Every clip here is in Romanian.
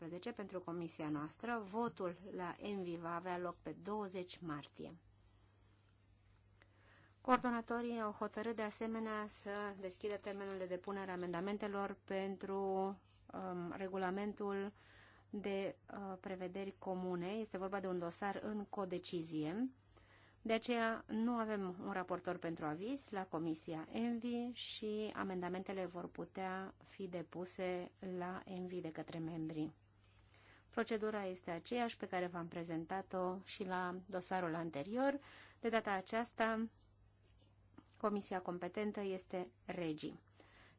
2018 pentru comisia noastră. Votul la Envi va avea loc pe 20 martie. Coordonatorii au hotărât de asemenea să deschidă termenul de depunere a amendamentelor pentru um, regulamentul de uh, prevederi comune. Este vorba de un dosar în codecizie. De aceea nu avem un raportor pentru aviz la Comisia ENVI și amendamentele vor putea fi depuse la ENVI de către membrii. Procedura este aceeași pe care v-am prezentat-o și la dosarul anterior. De data aceasta, comisia competentă este regii.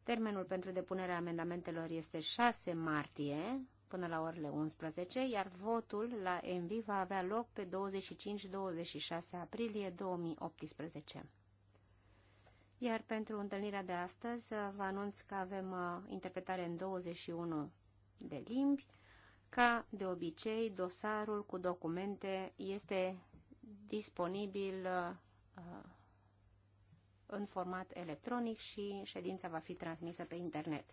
Termenul pentru depunerea amendamentelor este 6 martie, până la orele 11, iar votul la ENVI va avea loc pe 25-26 aprilie 2018. Iar pentru întâlnirea de astăzi vă anunț că avem uh, interpretare în 21 de limbi, ca de obicei, dosarul cu documente este disponibil uh, în format electronic și ședința va fi transmisă pe internet.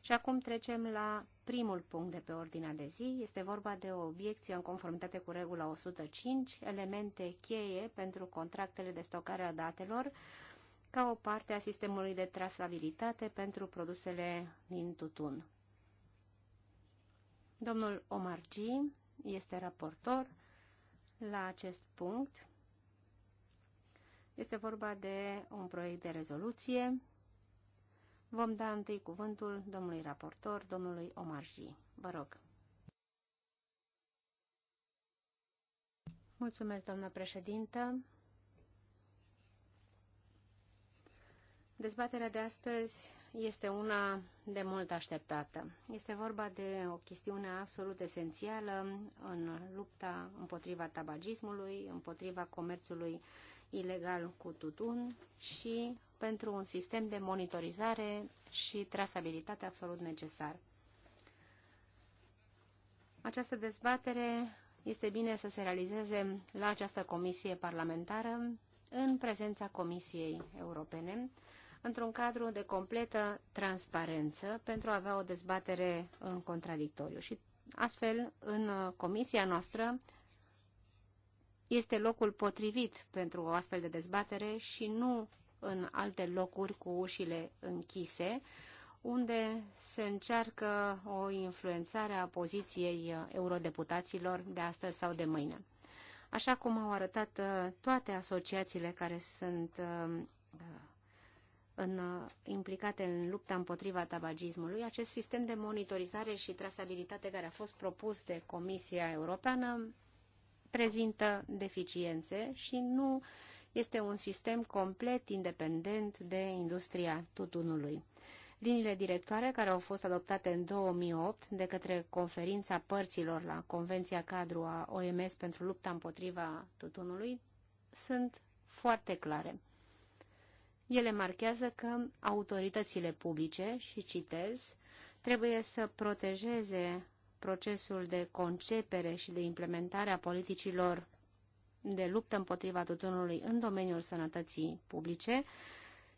Și acum trecem la primul punct de pe ordinea de zi. Este vorba de o obiecție în conformitate cu regula 105, elemente cheie pentru contractele de stocare a datelor ca o parte a sistemului de trasabilitate pentru produsele din tutun. Domnul G. este raportor la acest punct. Este vorba de un proiect de rezoluție. Vom da întâi cuvântul domnului raportor, domnului G. Vă rog. Mulțumesc, doamnă președintă. Dezbaterea de astăzi este una de mult așteptată. Este vorba de o chestiune absolut esențială în lupta împotriva tabagismului, împotriva comerțului ilegal cu tutun și pentru un sistem de monitorizare și trasabilitate absolut necesar. Această dezbatere este bine să se realizeze la această comisie parlamentară în prezența Comisiei Europene, într-un cadru de completă transparență pentru a avea o dezbatere în uh, contradictoriu. Și astfel, în uh, comisia noastră, este locul potrivit pentru o astfel de dezbatere și nu în alte locuri cu ușile închise, unde se încearcă o influențare a poziției uh, eurodeputaților de astăzi sau de mâine. Așa cum au arătat toate asociațiile care sunt în, implicate în lupta împotriva tabagismului. Acest sistem de monitorizare și trasabilitate care a fost propus de Comisia Europeană prezintă deficiențe și nu este un sistem complet independent de industria tutunului. Liniile directoare care au fost adoptate în 2008 de către conferința părților la Convenția Cadru a OMS pentru lupta împotriva tutunului sunt foarte clare. Ele marchează că autoritățile publice, și citez, trebuie să protejeze procesul de concepere și de implementare a politicilor de luptă împotriva tutunului în domeniul sănătății publice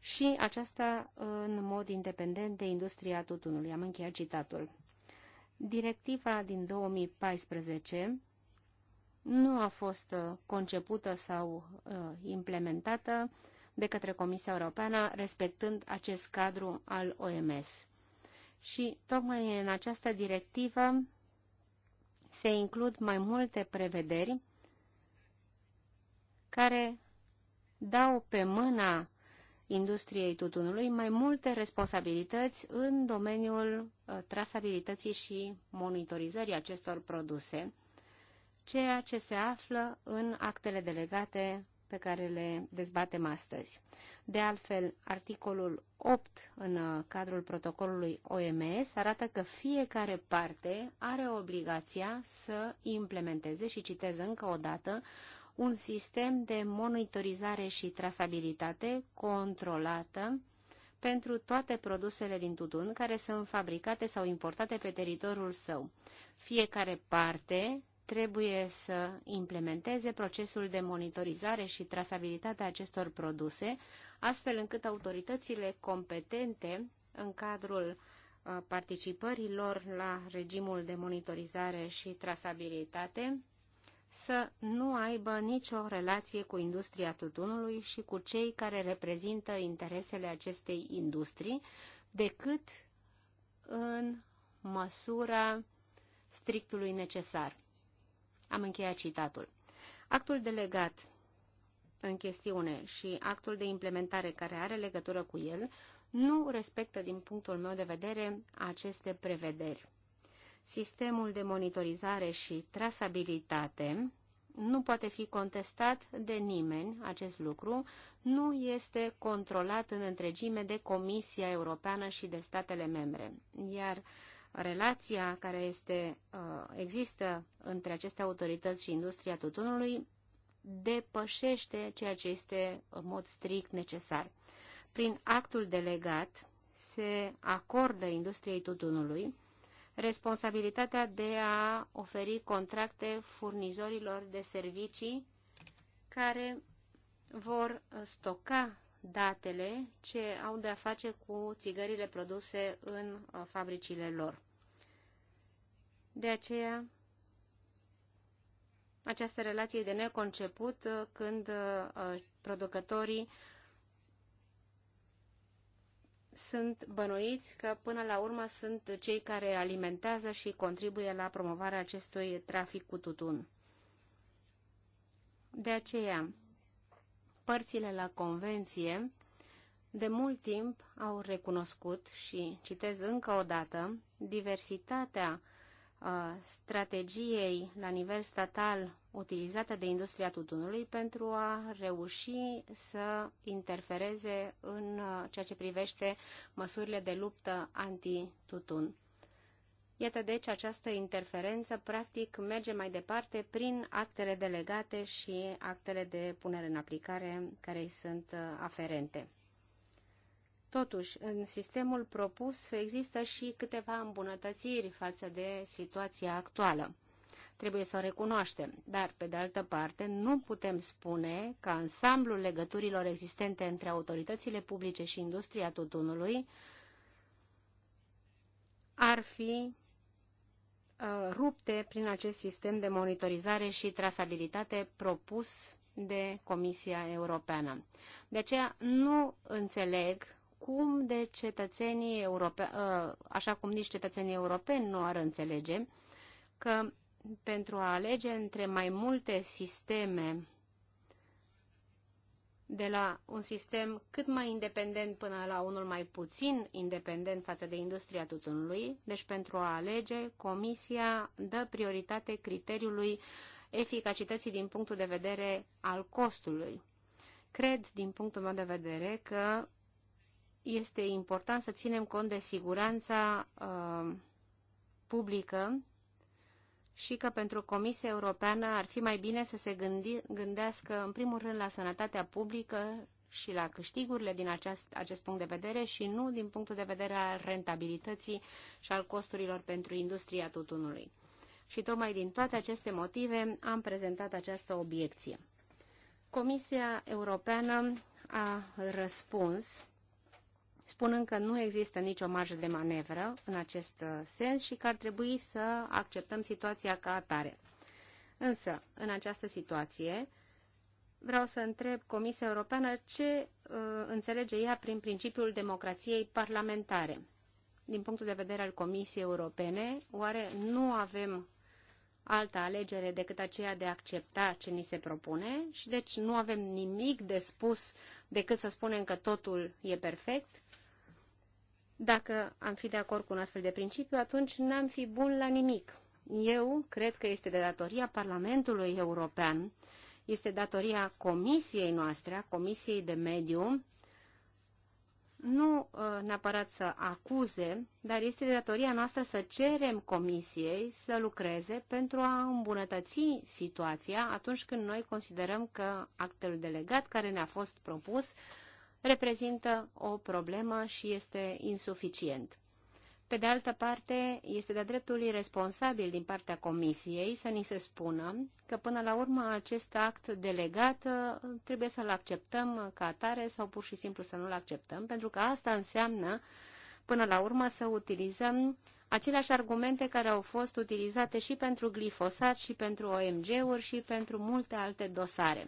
și aceasta în mod independent de industria tutunului. Am încheiat citatul. Directiva din 2014 nu a fost concepută sau uh, implementată de către Comisia Europeană, respectând acest cadru al OMS. Și tocmai în această directivă se includ mai multe prevederi care dau pe mâna industriei tutunului mai multe responsabilități în domeniul uh, trasabilității și monitorizării acestor produse, ceea ce se află în actele delegate pe care le dezbatem astăzi. De altfel, articolul 8 în uh, cadrul protocolului OMS arată că fiecare parte are obligația să implementeze, și citez încă o dată, un sistem de monitorizare și trasabilitate controlată pentru toate produsele din tutun care sunt fabricate sau importate pe teritoriul său. Fiecare parte trebuie să implementeze procesul de monitorizare și trasabilitate a acestor produse, astfel încât autoritățile competente în cadrul uh, participării lor la regimul de monitorizare și trasabilitate să nu aibă nicio relație cu industria tutunului și cu cei care reprezintă interesele acestei industrii, decât în măsura strictului necesar. Am încheiat citatul. Actul delegat în chestiune și actul de implementare care are legătură cu el nu respectă, din punctul meu de vedere, aceste prevederi. Sistemul de monitorizare și trasabilitate nu poate fi contestat de nimeni acest lucru, nu este controlat în întregime de Comisia Europeană și de statele membre, iar uh, relația care este, uh, există între aceste autorități și industria tutunului depășește ceea ce este în mod strict necesar. Prin actul delegat se acordă industriei tutunului responsabilitatea de a oferi contracte furnizorilor de servicii care vor stoca datele ce au de-a face cu țigările produse în uh, fabricile lor. De aceea, această relație de neconceput uh, când uh, producătorii sunt bănuiți că până la urmă sunt cei care alimentează și contribuie la promovarea acestui trafic cu tutun. De aceea, părțile la convenție de mult timp au recunoscut și citez încă o dată diversitatea uh, strategiei la nivel statal utilizată de industria tutunului pentru a reuși să interfereze în uh, ceea ce privește măsurile de luptă anti-tutun. Iată deci această interferență practic merge mai departe prin actele delegate și actele de punere în aplicare care îi sunt uh, aferente. Totuși, în sistemul propus există și câteva îmbunătățiri față de situația actuală. Trebuie să o recunoaștem, dar, pe de altă parte, nu putem spune că ansamblul legăturilor existente între autoritățile publice și industria tutunului ar fi Uh, rupte prin acest sistem de monitorizare și trasabilitate propus de Comisia Europeană. De aceea nu înțeleg cum de cetățenii europeni, uh, așa cum nici cetățenii europeni nu ar înțelege, că pentru a alege între mai multe sisteme de la un sistem cât mai independent până la unul mai puțin independent față de industria tutunului. Deci, pentru a alege, Comisia dă prioritate criteriului eficacității din punctul de vedere al costului. Cred, din punctul meu de vedere, că este important să ținem cont de siguranța uh, publică și că pentru Comisia Europeană ar fi mai bine să se gândi, gândească în primul rând la sănătatea publică și la câștigurile din acest, acest punct de vedere și nu din punctul de vedere al rentabilității și al costurilor pentru industria tutunului. Și tocmai din toate aceste motive am prezentat această obiecție. Comisia Europeană a răspuns spunând că nu există nicio marjă de manevră în acest uh, sens și că ar trebui să acceptăm situația ca atare. Însă, în această situație, vreau să întreb Comisia Europeană ce uh, înțelege ea prin principiul democrației parlamentare. Din punctul de vedere al Comisiei Europene, oare nu avem altă alegere decât aceea de a accepta ce ni se propune și deci nu avem nimic de spus decât să spunem că totul e perfect? Dacă am fi de acord cu un astfel de principiu, atunci n-am fi bun la nimic. Eu cred că este de datoria Parlamentului European, este datoria Comisiei noastre, a Comisiei de Mediu, nu uh, neapărat să acuze, dar este de datoria noastră să cerem comisiei să lucreze pentru a îmbunătăți situația atunci când noi considerăm că actul delegat care ne-a fost propus reprezintă o problemă și este insuficient. Pe de altă parte, este de-a dreptul irresponsabil din partea Comisiei să ni se spună că până la urmă acest act delegat uh, trebuie să-l acceptăm ca atare sau pur și simplu să nu-l acceptăm, pentru că asta înseamnă până la urmă să utilizăm aceleași argumente care au fost utilizate și pentru glifosat, și pentru OMG-uri, și pentru multe alte dosare.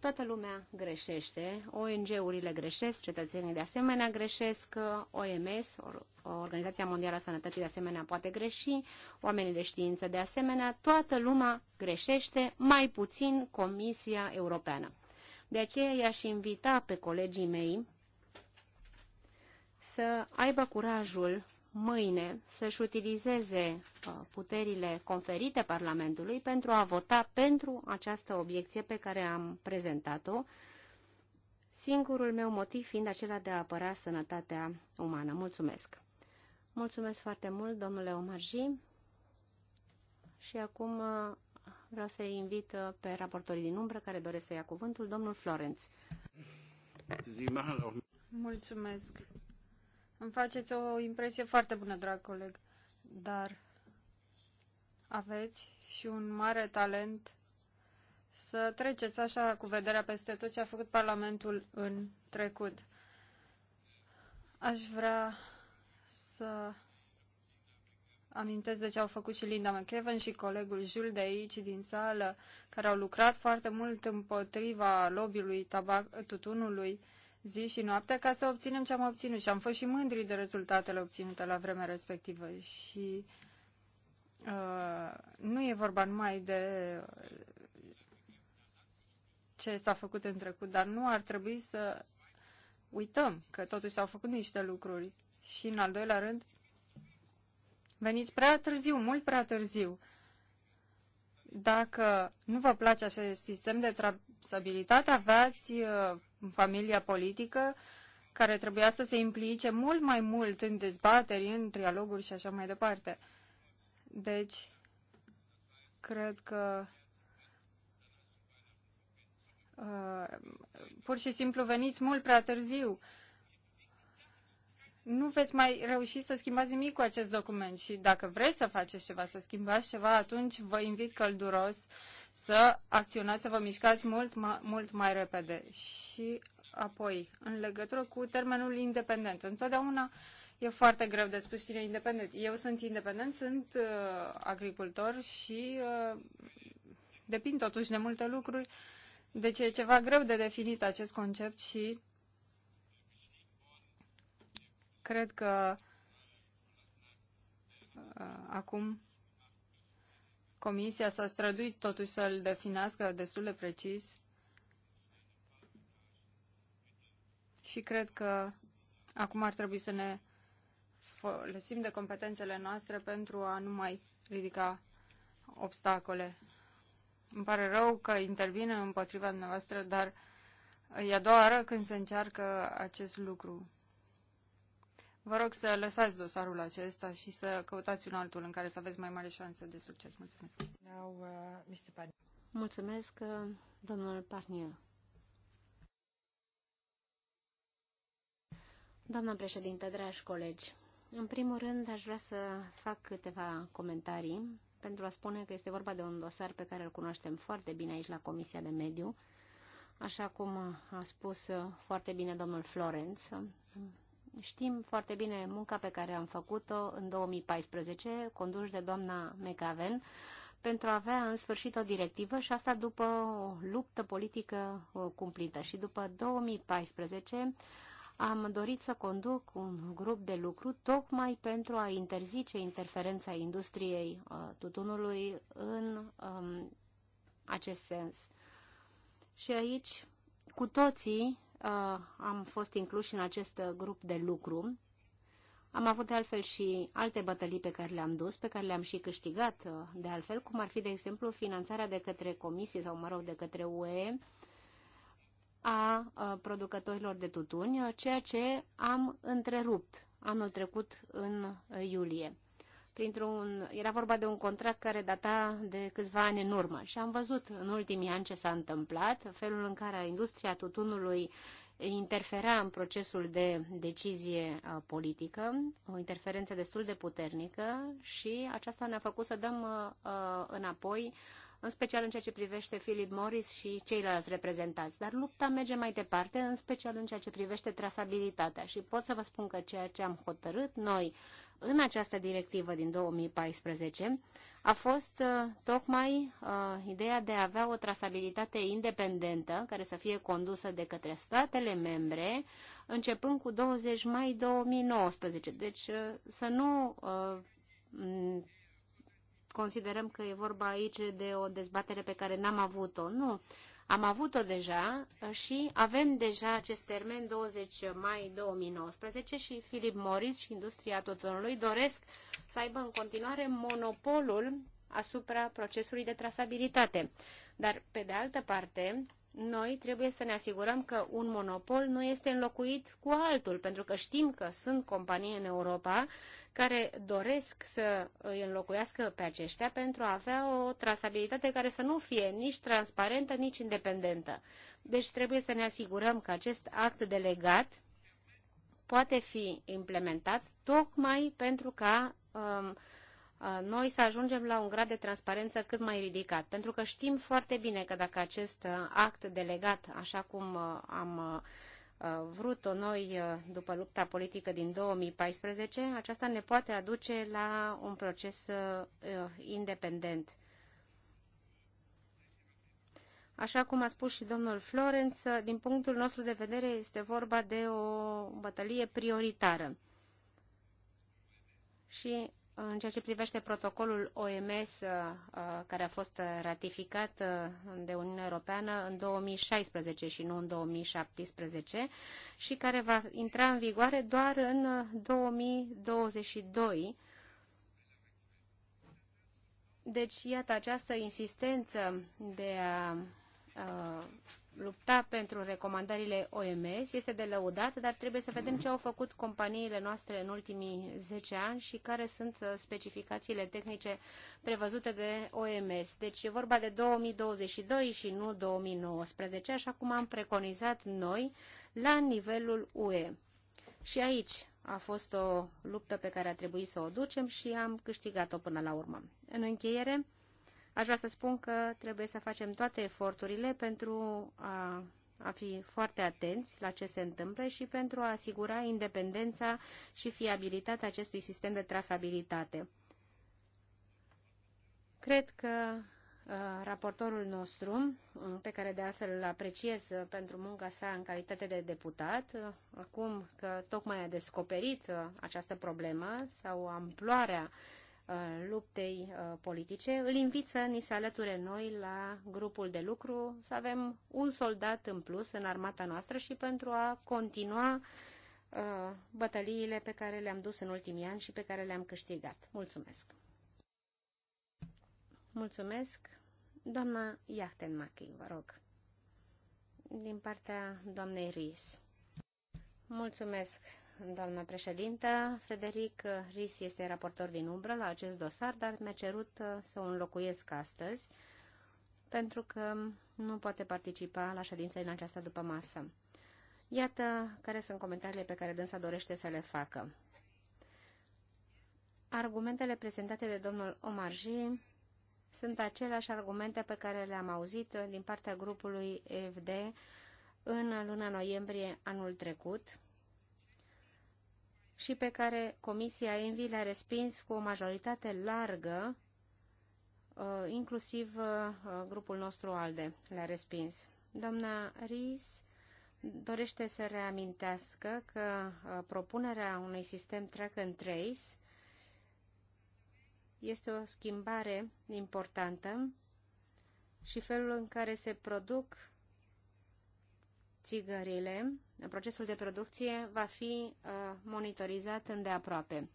Toată lumea greșește, ONG-urile greșesc, cetățenii de asemenea greșesc, OMS, Organizația Mondială a Sănătății de asemenea poate greși, oamenii de știință de asemenea, toată lumea greșește, mai puțin Comisia Europeană. De aceea i-aș invita pe colegii mei să aibă curajul mâine să-și utilizeze uh, puterile conferite Parlamentului pentru a vota pentru această obiecție pe care am prezentat-o, singurul meu motiv fiind acela de a apăra sănătatea umană. Mulțumesc! Mulțumesc foarte mult, domnule Omarji. Și acum uh, vreau să invit uh, pe raportorii din umbră care doresc să ia cuvântul, domnul Florenț. Mulțumesc. Îmi faceți o impresie foarte bună, drag coleg, dar aveți și un mare talent să treceți așa cu vederea peste tot ce a făcut Parlamentul în trecut. Aș vrea să amintesc de ce au făcut și Linda McKeven și colegul Jules de aici din sală, care au lucrat foarte mult împotriva lobby-ului tabac, tutunului zi și noapte ca să obținem ce am obținut și am fost și mândri de rezultatele obținute la vremea respectivă și uh, nu e vorba numai de ce s-a făcut în trecut, dar nu ar trebui să uităm că totuși s-au făcut niște lucruri și în al doilea rând veniți prea târziu, mult prea târziu dacă nu vă place acest sistem de trasabilitate, aveați uh, familia politică, care trebuia să se implice mult mai mult în dezbateri, în trialoguri și așa mai departe. Deci, cred că uh, pur și simplu veniți mult prea târziu. Nu veți mai reuși să schimbați nimic cu acest document și dacă vreți să faceți ceva, să schimbați ceva, atunci vă invit călduros uh, să acționați, să vă mișcați mult, ma, mult mai repede. Și apoi, în legătură cu termenul independent, întotdeauna e foarte greu de spus cine e independent. Eu sunt independent, sunt uh, agricultor și uh, depind totuși de multe lucruri, deci e ceva greu de definit acest concept și cred că uh, acum Comisia s-a străduit totuși să-l definească destul de precis și cred că acum ar trebui să ne folosim de competențele noastre pentru a nu mai ridica obstacole. Îmi pare rău că intervine împotriva dumneavoastră, dar e a doua oară când se încearcă acest lucru. Vă rog să lăsați dosarul acesta și să căutați un altul în care să aveți mai mare șanse de succes. Mulțumesc. Now, uh, Mr. Parnier. Mulțumesc, uh, domnul Parnia, Doamna președinte, dragi colegi, în primul rând aș vrea să fac câteva comentarii pentru a spune că este vorba de un dosar pe care îl cunoaștem foarte bine aici la Comisia de Mediu, așa cum a spus foarte bine domnul Florenț, Știm foarte bine munca pe care am făcut-o în 2014, conduși de doamna McAven, pentru a avea în sfârșit o directivă și asta după o luptă politică uh, cumplită. Și după 2014 am dorit să conduc un grup de lucru tocmai pentru a interzice interferența industriei uh, tutunului în um, acest sens. Și aici, cu toții, Uh, am fost incluși în acest grup de lucru. Am avut de altfel și alte bătălii pe care le-am dus, pe care le-am și câștigat uh, de altfel, cum ar fi, de exemplu, finanțarea de către comisie sau, mă rog, de către UE a uh, producătorilor de tutuni, ceea ce am întrerupt anul trecut în iulie printr-un, era vorba de un contract care data de câțiva ani în urmă și am văzut în ultimii ani ce s-a întâmplat, felul în care industria tutunului interfera în procesul de decizie politică, o interferență destul de puternică și aceasta ne-a făcut să dăm înapoi, în special în ceea ce privește Philip Morris și ceilalți reprezentați. Dar lupta merge mai departe, în special în ceea ce privește trasabilitatea și pot să vă spun că ceea ce am hotărât noi în această directivă din 2014 a fost uh, tocmai uh, ideea de a avea o trasabilitate independentă care să fie condusă de către statele membre începând cu 20 mai 2019. Deci uh, să nu considerăm că e vorba aici de o dezbatere pe care n-am avut-o. Nu. Am avut-o deja și avem deja acest termen 20 mai 2019 și Philip Morris și industria tutunului doresc să aibă în continuare monopolul asupra procesului de trasabilitate. Dar, pe de altă parte, noi trebuie să ne asigurăm că un monopol nu este înlocuit cu altul, pentru că știm că sunt companii în Europa care doresc să îi înlocuiască pe aceștia pentru a avea o trasabilitate care să nu fie nici transparentă, nici independentă. Deci trebuie să ne asigurăm că acest act delegat poate fi implementat tocmai pentru ca um, uh, noi să ajungem la un grad de transparență cât mai ridicat, pentru că știm foarte bine că dacă acest uh, act delegat, așa cum uh, am Uh, vrut-o noi uh, după lupta politică din 2014, aceasta ne poate aduce la un proces uh, independent. Așa cum a spus și domnul Florenț, din punctul nostru de vedere este vorba de o bătălie prioritară. Și în ceea ce privește protocolul OMS uh, uh, care a fost ratificat uh, de Uniunea Europeană în 2016 și nu în 2017 și care va intra în vigoare doar în 2022. Deci, iată această insistență de a lupta pentru recomandările OMS este de lăudat, dar trebuie să vedem ce au făcut companiile noastre în ultimii 10 ani și care sunt uh, specificațiile tehnice prevăzute de OMS. Deci e vorba de 2022 și nu 2019, așa cum am preconizat noi la nivelul UE. Și aici a fost o luptă pe care a trebuit să o ducem și am câștigat-o până la urmă. În încheiere, Aș vrea să spun că trebuie să facem toate eforturile pentru a, a fi foarte atenți la ce se întâmplă și pentru a asigura independența și fiabilitatea acestui sistem de trasabilitate. Cred că raportorul nostru, pe care de altfel îl apreciez pentru munca sa în calitate de deputat, acum că tocmai a descoperit această problemă sau amploarea uh, Uh, luptei uh, politice, îl invit să ni se alăture noi la grupul de lucru, să avem un soldat în plus în armata noastră și pentru a continua uh, bătăliile pe care le-am dus în ultimii ani și pe care le-am câștigat. Mulțumesc! Mulțumesc! Doamna Iachtenmachi, vă rog, din partea doamnei Ries. Mulțumesc, doamnă președintă. Frederic Ris este raportor din umbră la acest dosar, dar mi-a cerut uh, să o înlocuiesc astăzi, pentru că nu poate participa la ședința în această după masă. Iată care sunt comentariile pe care dânsa dorește să le facă. Argumentele prezentate de domnul Omarji sunt aceleași argumente pe care le-am auzit din partea grupului EFD în luna noiembrie anul trecut, și pe care Comisia Envi le-a respins cu o majoritate largă, uh, inclusiv uh, grupul nostru ALDE le-a respins. Doamna Ries dorește să reamintească că uh, propunerea unui sistem track and trace este o schimbare importantă și felul în care se produc țigările, procesul de producție va fi uh, monitorizat îndeaproape.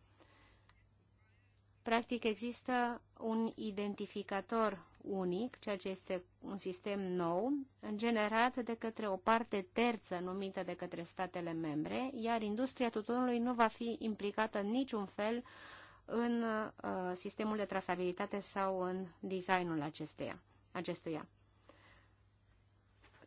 Practic există un identificator unic, ceea ce este un sistem nou, generat de către o parte terță numită de către statele membre, iar industria tutunului nu va fi implicată în niciun fel în uh, sistemul de trasabilitate sau în designul acesteia, acestuia.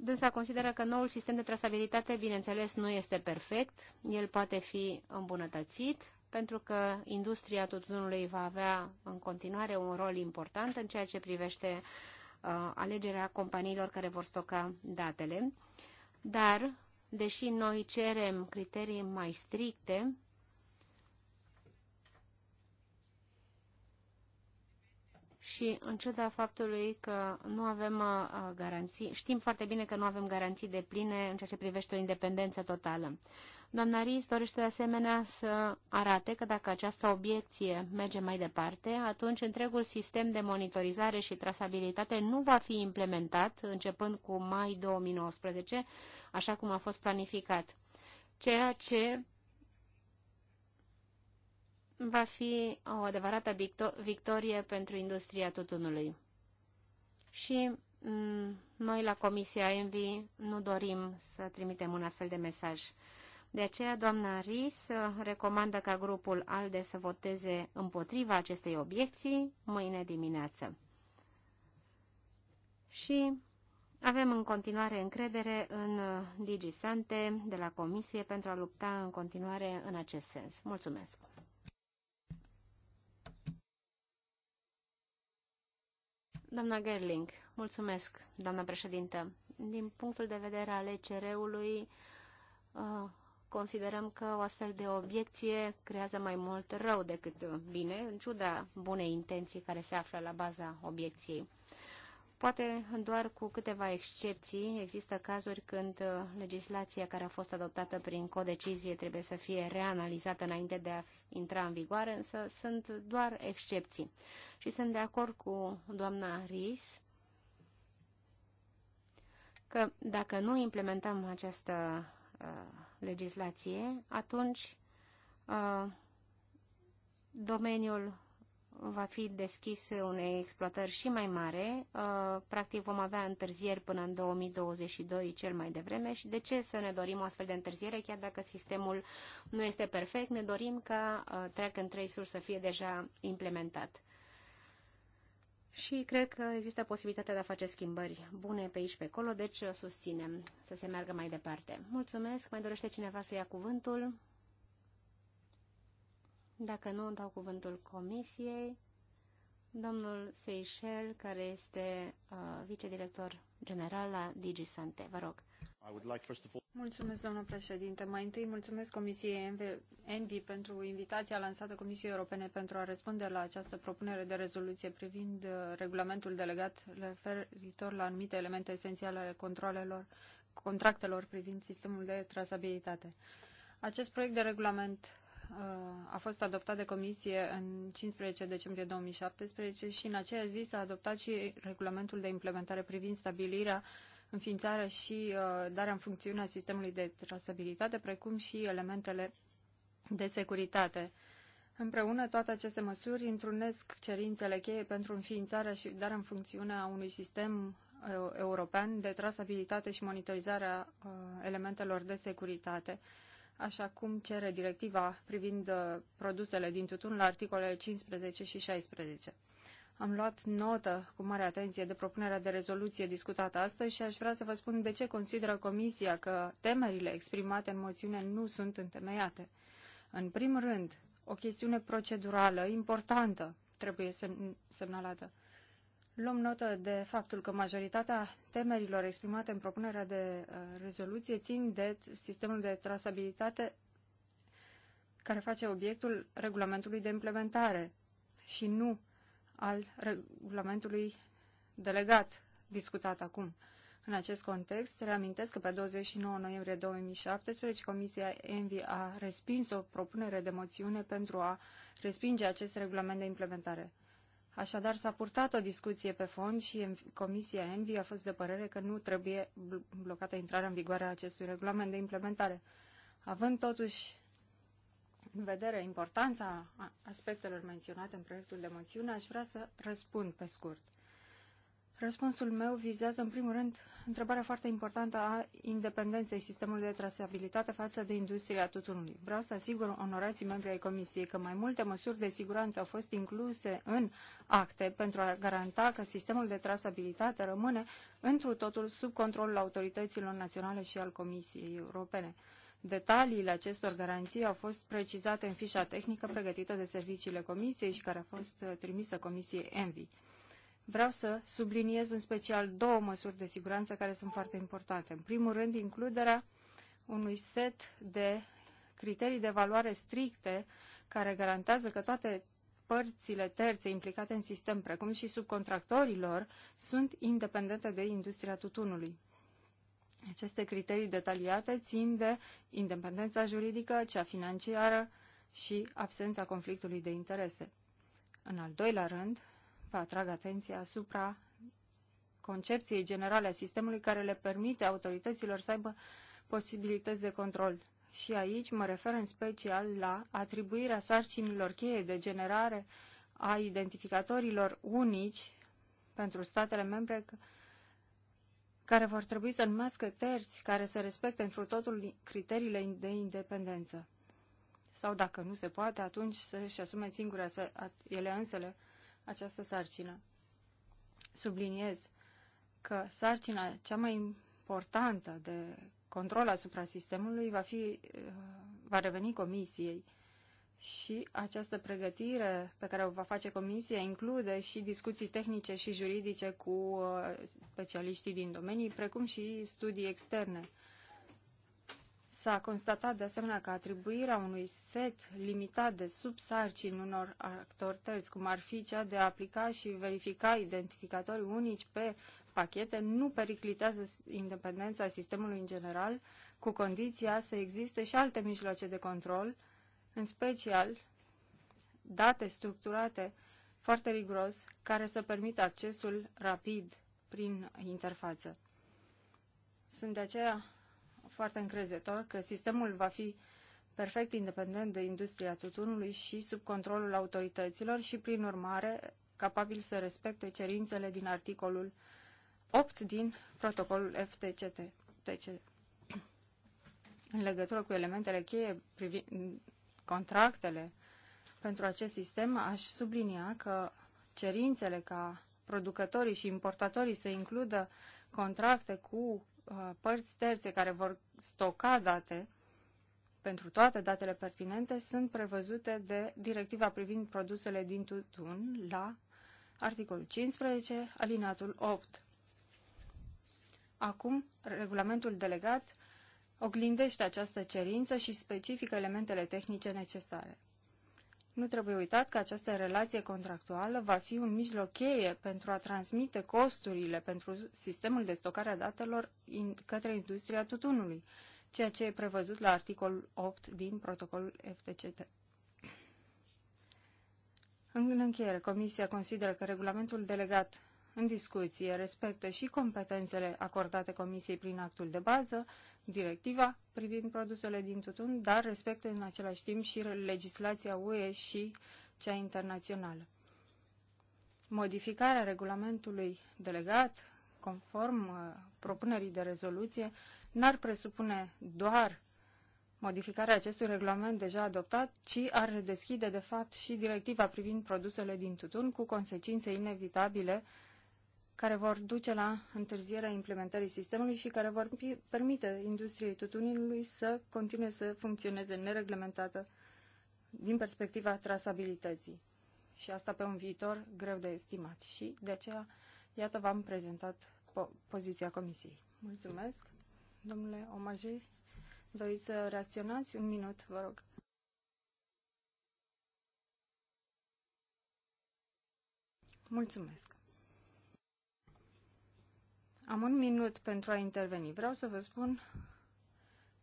Dânsa consideră că noul sistem de trasabilitate, bineînțeles, nu este perfect, el poate fi îmbunătățit, pentru că industria tutunului va avea în continuare un rol important în ceea ce privește uh, alegerea companiilor care vor stoca datele. Dar, deși noi cerem criterii mai stricte, și în ciuda faptului că nu avem uh, garanții, știm foarte bine că nu avem garanții de pline în ceea ce privește o independență totală. Doamna Ries dorește de asemenea să arate că dacă această obiecție merge mai departe, atunci întregul sistem de monitorizare și trasabilitate nu va fi implementat începând cu mai 2019, așa cum a fost planificat. Ceea ce va fi o adevărată victorie pentru industria tutunului. Și mm, noi la Comisia Envi nu dorim să trimitem un astfel de mesaj. De aceea, doamna Ris uh, recomandă ca grupul ALDE să voteze împotriva acestei obiecții mâine dimineață. Și avem în continuare încredere în uh, DigiSante de la Comisie pentru a lupta în continuare în acest sens. Mulțumesc! Doamna Gerling, mulțumesc, doamna președintă. Din punctul de vedere al ECR-ului, uh, considerăm că o astfel de obiecție creează mai mult rău decât bine, în ciuda bunei intenții care se află la baza obiecției. Poate doar cu câteva excepții există cazuri când uh, legislația care a fost adoptată prin codecizie trebuie să fie reanalizată înainte de a intra în vigoare, însă sunt doar excepții. Și sunt de acord cu doamna Ries că dacă nu implementăm această uh, legislație, atunci uh, domeniul va fi deschis unei exploatări și mai mare. Uh, practic vom avea întârzieri până în 2022 cel mai devreme și de ce să ne dorim o astfel de întârziere, chiar dacă sistemul nu este perfect, ne dorim ca uh, track and trace să fie deja implementat. Și cred că există posibilitatea de a face schimbări bune pe aici, pe acolo, deci uh, susținem să se meargă mai departe. Mulțumesc. Mai dorește cineva să ia cuvântul? Dacă nu, dau cuvântul comisiei. Domnul Seychelles, care este uh, vicedirector general la DigiSante. Vă rog. Mulțumesc, domnul președinte. Mai întâi mulțumesc Comisiei ENVI pentru invitația lansată Comisiei Europene pentru a răspunde la această propunere de rezoluție privind uh, regulamentul delegat referitor la anumite elemente esențiale ale controlelor, contractelor privind sistemul de trasabilitate. Acest proiect de regulament a fost adoptat de comisie în 15 decembrie 2017 și în aceea zi s-a adoptat și regulamentul de implementare privind stabilirea, înființarea și uh, darea în funcțiune a sistemului de trasabilitate, precum și elementele de securitate. Împreună, toate aceste măsuri întrunesc cerințele cheie pentru înființarea și darea în funcțiune a unui sistem uh, european de trasabilitate și monitorizarea uh, elementelor de securitate așa cum cere directiva privind uh, produsele din tutun la articolele 15 și 16. Am luat notă cu mare atenție de propunerea de rezoluție discutată astăzi și aș vrea să vă spun de ce consideră Comisia că temerile exprimate în moțiune nu sunt întemeiate. În primul rând, o chestiune procedurală importantă trebuie semn semnalată. Luăm notă de faptul că majoritatea temerilor exprimate în propunerea de uh, rezoluție țin de sistemul de trasabilitate care face obiectul regulamentului de implementare și nu al regulamentului delegat discutat acum. În acest context, reamintesc că pe 29 noiembrie 2017 Comisia ENVI a respins o propunere de moțiune pentru a respinge acest regulament de implementare. Așadar, s-a purtat o discuție pe fond și Comisia Envi a fost de părere că nu trebuie blocată intrarea în vigoare a acestui regulament de implementare. Având totuși în vedere importanța aspectelor menționate în proiectul de moțiune, aș vrea să răspund pe scurt. Răspunsul meu vizează, în primul rând, întrebarea foarte importantă a independenței sistemului de trasabilitate față de industria tutunului. Vreau să asigur onorații membri ai Comisiei că mai multe măsuri de siguranță au fost incluse în acte pentru a garanta că sistemul de trasabilitate rămâne întru totul sub controlul autorităților naționale și al Comisiei Europene. Detaliile acestor garanții au fost precizate în fișa tehnică pregătită de serviciile Comisiei și care a fost trimisă Comisiei ENVI. Vreau să subliniez în special două măsuri de siguranță care sunt foarte importante. În primul rând, includerea unui set de criterii de valoare stricte care garantează că toate părțile terțe implicate în sistem, precum și subcontractorilor, sunt independente de industria tutunului. Aceste criterii detaliate țin de independența juridică, cea financiară și absența conflictului de interese. În al doilea rând, vă atrag atenția asupra concepției generale a sistemului care le permite autorităților să aibă posibilități de control. Și aici mă refer în special la atribuirea sarcinilor cheie de generare a identificatorilor unici pentru statele membre care vor trebui să numească terți care să respecte întru totul criteriile de independență. Sau dacă nu se poate, atunci să-și asume singure ele însele această sarcină. Subliniez că sarcina cea mai importantă de control asupra sistemului va, fi, uh, va reveni comisiei și această pregătire pe care o va face comisia include și discuții tehnice și juridice cu uh, specialiștii din domenii, precum și studii externe S-a constatat de asemenea că atribuirea unui set limitat de subsarcini unor actori terți, cum ar fi cea de a aplica și verifica identificatori unici pe pachete, nu periclitează independența sistemului în general, cu condiția să existe și alte mijloace de control, în special date structurate foarte riguros, care să permită accesul rapid prin interfață. Sunt de aceea foarte încrezător că sistemul va fi perfect independent de industria tutunului și sub controlul autorităților și, prin urmare, capabil să respecte cerințele din articolul 8 din protocolul FTCT. În legătură cu elementele cheie privind contractele pentru acest sistem, aș sublinia că cerințele ca producătorii și importatorii să includă contracte cu Uh, părți terțe care vor stoca date pentru toate datele pertinente sunt prevăzute de directiva privind produsele din tutun la articolul 15, alinatul 8. Acum, regulamentul delegat oglindește această cerință și specifică elementele tehnice necesare. Nu trebuie uitat că această relație contractuală va fi un mijloc cheie pentru a transmite costurile pentru sistemul de stocare a datelor in, către industria tutunului, ceea ce e prevăzut la articolul 8 din protocolul FTCT. În încheiere, Comisia consideră că regulamentul delegat în discuție respectă și competențele acordate Comisiei prin actul de bază, directiva privind produsele din tutun, dar respectă în același timp și legislația UE și cea internațională. Modificarea regulamentului delegat, conform uh, propunerii de rezoluție, n-ar presupune doar modificarea acestui regulament deja adoptat, ci ar deschide de fapt și directiva privind produsele din tutun cu consecințe inevitabile care vor duce la întârzierea implementării sistemului și care vor permite industriei tutunului să continue să funcționeze nereglementată din perspectiva trasabilității. Și asta pe un viitor greu de estimat. Și de aceea, iată, v-am prezentat po- poziția Comisiei. Mulțumesc. Domnule Omarje, doriți să reacționați? Un minut, vă rog. Mulțumesc. Am un minut pentru a interveni. Vreau să vă spun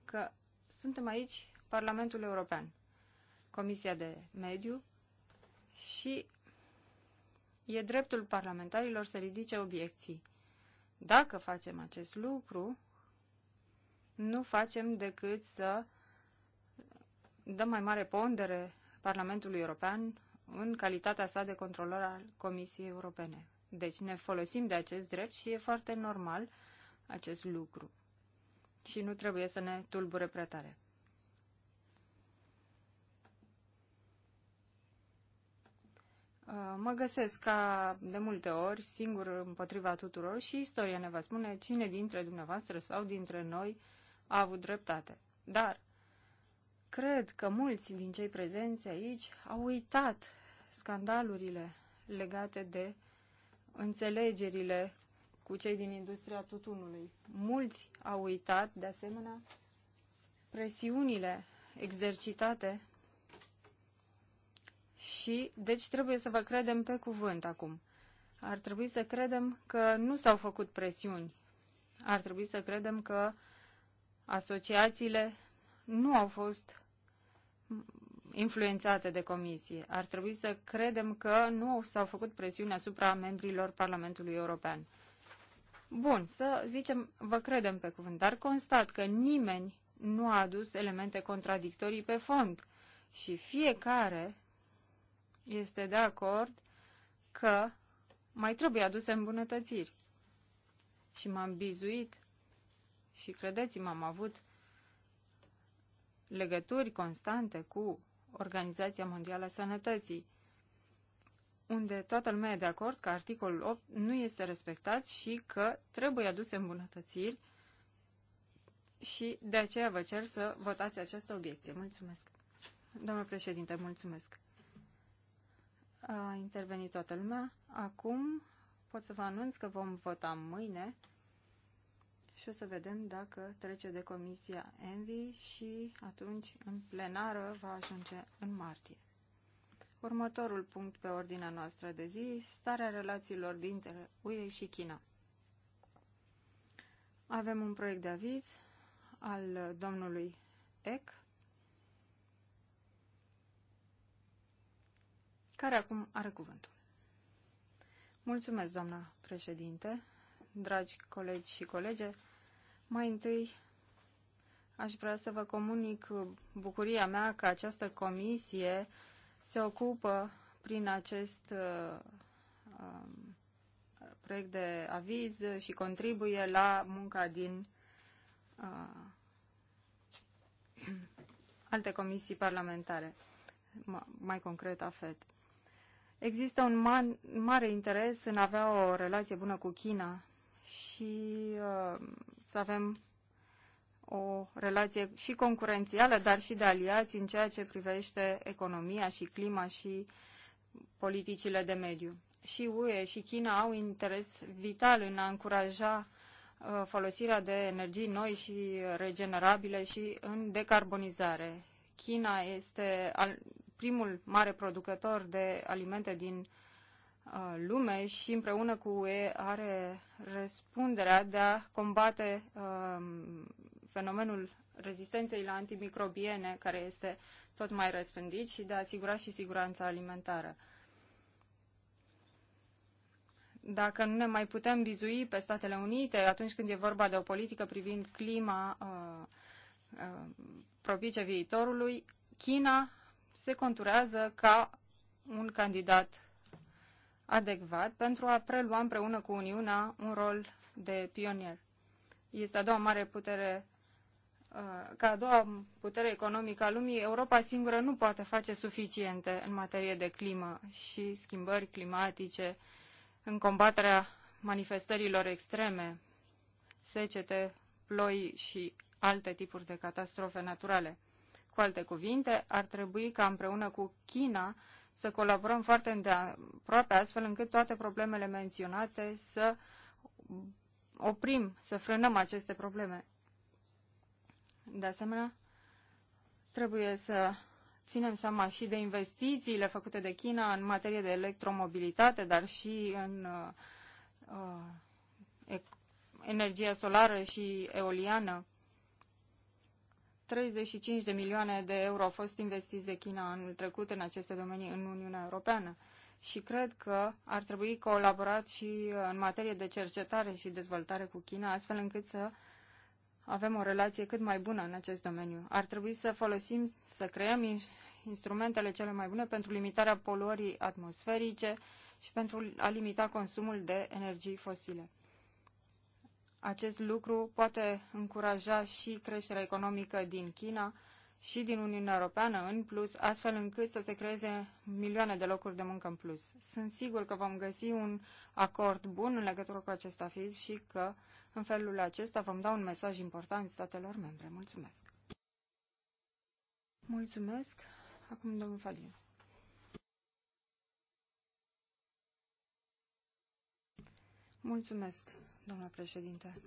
că suntem aici, Parlamentul European, Comisia de Mediu și e dreptul parlamentarilor să ridice obiecții. Dacă facem acest lucru, nu facem decât să dăm mai mare pondere Parlamentului European în calitatea sa de controlor al Comisiei Europene. Deci ne folosim de acest drept și e foarte normal acest lucru. Și nu trebuie să ne tulbure prea tare. Uh, mă găsesc ca de multe ori singur împotriva tuturor și istoria ne va spune cine dintre dumneavoastră sau dintre noi a avut dreptate. Dar cred că mulți din cei prezenți aici au uitat scandalurile legate de înțelegerile cu cei din industria tutunului. Mulți au uitat, de asemenea, presiunile exercitate și, deci, trebuie să vă credem pe cuvânt acum. Ar trebui să credem că nu s-au făcut presiuni. Ar trebui să credem că asociațiile nu au fost influențate de comisie. Ar trebui să credem că nu s-au făcut presiuni asupra membrilor Parlamentului European. Bun, să zicem, vă credem pe cuvânt, dar constat că nimeni nu a adus elemente contradictorii pe fond și fiecare este de acord că mai trebuie aduse îmbunătățiri. Și m-am bizuit și credeți-mă, am avut legături constante cu Organizația Mondială a Sănătății, unde toată lumea e de acord că articolul 8 nu este respectat și că trebuie aduse îmbunătățiri și de aceea vă cer să votați această obiecție. Mulțumesc. Domnule președinte, mulțumesc. A intervenit toată lumea. Acum pot să vă anunț că vom vota mâine și o să vedem dacă trece de Comisia Envi și atunci în plenară va ajunge în martie. Următorul punct pe ordinea noastră de zi, starea relațiilor dintre UE și China. Avem un proiect de aviz al domnului Eck, care acum are cuvântul. Mulțumesc, doamna președinte, dragi colegi și colege. Mai întâi aș vrea să vă comunic bucuria mea că această comisie se ocupă prin acest uh, um, proiect de aviz și contribuie la munca din uh, alte comisii parlamentare, mai concret AFET. Există un man, mare interes în a avea o relație bună cu China și uh, să avem o relație și concurențială, dar și de aliați în ceea ce privește economia și clima și politicile de mediu. Și UE și China au interes vital în a încuraja uh, folosirea de energii noi și regenerabile și în decarbonizare. China este al, primul mare producător de alimente din Uh, lume și împreună cu UE are răspunderea de a combate um, fenomenul rezistenței la antimicrobiene, care este tot mai răspândit, și de a asigura și siguranța alimentară. Dacă nu ne mai putem bizui pe Statele Unite atunci când e vorba de o politică privind clima uh, uh, propice viitorului, China se conturează ca un candidat adecvat pentru a prelua împreună cu Uniunea un rol de pionier. Este a doua mare putere uh, ca a doua putere economică a lumii, Europa singură nu poate face suficiente în materie de climă și schimbări climatice, în combaterea manifestărilor extreme, secete, ploi și alte tipuri de catastrofe naturale. Cu alte cuvinte, ar trebui ca împreună cu China să colaborăm foarte îndeaproape, astfel încât toate problemele menționate să oprim, să frânăm aceste probleme. De asemenea, trebuie să ținem seama și de investițiile făcute de China în materie de electromobilitate, dar și în uh, uh energia solară și eoliană. 35 de milioane de euro au fost investiți de China anul trecut în aceste domenii în Uniunea Europeană și cred că ar trebui colaborat și uh, în materie de cercetare și dezvoltare cu China, astfel încât să avem o relație cât mai bună în acest domeniu. Ar trebui să folosim, să creăm instrumentele cele mai bune pentru limitarea poluării atmosferice și pentru a limita consumul de energii fosile acest lucru poate încuraja și creșterea economică din China și din Uniunea Europeană în plus, astfel încât să se creeze milioane de locuri de muncă în plus. Sunt sigur că vom găsi un acord bun în legătură cu acest afiz și că în felul acesta vom da un mesaj important statelor membre. Mulțumesc! Mulțumesc! Acum domnul Falin. Mulțumesc! domnule președinte.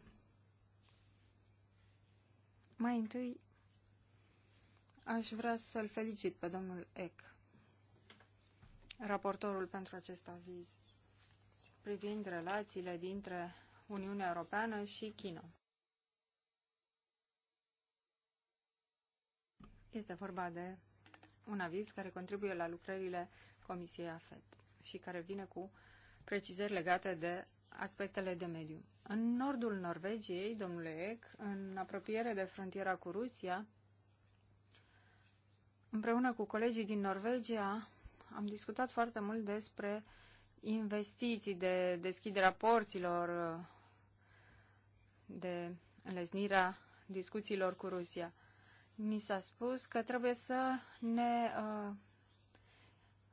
Mai întâi, aș vrea să-l felicit pe domnul Eck, raportorul pentru acest aviz, privind relațiile dintre Uniunea Europeană și China. Este vorba de un aviz care contribuie la lucrările Comisiei AFET și care vine cu precizări legate de aspectele de mediu. În nordul Norvegiei, domnule Eck, în apropiere de frontiera cu Rusia, împreună cu colegii din Norvegia, am discutat foarte mult despre investiții, de deschiderea porților, de înlesnirea discuțiilor cu Rusia. Ni s-a spus că trebuie să ne uh,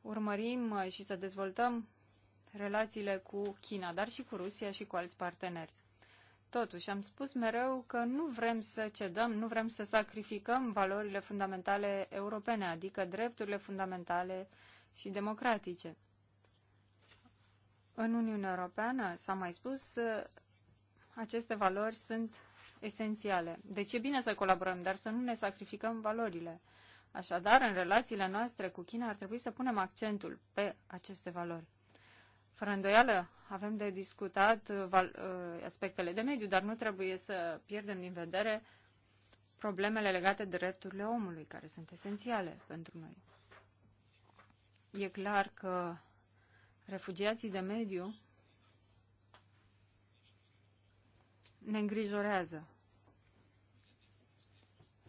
urmărim și să dezvoltăm relațiile cu China, dar și cu Rusia și cu alți parteneri. Totuși, am spus mereu că nu vrem să cedăm, nu vrem să sacrificăm valorile fundamentale europene, adică drepturile fundamentale și democratice. În Uniunea Europeană, s-a mai spus, aceste valori sunt esențiale. Deci e bine să colaborăm, dar să nu ne sacrificăm valorile. Așadar, în relațiile noastre cu China ar trebui să punem accentul pe aceste valori. Fără îndoială, avem de discutat uh, uh, aspectele de mediu, dar nu trebuie să pierdem din vedere problemele legate de drepturile omului, care sunt esențiale pentru noi. E clar că refugiații de mediu ne îngrijorează.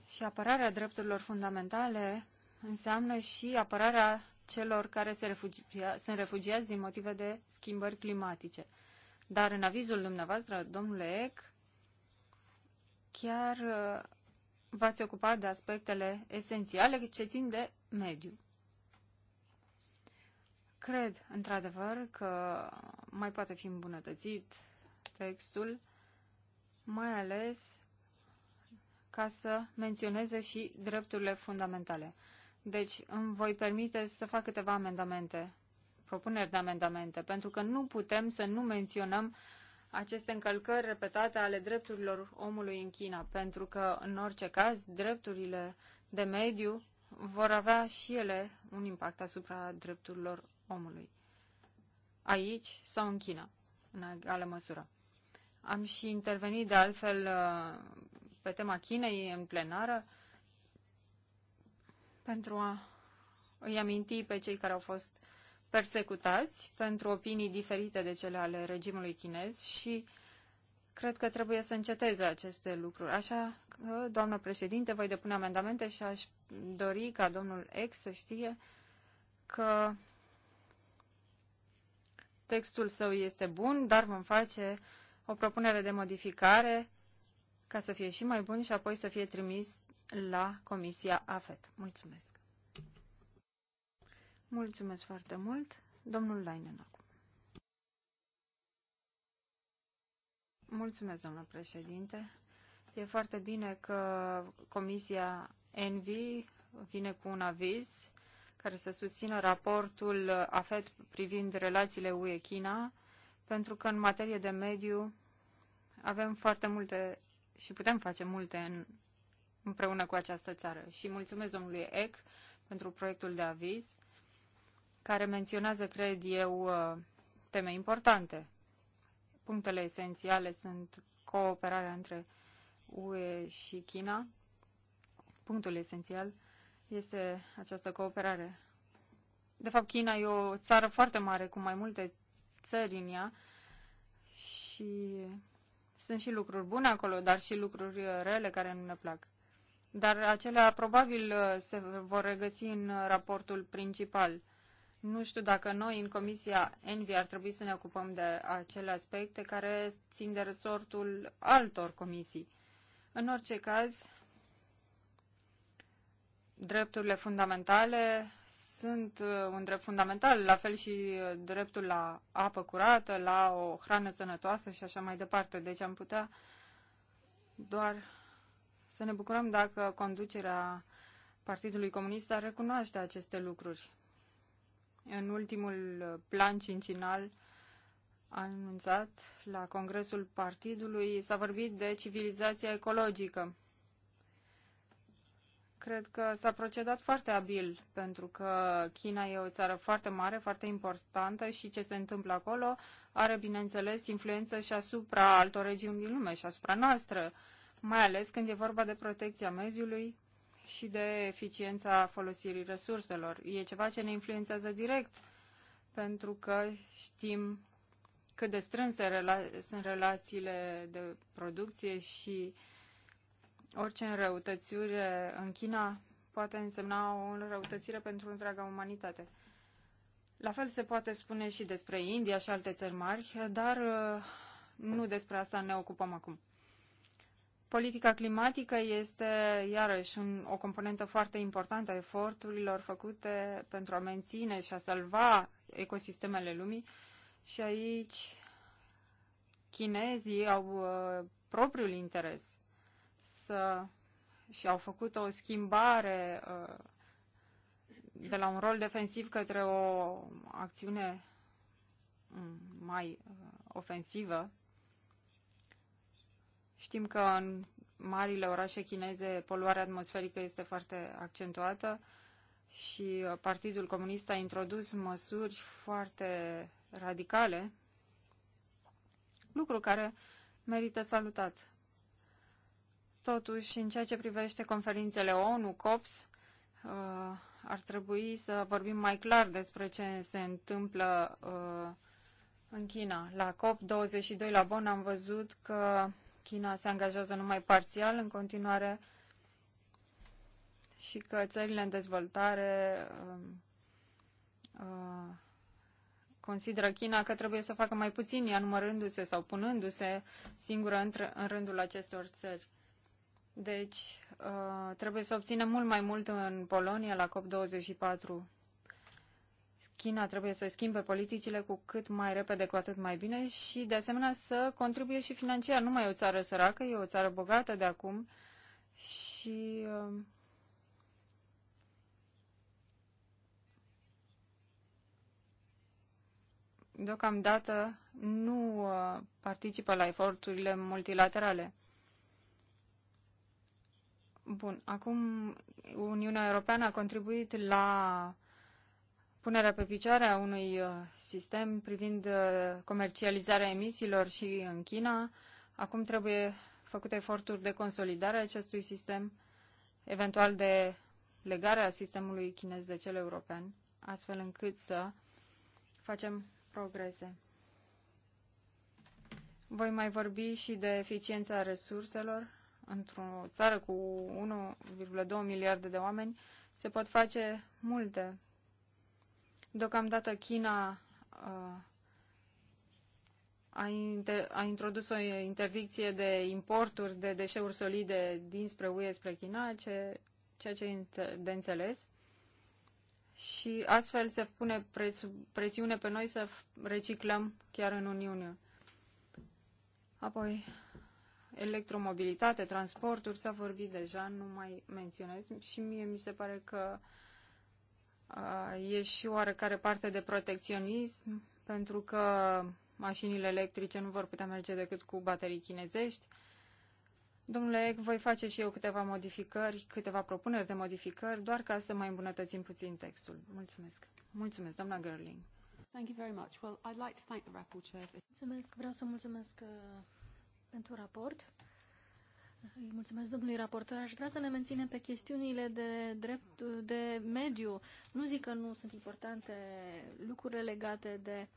Și apărarea drepturilor fundamentale înseamnă și apărarea celor care se refugia, sunt refugiați din motive de schimbări climatice. Dar în avizul dumneavoastră, domnule Eck, chiar uh, v-ați ocupat de aspectele esențiale ce țin de mediu. Cred, într-adevăr, că mai poate fi îmbunătățit textul, mai ales ca să menționeze și drepturile fundamentale. Deci îmi voi permite să fac câteva amendamente, propuneri de amendamente, pentru că nu putem să nu menționăm aceste încălcări repetate ale drepturilor omului în China, pentru că, în orice caz, drepturile de mediu vor avea și ele un impact asupra drepturilor omului, aici sau în China, în egală măsură. Am și intervenit de altfel pe tema Chinei în plenară, pentru a îi aminti pe cei care au fost persecutați pentru opinii diferite de cele ale regimului chinez și cred că trebuie să înceteze aceste lucruri. Așa că, doamnă președinte, voi depune amendamente și aș dori ca domnul Ex să știe că textul său este bun, dar vom face o propunere de modificare ca să fie și mai bun și apoi să fie trimis la Comisia AFET. Mulțumesc! Mulțumesc foarte mult, domnul Lainen acum. Mulțumesc, domnul președinte. E foarte bine că Comisia ENVI vine cu un aviz care să susțină raportul AFET privind relațiile UE-China, pentru că în materie de mediu avem foarte multe și putem face multe în împreună cu această țară. Și mulțumesc domnului Eck pentru proiectul de aviz, care menționează, cred eu, uh, teme importante. Punctele esențiale sunt cooperarea între UE și China. Punctul esențial este această cooperare. De fapt, China e o țară foarte mare, cu mai multe țări în ea și sunt și lucruri bune acolo, dar și lucruri rele care nu ne plac dar acelea probabil uh, se vor regăsi în uh, raportul principal. Nu știu dacă noi, în Comisia Envi, ar trebui să ne ocupăm de acele aspecte care țin de resortul altor comisii. În orice caz, drepturile fundamentale sunt uh, un drept fundamental, la fel și dreptul la apă curată, la o hrană sănătoasă și așa mai departe. Deci am putea doar să ne bucurăm dacă conducerea Partidului Comunist ar recunoaște aceste lucruri. În ultimul plan cincinal anunțat la Congresul Partidului s-a vorbit de civilizația ecologică. Cred că s-a procedat foarte abil, pentru că China e o țară foarte mare, foarte importantă și ce se întâmplă acolo are, bineînțeles, influență și asupra altor regiuni din lume și asupra noastră mai ales când e vorba de protecția mediului și de eficiența folosirii resurselor. E ceva ce ne influențează direct, pentru că știm cât de strânse rela- sunt relațiile de producție și orice înrăutățire în China poate însemna o înrăutățire pentru întreaga umanitate. La fel se poate spune și despre India și alte țări mari, dar uh, nu despre asta ne ocupăm acum. Politica climatică este, iarăși, un, o componentă foarte importantă a eforturilor făcute pentru a menține și a salva ecosistemele lumii și aici chinezii au uh, propriul interes să și au făcut o schimbare uh, de la un rol defensiv către o acțiune mm, mai uh, ofensivă Știm că în marile orașe chineze poluarea atmosferică este foarte accentuată și Partidul Comunist a introdus măsuri foarte radicale, lucru care merită salutat. Totuși, în ceea ce privește conferințele ONU, COPS, uh, ar trebui să vorbim mai clar despre ce se întâmplă uh, în China. La COP22 la Bonn am văzut că China se angajează numai parțial în continuare și că țările în dezvoltare um, uh, consideră China că trebuie să facă mai puțin, ea numărându-se sau punându-se singură între, în rândul acestor țări. Deci, uh, trebuie să obținem mult mai mult în Polonia la COP24 China trebuie să schimbe politicile cu cât mai repede, cu atât mai bine și, de asemenea, să contribuie și financiar. Nu mai e o țară săracă, e o țară bogată de acum și uh, deocamdată nu uh, participă la eforturile multilaterale. Bun, acum Uniunea Europeană a contribuit la punerea pe picioare a unui uh, sistem privind uh, comercializarea emisiilor și în China. Acum trebuie făcute eforturi de consolidare a acestui sistem, eventual de legare a sistemului chinez de cel european, astfel încât să facem progrese. Voi mai vorbi și de eficiența resurselor Într-o țară cu 1,2 miliarde de oameni se pot face multe Deocamdată China uh, a, inter, a introdus o interdicție de importuri de deșeuri solide dinspre UE spre China, ce, ceea ce e de înțeles. Și astfel se pune presiune pe noi să reciclăm chiar în Uniune. Apoi, electromobilitate, transporturi, s-a vorbit deja, nu mai menționez și mie mi se pare că uh, e și oarecare parte de protecționism, pentru că mașinile electrice nu vor putea merge decât cu baterii chinezești. Domnule Ec, voi face și eu câteva modificări, câteva propuneri de modificări, doar ca să mai îmbunătățim puțin textul. Mulțumesc. Mulțumesc, doamna Gerling. Thank you very much. Well, I'd like to thank the rapporteur. Mulțumesc. Vreau să mulțumesc uh, pentru raport. Îi mulțumesc domnului raportor. Aș vrea să ne menținem pe chestiunile de drept de mediu. Nu zic că nu sunt importante lucrurile legate de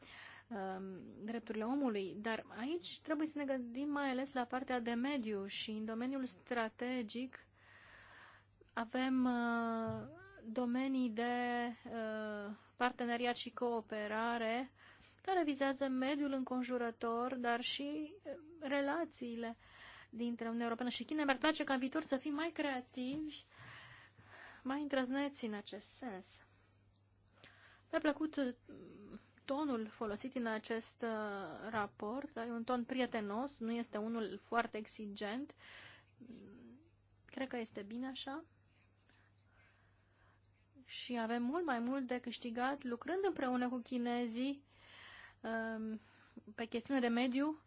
um, drepturile omului, dar aici trebuie să ne gândim mai ales la partea de mediu și în domeniul strategic avem uh, domenii de uh, parteneriat și cooperare care vizează mediul înconjurător, dar și uh, relațiile uh, dintre Uniunea Europeană și China. Mi-ar place ca în viitor să fim mai creativi, mai îndrăzneți în acest sens. Mi-a plăcut uh, tonul folosit în acest uh, raport, e un ton prietenos, nu este unul foarte exigent. Cred că este bine așa și avem mult mai mult de câștigat lucrând împreună cu chinezii um, pe chestiune de mediu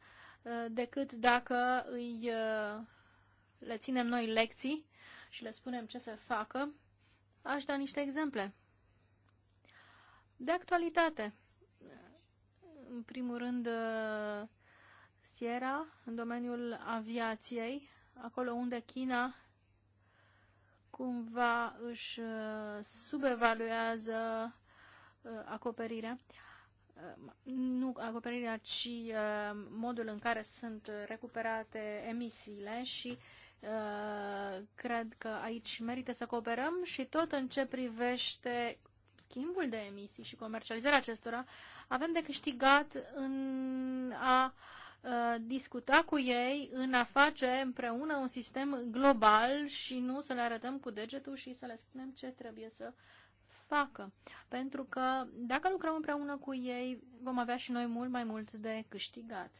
Uh, decât dacă îi, uh, le ținem noi lecții și le spunem ce să facă. Aș da niște exemple. De actualitate. În primul rând, uh, Sierra, în domeniul aviației, acolo unde China cumva își subevaluează acoperirea nu acoperirea, ci uh, modul în care sunt recuperate emisiile și uh, cred că aici merită să cooperăm și tot în ce privește schimbul de emisii și comercializarea acestora, avem de câștigat în a uh, discuta cu ei în a face împreună un sistem global și nu să le arătăm cu degetul și să le spunem ce trebuie să facă. Pentru că dacă lucrăm împreună cu ei, vom avea și noi mult mai mult de câștigat.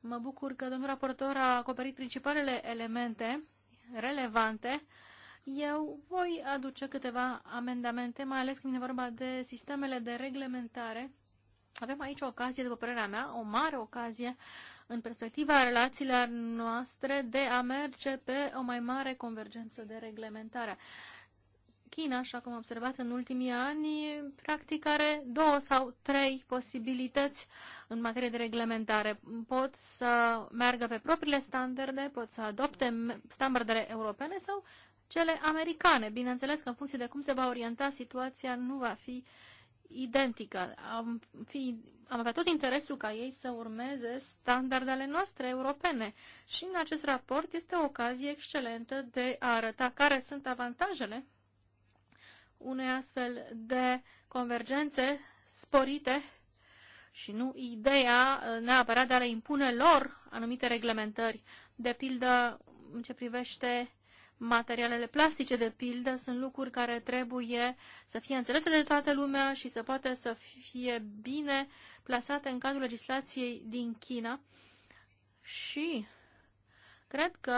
Mă bucur că domnul raportor a acoperit principalele elemente relevante. Eu voi aduce câteva amendamente, mai ales când e vorba de sistemele de reglementare. Avem aici o ocazie, după părerea mea, o mare ocazie în perspectiva relațiilor noastre de a merge pe o mai mare convergență de reglementare. China, așa cum am observat în ultimii ani, practic are două sau trei posibilități în materie de reglementare. Pot să meargă pe propriile standarde, pot să adopte standardele europene sau cele americane. Bineînțeles că în funcție de cum se va orienta situația nu va fi identică. Am, fi, am avea tot interesul ca ei să urmeze standardele noastre europene și în acest raport este o ocazie excelentă de a arăta care sunt avantajele unei astfel de convergențe sporite și nu ideea uh, neapărat de a le impune lor anumite reglementări. De pildă, în ce privește materialele plastice, de pildă, sunt lucruri care trebuie să fie înțelese de toată lumea și să poată să fie bine plasate în cadrul legislației din China. Și cred că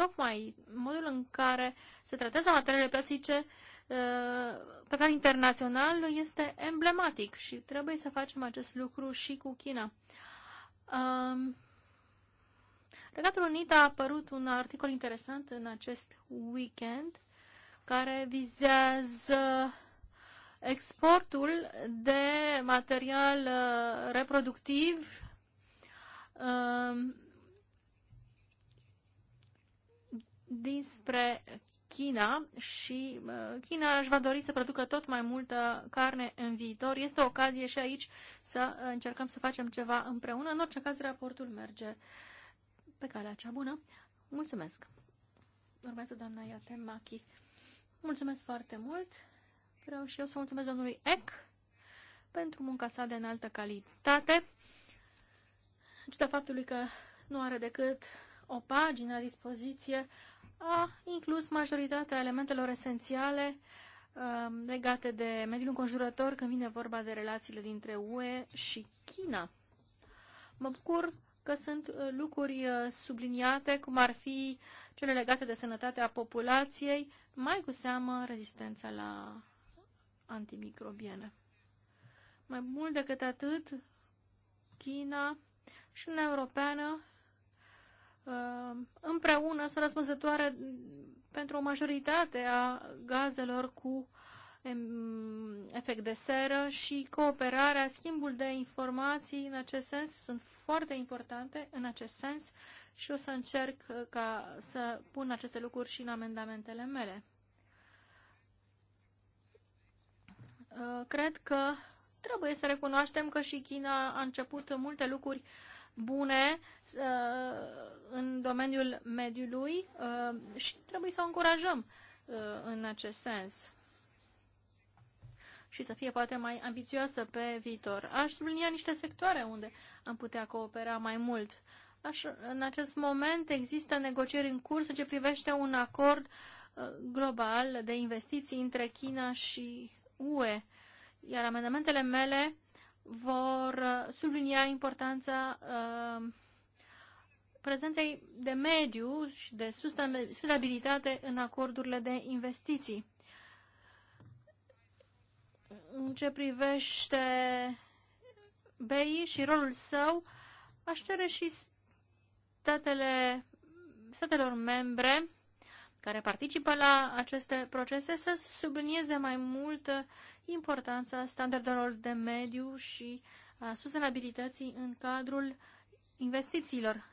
tocmai modul în care se tratează materiile plastice uh, pe plan internațional este emblematic și trebuie să facem acest lucru și cu China. Um, Regatul Unit a apărut un articol interesant în acest weekend care vizează exportul de material uh, reproductiv um, dinspre China și uh, China își va dori să producă tot mai multă carne în viitor. Este o ocazie și aici să încercăm să facem ceva împreună. În orice caz, raportul merge pe calea cea bună. Mulțumesc! Urmează doamna Machi. Mulțumesc foarte mult! Vreau și eu să mulțumesc domnului Eck pentru munca sa de înaltă calitate. În ciuda faptului că nu are decât o pagină la dispoziție, a inclus majoritatea elementelor esențiale um, legate de mediul înconjurător când vine vorba de relațiile dintre UE și China. Mă bucur că sunt uh, lucruri uh, subliniate, cum ar fi cele legate de sănătatea populației, mai cu seamă rezistența la antimicrobiene. Mai mult decât atât, China și Uniunea Europeană Uh, împreună sunt răspunzătoare pentru o majoritate a gazelor cu efect de seră și cooperarea, schimbul de informații în acest sens sunt foarte importante în acest sens și o să încerc uh, ca să pun aceste lucruri și în amendamentele mele. Uh, cred că Trebuie să recunoaștem că și China a început multe lucruri bune uh, în domeniul mediului uh, și trebuie să o încurajăm uh, în acest sens și să fie poate mai ambițioasă pe viitor. Aș sublinia niște sectoare unde am putea coopera mai mult. Aș, în acest moment există negocieri în curs ce privește un acord global de investiții între China și UE. Iar amendamentele mele vor uh, sublinia importanța uh, prezenței de mediu și de sustenabilitate în acordurile de investiții. În ce privește BEI și rolul său, aș cere și statele, statelor membre care participă la aceste procese să sublinieze mai mult importanța standardelor de mediu și a sustenabilității în cadrul investițiilor.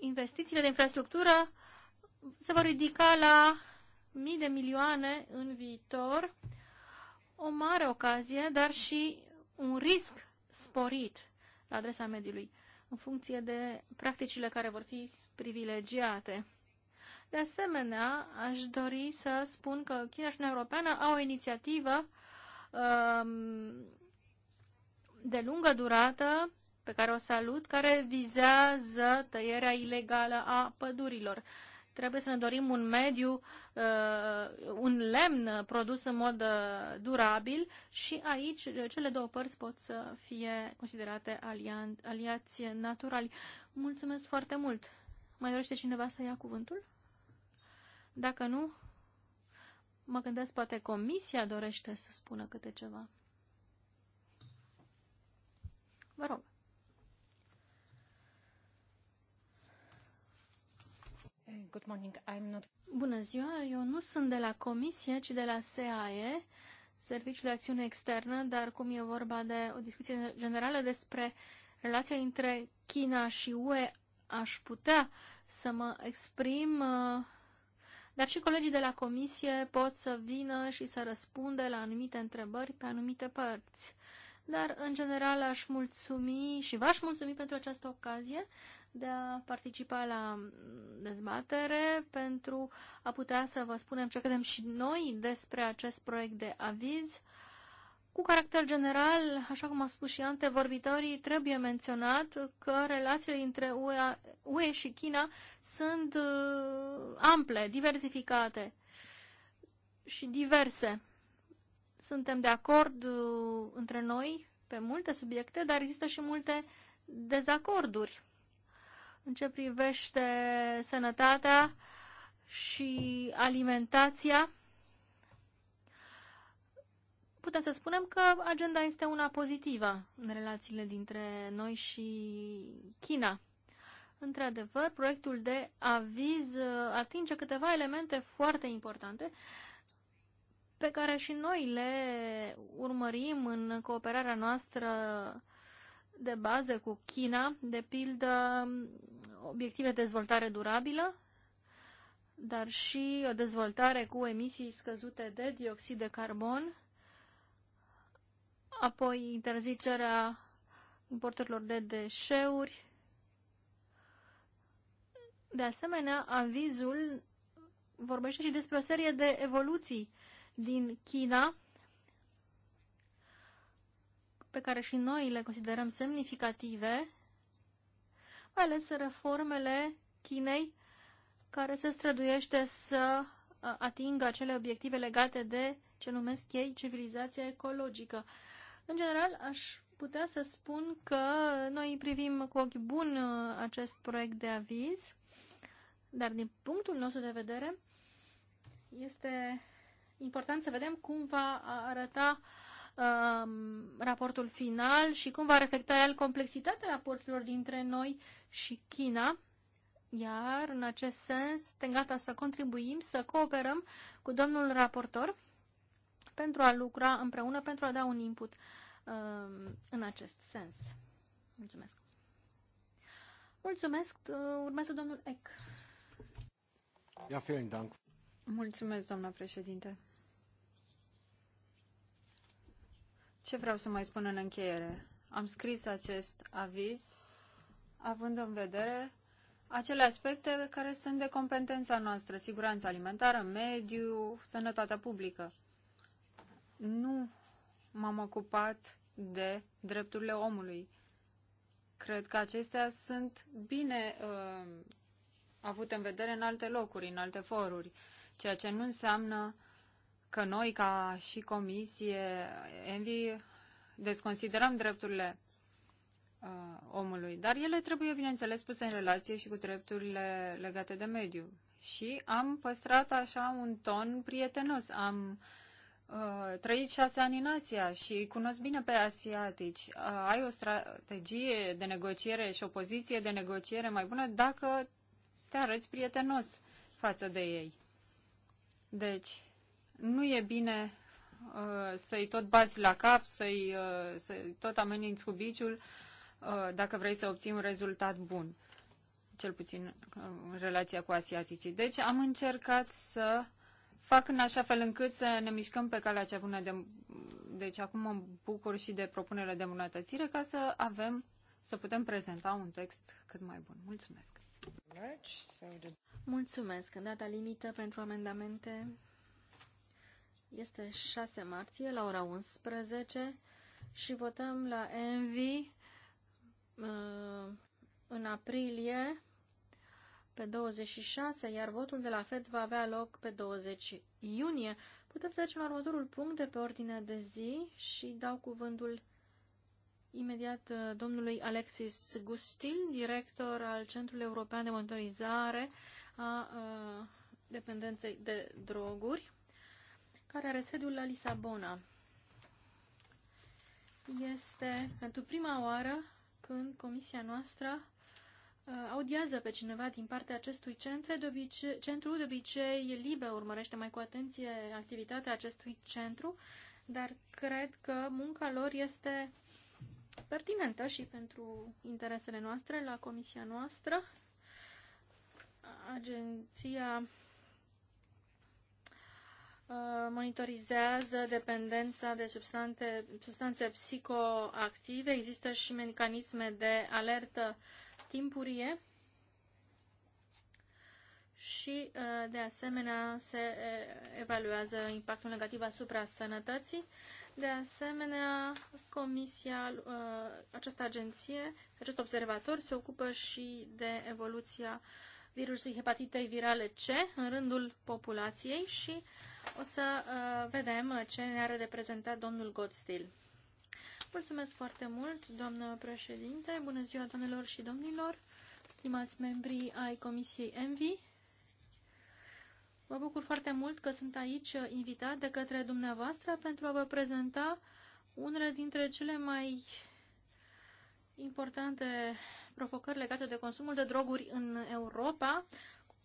Investițiile de infrastructură se vor ridica la mii de milioane în viitor, o mare ocazie, dar și un risc sporit la adresa mediului, în funcție de practicile care vor fi privilegiate. De asemenea, aș dori să spun că China și Uniunea Europeană au o inițiativă um, de lungă durată pe care o salut, care vizează tăierea ilegală a pădurilor. Trebuie să ne dorim un mediu, uh, un lemn produs în mod uh, durabil și aici uh, cele două părți pot să fie considerate alian, aliați naturali. Mulțumesc foarte mult! Mai dorește cineva să ia cuvântul? Dacă nu, mă gândesc, poate comisia dorește să spună câte ceva. Vă rog. Good morning. I'm not... Bună ziua, eu nu sunt de la comisie, ci de la SAE, Serviciul de Acțiune Externă, dar cum e vorba de o discuție generală despre relația între China și UE, aș putea să mă exprim, uh, dar și colegii de la comisie pot să vină și să răspundă la anumite întrebări pe anumite părți. Dar, în general, aș mulțumi și v-aș mulțumi pentru această ocazie de a participa la dezbatere pentru a putea să vă spunem ce credem și noi despre acest proiect de aviz. Cu caracter general, așa cum a spus și antevorbitorii, trebuie menționat că relațiile dintre UE și China sunt uh, ample, diversificate și diverse. Suntem de acord uh, între noi pe multe subiecte, dar există și multe dezacorduri în ce privește sănătatea și alimentația putem să spunem că agenda este una pozitivă în relațiile dintre noi și China. Într-adevăr, proiectul de aviz uh, atinge câteva elemente foarte importante pe care și noi le urmărim în cooperarea noastră de bază cu China, de pildă obiective de dezvoltare durabilă, dar și o dezvoltare cu emisii scăzute de dioxid de carbon, apoi interzicerea importurilor de deșeuri. De asemenea, avizul vorbește și despre o serie de evoluții din China pe care și noi le considerăm semnificative, mai ales reformele Chinei care se străduiește să uh, atingă acele obiective legate de ce numesc ei civilizația ecologică. În general, aș putea să spun că noi privim cu ochi bun uh, acest proiect de aviz, dar din punctul nostru de vedere este important să vedem cum va arăta um, raportul final și cum va reflecta el complexitatea raporturilor dintre noi și China. Iar, în acest sens, suntem gata să contribuim, să cooperăm cu domnul raportor pentru a lucra împreună, pentru a da un input uh, în acest sens. Mulțumesc. Mulțumesc. Uh, urmează domnul Eck. Ja, vielen Dank. Mulțumesc, doamna președinte. Ce vreau să mai spun în încheiere? Am scris acest aviz având în vedere acele aspecte care sunt de competența noastră, siguranța alimentară, mediu, sănătatea publică nu m-am ocupat de drepturile omului. Cred că acestea sunt bine uh, avute în vedere în alte locuri, în alte foruri, ceea ce nu înseamnă că noi, ca și comisie, Envi, desconsiderăm drepturile uh, omului. Dar ele trebuie, bineînțeles, puse în relație și cu drepturile legate de mediu. Și am păstrat așa un ton prietenos. Am uh, Uh, trăit șase ani în Asia și cunosc bine pe asiatici. Uh, ai o strategie de negociere și o poziție de negociere mai bună dacă te arăți prietenos față de ei. Deci, nu e bine uh, să-i tot bați la cap, să-i, uh, să tot ameninți cu biciul uh, dacă vrei să obții un rezultat bun, cel puțin uh, în relația cu asiaticii. Deci am încercat să fac în așa fel încât să ne mișcăm pe calea cea bună. De, deci acum mă bucur și de propunerea de îmbunătățire ca să avem, să putem prezenta un text cât mai bun. Mulțumesc! Mulțumesc! Data limită pentru amendamente este 6 martie la ora 11 și votăm la ENVI uh, în aprilie pe 26, iar votul de la FED va avea loc pe 20 iunie. Putem să trecem la următorul punct de pe ordinea de zi și dau cuvântul imediat uh, domnului Alexis Gustil, director al Centrului European de Monitorizare a, a uh, Dependenței de Droguri, care are sediul la Lisabona. Este pentru prima oară când comisia noastră Uh, audiază pe cineva din partea acestui centru, de obicei, centru, de obicei liber, urmărește mai cu atenție activitatea acestui centru, dar cred că munca lor este pertinentă și pentru interesele noastre la comisia noastră. Agenția uh, monitorizează dependența de substanțe, substanțe psicoactive. Există și mecanisme de alertă uh, timpurie și, uh, de asemenea, se uh, evaluează impactul negativ asupra sănătății. De asemenea, comisia, uh, această agenție, acest observator se ocupă și de evoluția virusului hepatitei virale C în rândul populației și o să vedem ce ne are de prezentat domnul Godstill. Mulțumesc foarte mult, doamnă președinte. Bună ziua, doamnelor și domnilor, stimați membrii ai Comisiei ENVI. Vă bucur foarte mult că sunt aici invitat de către dumneavoastră pentru a vă prezenta unele dintre cele mai importante provocări legate de consumul de droguri în Europa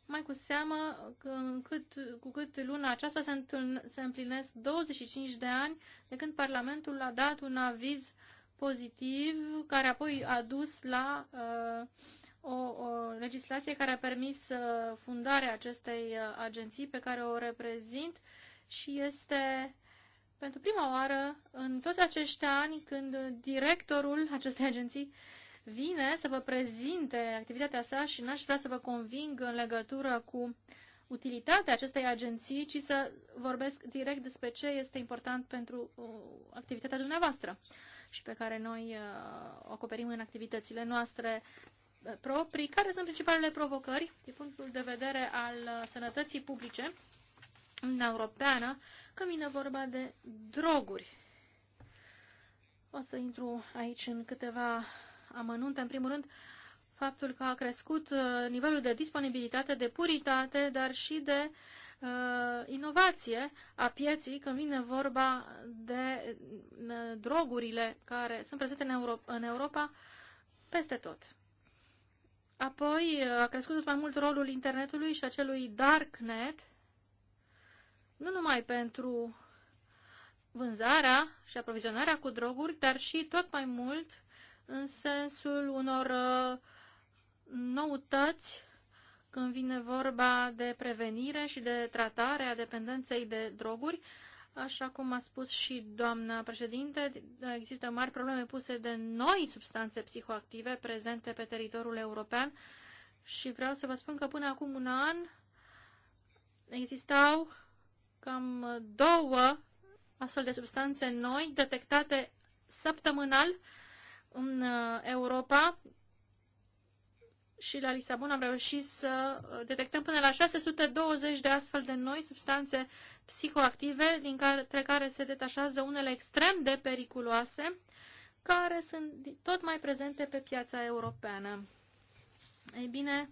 mai cu seamă că cât, cu cât luna aceasta se, întâln, se împlinesc 25 de ani de când Parlamentul a dat un aviz pozitiv care apoi a dus la uh, o, o legislație care a permis uh, fundarea acestei uh, agenții pe care o reprezint și este pentru prima oară în toți acești ani când directorul acestei agenții uh, vine să vă prezinte activitatea sa și n-aș vrea să vă conving în legătură cu utilitatea acestei agenții, ci să vorbesc direct despre ce este important pentru uh, activitatea dumneavoastră și pe care noi uh, o acoperim în activitățile noastre uh, proprii. Care sunt principalele provocări din punctul de vedere al sănătății publice în europeană când vine vorba de droguri? O să intru aici în câteva amănunte. În primul rând, faptul că a crescut uh, nivelul de disponibilitate, de puritate, dar și de uh, inovație a pieții când vine vorba de uh, drogurile care sunt prezente în Europa, în Europa peste tot. Apoi uh, a crescut tot mai mult rolul internetului și acelui darknet, nu numai pentru vânzarea și aprovizionarea cu droguri, dar și tot mai mult în sensul unor uh, noutăți când vine vorba de prevenire și de tratare a dependenței de droguri. Așa cum a spus și doamna președinte, există mari probleme puse de noi substanțe psihoactive prezente pe teritoriul european și vreau să vă spun că până acum un an existau cam două astfel de substanțe noi detectate săptămânal în uh, Europa și la Lisabona am reușit să detectăm până la 620 de astfel de noi substanțe psihoactive, din care, care se detașează unele extrem de periculoase, care sunt tot mai prezente pe piața europeană. Ei bine,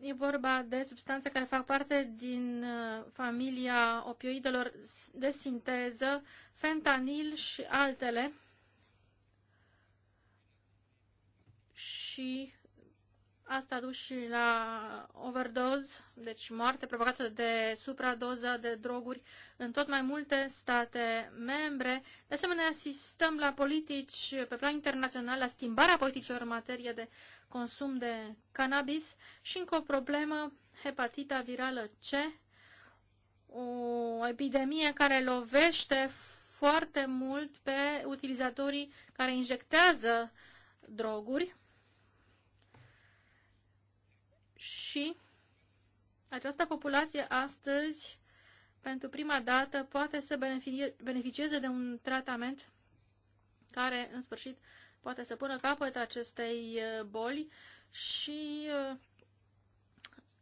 e vorba de substanțe care fac parte din uh, familia opioidelor de sinteză, fentanil și altele, și asta a dus și la overdose, deci moarte provocată de supradoză de droguri în tot mai multe state membre. De asemenea, asistăm la politici pe plan internațional, la schimbarea politicilor în materie de consum de cannabis și încă o problemă, hepatita virală C, o epidemie care lovește foarte mult pe utilizatorii care injectează droguri și această populație astăzi, pentru prima dată, poate să beneficieze de un tratament care, în sfârșit, poate să pună capăt acestei uh, boli și uh,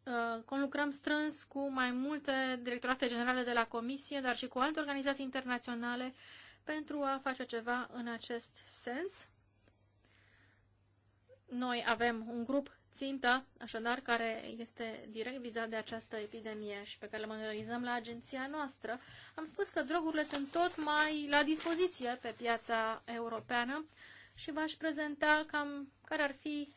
uh, conlucrăm strâns cu mai multe directorate generale de la Comisie, dar și cu alte organizații internaționale pentru a face ceva în acest sens. Noi avem un grup țintă, așadar, care este direct vizat de această epidemie și pe care le monitorizăm la agenția noastră, am spus că drogurile sunt tot mai la dispoziție pe piața europeană și v-aș prezenta cam care ar fi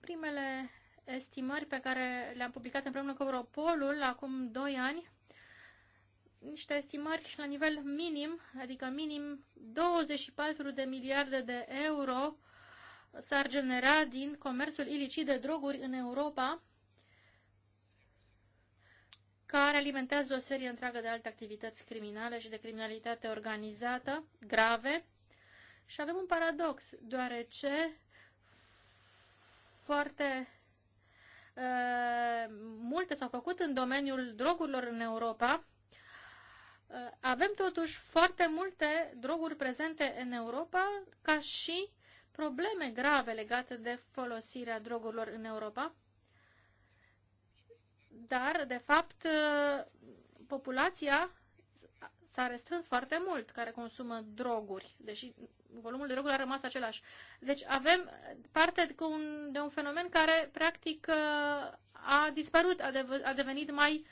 primele estimări pe care le-am publicat împreună cu Europolul acum 2 ani, niște estimări la nivel minim, adică minim 24 de miliarde de euro s-ar genera din comerțul ilicit de droguri în Europa, care alimentează o serie întreagă de alte activități criminale și de criminalitate organizată, grave. Și avem un paradox, deoarece foarte uh, multe s-au făcut în domeniul drogurilor în Europa. Uh, avem totuși foarte multe droguri prezente în Europa ca și probleme grave legate de folosirea drogurilor în Europa, dar, de fapt, populația s-a restrâns foarte mult care consumă droguri, deși volumul de droguri a rămas același. Deci avem parte de un, de un fenomen care, practic, a dispărut, a, dev- a devenit mai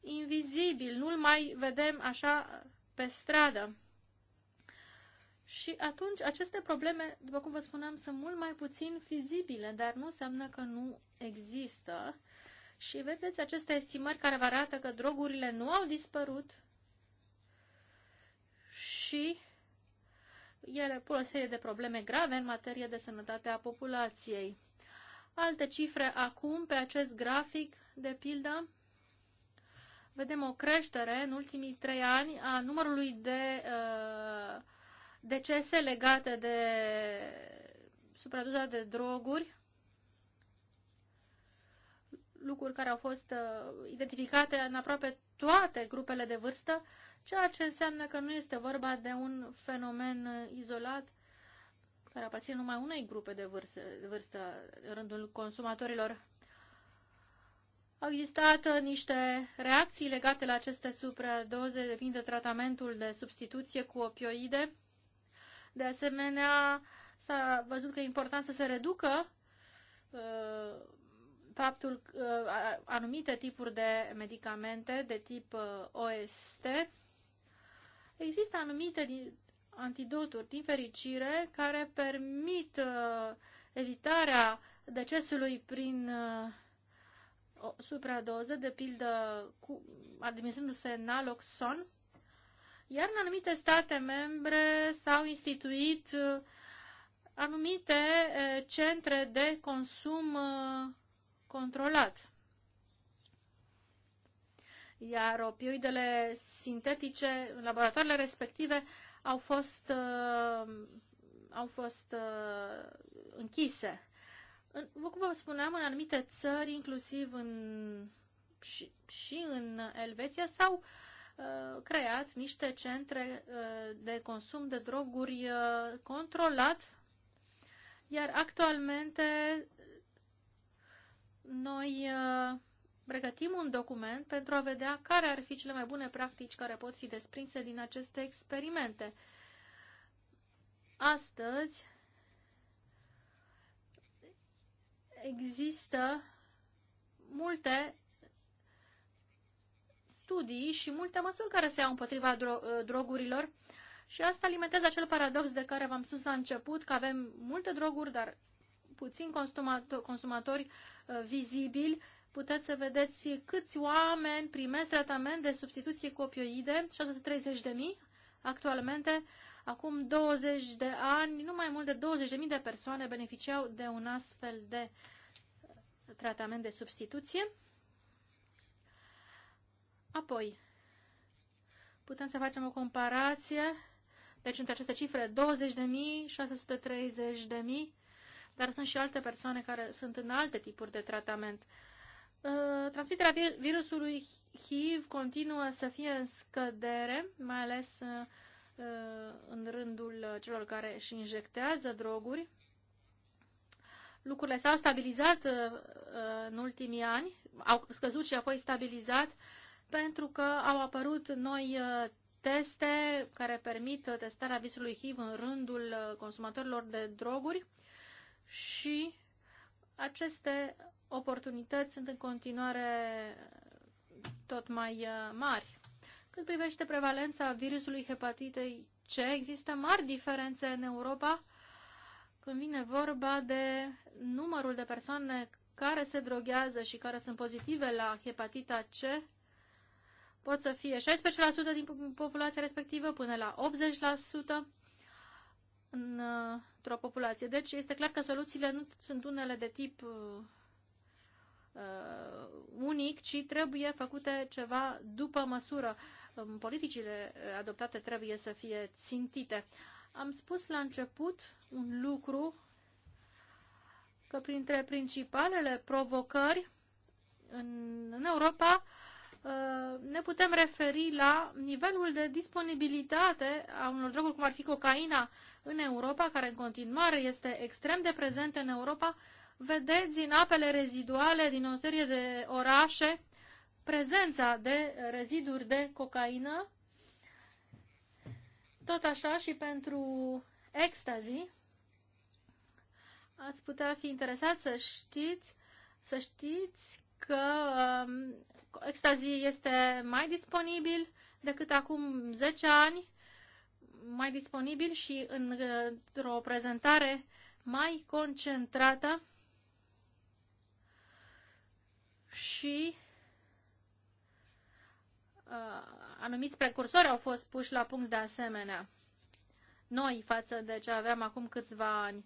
invizibil, nu-l mai vedem așa pe stradă. Și atunci aceste probleme, după cum vă spuneam, sunt mult mai puțin vizibile, dar nu înseamnă că nu există. Și vedeți aceste estimări care vă arată că drogurile nu au dispărut și ele pun o serie de probleme grave în materie de sănătate a populației. Alte cifre acum pe acest grafic, de pildă, vedem o creștere în ultimii trei ani a numărului de uh, decese legate de supradoza de droguri, lucruri care au fost uh, identificate în aproape toate grupele de vârstă, ceea ce înseamnă că nu este vorba de un fenomen izolat care aparține numai unei grupe de vârstă, de vârstă în rândul consumatorilor. Au existat uh, niște reacții legate la aceste supradoze, depinde de tratamentul de substituție cu opioide, de asemenea, s-a văzut că e important să se reducă uh, faptul uh, anumite tipuri de medicamente de tip uh, OST. Există anumite antidoturi, din fericire, care permit uh, evitarea decesului prin uh, o supradoză, de pildă cu, administrându-se naloxon, iar în anumite state membre s-au instituit uh, anumite uh, centre de consum uh, controlat. Iar opioidele sintetice în laboratoarele respective au fost, au fost închise. În, cum vă spuneam, în anumite țări, inclusiv în, și, și în Elveția, s-au uh, Uh, creat niște centre uh, de consum de droguri uh, controlat, iar actualmente noi pregătim un document pentru a vedea care ar fi cele mai bune practici care pot fi desprinse din aceste experimente. Astăzi există multe studii și multe măsuri care se iau împotriva dro- ă, drogurilor și asta alimentează acel paradox de care v-am spus la început, că avem multe droguri, dar puțin consumatori, ă, vizibili. Puteți să vedeți câți oameni primesc tratament de substituție cu opioide, 630 de mii actualmente. Acum 20 de ani, nu mai mult de 20.000 de persoane beneficiau de un astfel de tratament de substituție. Apoi, putem să facem o comparație, deci între aceste cifre 20.000, 630.000, dar sunt și alte persoane care sunt în alte tipuri de tratament. Uh, transmiterea virusului HIV continuă să fie în scădere, mai ales uh, uh, în rândul celor care își injectează droguri. Lucrurile s-au stabilizat în ultimii ani, au scăzut și apoi stabilizat pentru că au apărut noi uh, teste care permit testarea visului HIV în rândul uh, consumatorilor de droguri și aceste oportunități sunt în continuare tot mai uh, mari. Cât privește prevalența virusului hepatitei C, există mari diferențe în Europa când vine vorba de numărul de persoane care se droghează și care sunt pozitive la hepatita C pot să fie 16% din populația respectivă până la 80% uh, într-o populație. Deci este clar că soluțiile nu sunt unele de tip uh, uh unic, ci trebuie făcute ceva după măsură. Um, politicile adoptate trebuie să fie țintite. Am spus la început un lucru că printre principalele provocări în, în Europa uh, Uh, ne putem referi la nivelul de disponibilitate a unor droguri cum ar fi cocaina în Europa, care în continuare este extrem de prezent în Europa, vedeți în apele reziduale din o serie de orașe prezența de reziduri de cocaină, tot așa și pentru ecstasy. Ați putea fi interesat să știți, să știți că um, Ecstasy este mai disponibil decât acum 10 ani, mai disponibil și într-o prezentare mai concentrată și uh, anumiți precursori au fost puși la punct de asemenea. Noi față de ce aveam acum câțiva ani.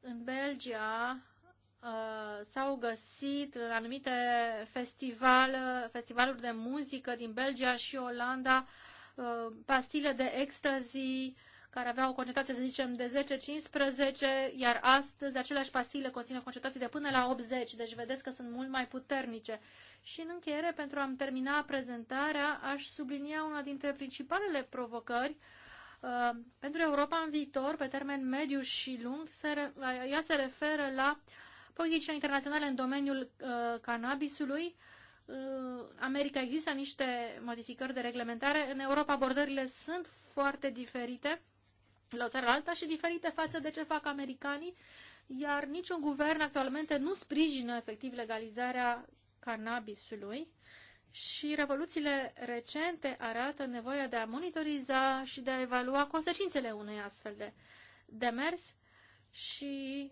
În Belgia Uh, s-au găsit anumite festival, festivaluri de muzică din Belgia și Olanda, uh, pastile de ecstasy care aveau o concentrație, să zicem, de 10-15, iar astăzi aceleași pastile conțin o concentrație de până la 80, deci vedeți că sunt mult mai puternice. Și în încheiere, pentru a-mi termina prezentarea, aș sublinia una dintre principalele provocări uh, pentru Europa în viitor, pe termen mediu și lung, se, ea se referă la uh, politicile internaționale în domeniul uh, cannabisului. Uh, America există niște modificări de reglementare. În Europa abordările sunt foarte diferite la o țară alta și diferite față de ce fac americanii, iar niciun guvern actualmente nu sprijină efectiv legalizarea cannabisului și revoluțiile recente arată nevoia de a monitoriza și de a evalua consecințele unei astfel de demers și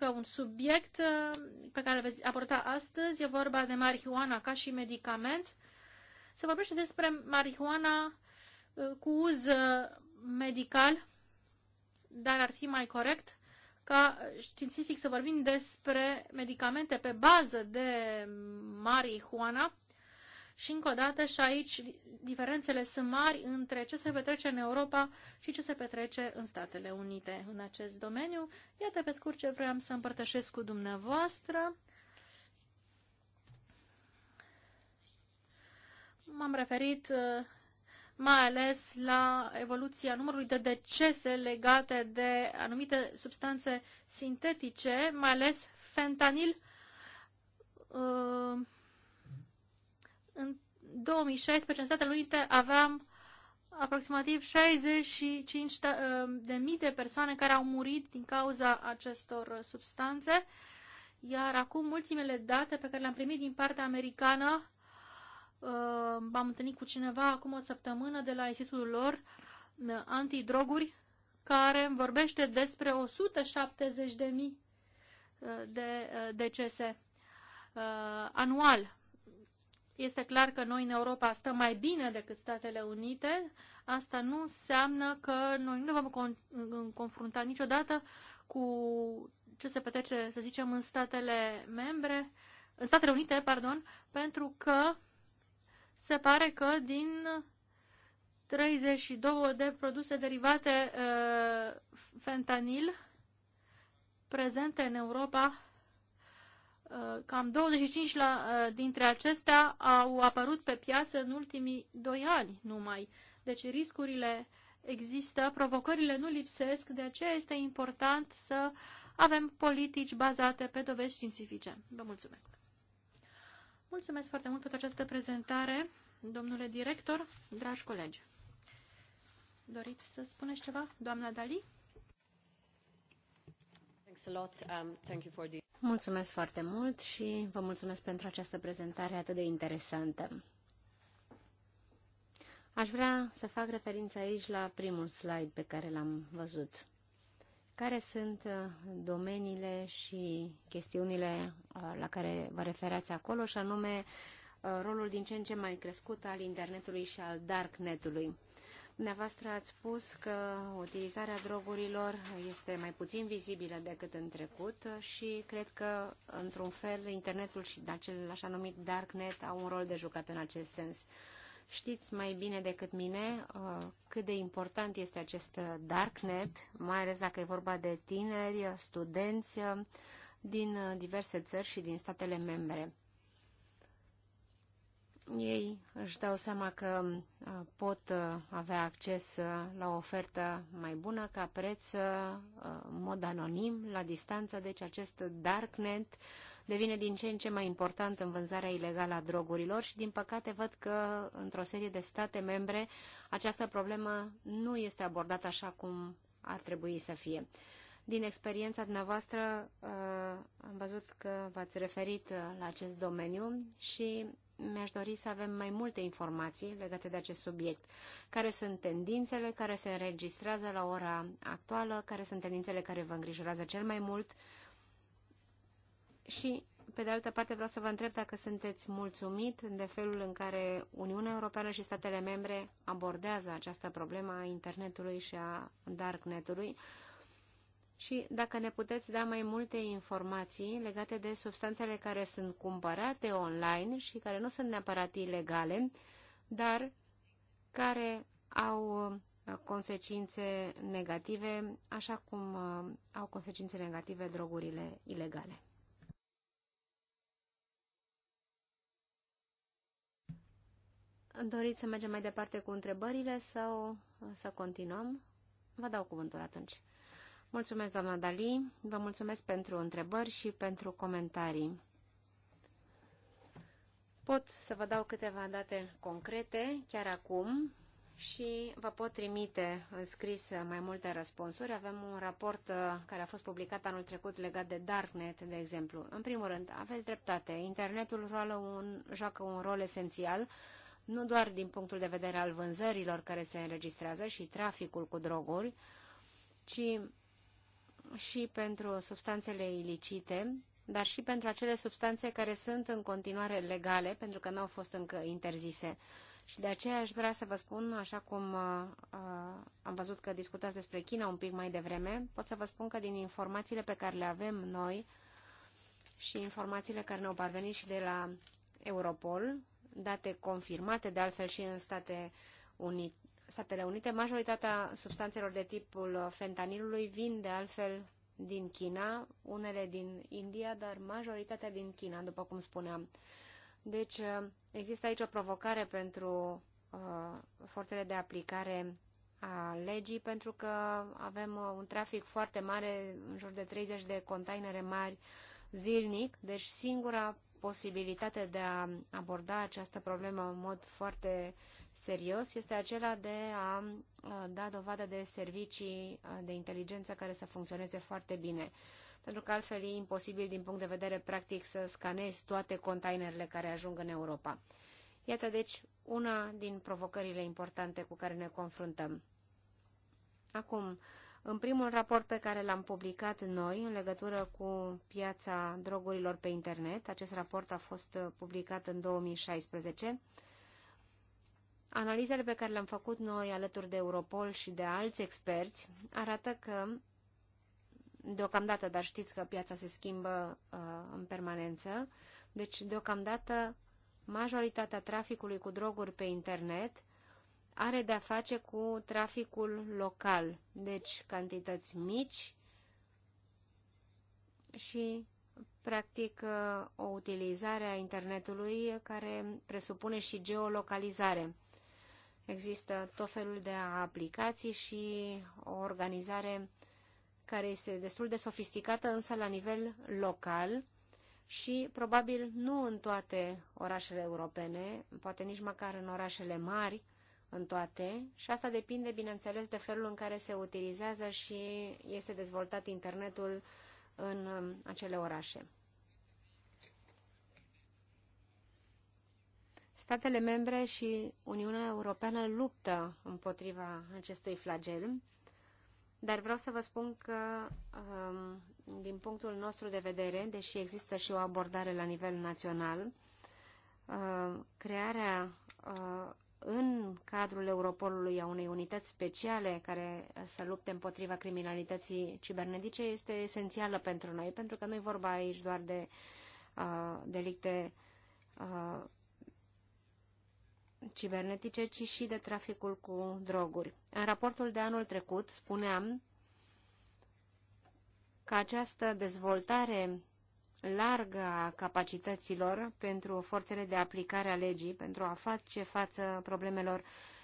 încă un subiect uh, pe care îl veți aborda astăzi e vorba de marihuana ca și medicament. Se vorbește despre marihuana uh, cu uz uh, medical, dar ar fi mai corect ca științific să vorbim despre medicamente pe bază de marihuana și încă o dată și aici diferențele sunt mari între ce se petrece în Europa și ce se petrece în Statele Unite în acest domeniu. Iată pe scurt ce vreau să împărtășesc cu dumneavoastră. M-am referit uh, mai ales la evoluția numărului de decese legate de anumite substanțe sintetice, mai ales fentanil, uh, în 2016, în Statele Unite, aveam aproximativ 65 uh, de mii de persoane care au murit din cauza acestor uh, substanțe, iar acum ultimele date pe care le-am primit din partea americană, uh, m-am întâlnit cu cineva acum o săptămână de la institutul lor antidroguri, care vorbește despre 170 de mii de decese anual este clar că noi în Europa stăm mai bine decât Statele Unite. Asta nu înseamnă că noi nu vom con- confrunta niciodată cu ce se petrece, să zicem, în statele membre, în Statele Unite, pardon, pentru că se pare că din 32 de produse derivate uh, fentanil prezente în Europa, Uh, cam 25 la, uh, dintre acestea au apărut pe piață în ultimii doi ani numai. Deci riscurile există, provocările nu lipsesc, de aceea este important să avem politici bazate pe dovezi științifice. Vă mulțumesc! Mulțumesc foarte mult pentru această prezentare, domnule director, dragi colegi. Doriți să spuneți ceva, doamna Dali? Thanks a lot. Um, thank you for the... Mulțumesc foarte mult și vă mulțumesc pentru această prezentare atât de interesantă. Aș vrea să fac referință aici la primul slide pe care l-am văzut. Care sunt uh, domeniile și chestiunile uh, la care vă referați acolo și anume uh, rolul din ce în ce mai crescut al internetului și al darknetului. Dumneavoastră ați spus că utilizarea drogurilor este mai puțin vizibilă decât în trecut și cred că, într-un fel, internetul și acel da, așa numit darknet au un rol de jucat în acest sens. Știți mai bine decât mine uh, cât de important este acest darknet, mai ales dacă e vorba de tineri, studenți uh, din uh, diverse țări și din statele membre ei își dau seama că pot avea acces la o ofertă mai bună ca preț în mod anonim, la distanță, deci acest darknet devine din ce în ce mai important în vânzarea ilegală a drogurilor și din păcate văd că într-o serie de state membre această problemă nu este abordată așa cum ar trebui să fie. Din experiența dumneavoastră am văzut că v-ați referit la acest domeniu și mi-aș dori să avem mai multe informații legate de acest subiect. Care sunt tendințele care se înregistrează la ora actuală, care sunt tendințele care vă îngrijorează cel mai mult și, pe de altă parte, vreau să vă întreb dacă sunteți mulțumit de felul în care Uniunea Europeană și statele membre abordează această problemă a internetului și a darknetului, ului și dacă ne puteți da mai multe informații legate de substanțele care sunt cumpărate online și care nu sunt neapărat ilegale, dar care au uh, consecințe negative, așa cum uh, au consecințe negative drogurile ilegale. Doriți să mergem mai departe cu întrebările sau să continuăm? Vă dau cuvântul atunci. Mulțumesc, doamna Dali, vă mulțumesc pentru întrebări și pentru comentarii. Pot să vă dau câteva date concrete chiar acum și vă pot trimite în scris mai multe răspunsuri. Avem un raport uh, care a fost publicat anul trecut legat de Darknet, de exemplu. În primul rând, aveți dreptate. Internetul un, joacă un rol esențial, nu doar din punctul de vedere al vânzărilor care se înregistrează și traficul cu droguri, ci și pentru substanțele ilicite, dar și pentru acele substanțe care sunt în continuare legale, pentru că nu au fost încă interzise. Și de aceea aș vrea să vă spun, așa cum uh, uh, am văzut că discutați despre China un pic mai devreme, pot să vă spun că din informațiile pe care le avem noi și informațiile care ne-au parvenit și de la Europol, date confirmate de altfel și în State Unite, Statele Unite, majoritatea substanțelor de tipul fentanilului vin de altfel din China, unele din India, dar majoritatea din China, după cum spuneam. Deci uh, există aici o provocare pentru uh, forțele de aplicare a legii, pentru că avem uh, un trafic foarte mare, în jur de 30 de containere mari zilnic, deci singura posibilitate de a aborda această problemă în mod foarte serios este acela de a da dovadă de servicii de inteligență care să funcționeze foarte bine. Pentru că altfel e imposibil din punct de vedere practic să scanezi toate containerele care ajung în Europa. Iată deci una din provocările importante cu care ne confruntăm. Acum, uh, în primul raport pe care l-am publicat noi în legătură cu piața drogurilor pe internet, acest raport a fost publicat în 2016, analizele pe care le-am făcut noi alături de Europol și de alți experți arată că deocamdată, dar știți că piața se schimbă uh, în permanență, deci deocamdată majoritatea traficului cu droguri pe internet are de-a face cu traficul local, deci cantități mici și practic o utilizare a internetului care presupune și geolocalizare. Există tot felul de aplicații și o organizare care este destul de sofisticată, însă la nivel local și probabil nu în toate orașele europene, poate nici măcar în orașele mari, în toate și asta depinde, bineînțeles, de felul în care se utilizează și este dezvoltat internetul în um, acele orașe. Statele membre și Uniunea Europeană luptă împotriva acestui flagel, dar vreau să vă spun că, um, din punctul nostru de vedere, deși există și o abordare la nivel național, uh, crearea uh, în cadrul Europolului a unei unități speciale care să lupte împotriva criminalității cibernetice este esențială pentru noi, pentru că nu e vorba aici doar de uh, delicte uh, cibernetice, ci și de traficul cu droguri. În raportul de anul trecut spuneam că această dezvoltare largă a capacităților pentru forțele de aplicare a legii, pentru a face față problemelor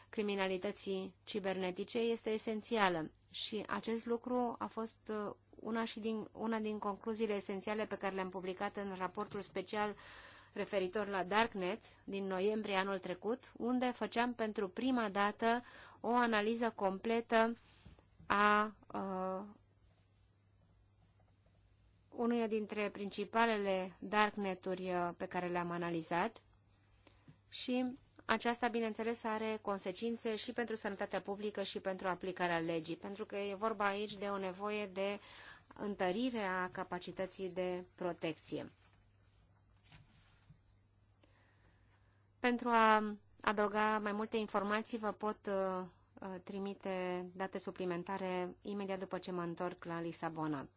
criminalității cibernetice este esențială și acest lucru a fost uh, una, și din, una din concluziile esențiale pe care le-am publicat în raportul special referitor la Darknet din noiembrie anul trecut, unde făceam pentru prima dată o analiză completă a, a uh, unuia dintre principalele darkneturi uh, pe care le-am analizat și aceasta, bineînțeles, are consecințe și pentru sănătatea publică și pentru aplicarea legii, pentru că e vorba aici de o nevoie de întărire a capacității de protecție. Pentru a adăuga mai multe informații, vă pot uh, uh trimite date suplimentare imediat după ce mă întorc la Lisabona.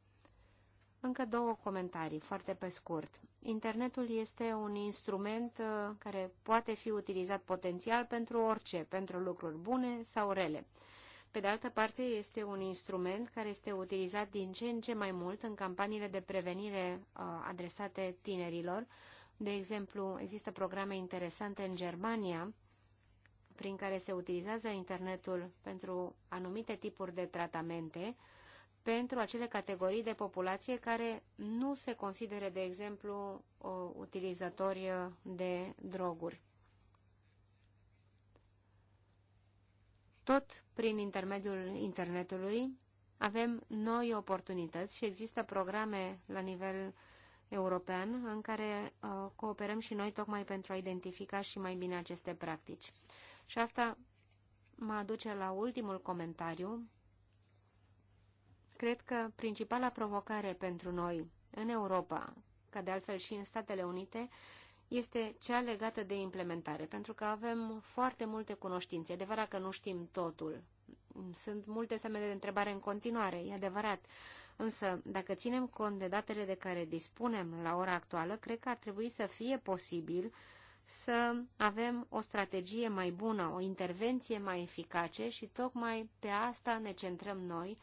Încă două comentarii, foarte pe scurt. Internetul este un instrument uh, care poate fi utilizat potențial pentru orice, pentru lucruri bune sau rele. Pe de altă parte, este un instrument care este utilizat din ce în ce mai mult în campaniile de prevenire uh, adresate tinerilor. De exemplu, există programe interesante în Germania prin care se utilizează internetul pentru anumite tipuri de tratamente, pentru acele categorii de populație care nu se consideră, de exemplu, utilizatori uh, de droguri. Tot prin intermediul internetului avem noi oportunități și există programe la nivel european în care uh, cooperăm și noi tocmai pentru a identifica și mai bine aceste practici. Și asta mă aduce la ultimul comentariu cred că principala provocare pentru noi în Europa, ca de altfel și în Statele Unite, este cea legată de implementare, pentru că avem foarte multe cunoștințe. E adevărat că nu știm totul. Sunt multe semne de întrebare în continuare, e adevărat. Însă, dacă ținem cont de datele de care dispunem la ora actuală, cred că ar trebui să fie posibil să avem o strategie mai bună, o intervenție mai eficace și tocmai pe asta ne centrăm noi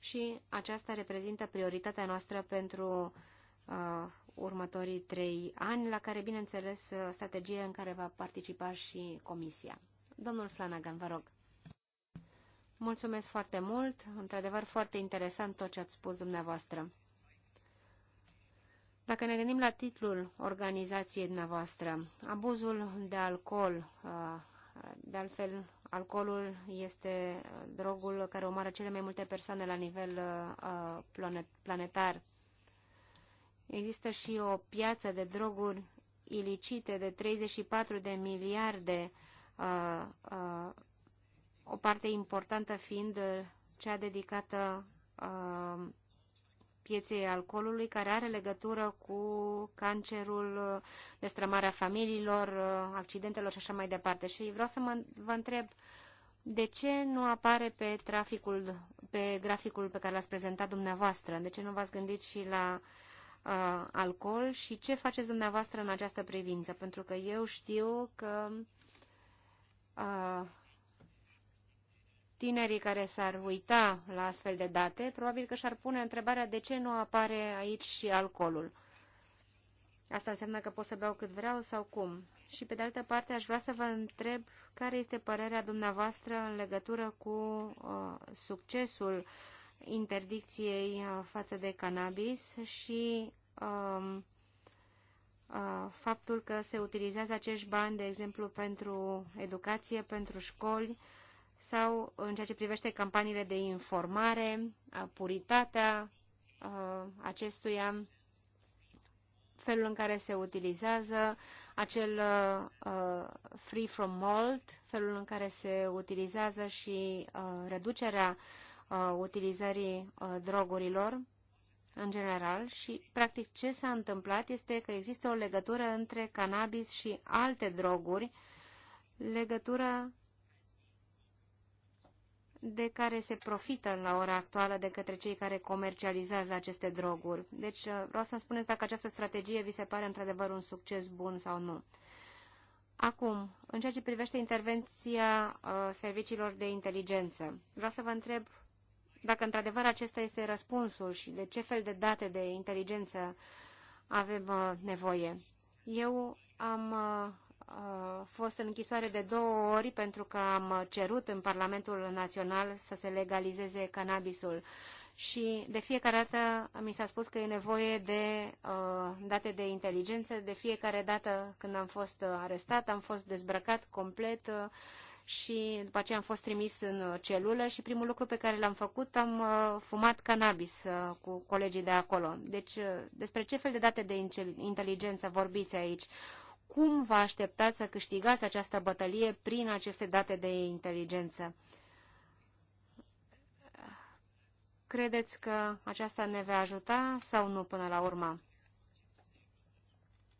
și aceasta reprezintă prioritatea noastră pentru uh, următorii trei ani, la care, bineînțeles, uh, strategie în care va participa și Comisia. Domnul Flanagan, vă rog. Mulțumesc foarte mult, într-adevăr foarte interesant tot ce ați spus dumneavoastră. Dacă ne gândim la titlul organizației dumneavoastră, abuzul de alcool, uh, de altfel alcoolul este uh, drogul care omoară cele mai multe persoane la nivel uh, uh planetar. Există și o piață de droguri ilicite de 34 de miliarde, uh, uh, o parte importantă fiind uh, cea dedicată uh, pieței alcoolului, care are legătură cu cancerul, destrămarea familiilor, accidentelor și așa mai departe. Și vreau să mă, vă întreb, de ce nu apare pe, traficul, pe graficul pe care l-ați prezentat dumneavoastră? De ce nu v-ați gândit și la uh, alcool și ce faceți dumneavoastră în această privință? Pentru că eu știu că uh, tinerii care s-ar uita la astfel de date, probabil că și-ar pune întrebarea de ce nu apare aici și alcoolul. Asta înseamnă că pot să beau cât vreau sau cum. Și pe de altă parte aș vrea să vă întreb care este părerea dumneavoastră în legătură cu uh, succesul interdicției uh, față de cannabis și uh, uh, faptul că se utilizează acești bani, de exemplu, pentru educație, pentru școli, uh, sau în ceea ce privește campaniile de informare, puritatea acestuia, felul în care se utilizează acel free from mold, felul în care se utilizează și reducerea utilizării drogurilor în general și practic ce s-a întâmplat este că există o legătură între cannabis și alte droguri, legătură de care se profită la ora actuală de către cei care comercializează aceste droguri. Deci uh, vreau să-mi spuneți dacă această strategie vi se pare într-adevăr un succes bun sau nu. Acum, în ceea ce privește intervenția uh, serviciilor de inteligență, vreau să vă întreb dacă într-adevăr acesta este răspunsul și de ce fel de date de inteligență avem uh, nevoie. Eu am uh, fost în închisoare de două ori pentru că am cerut în Parlamentul Național să se legalizeze cannabisul și de fiecare dată mi s-a spus că e nevoie de uh, date de inteligență. De fiecare dată când am fost arestat, am fost dezbrăcat complet uh, și după aceea am fost trimis în celulă și primul lucru pe care l-am făcut, am uh, fumat cannabis uh, cu colegii de acolo. Deci, uh, despre ce fel de date de inteligență vorbiți aici? Uh, cum vă așteptați să câștigați această bătălie prin aceste date de inteligență? Credeți că aceasta ne va ajuta sau nu până la urmă?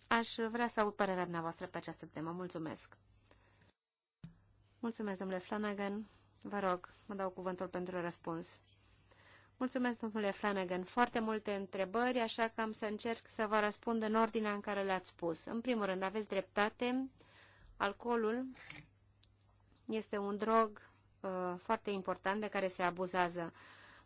Aș vrea să aud părerea dumneavoastră pe această temă. Mulțumesc! Mulțumesc, domnule Flanagan. Vă rog, mă dau cuvântul pentru răspuns. Mulțumesc, domnule Flanagan. Foarte multe întrebări, așa că am să încerc să vă răspund în ordinea în care le-ați spus. În primul rând, aveți dreptate. Alcoolul este un drog uh, foarte important de care se abuzează.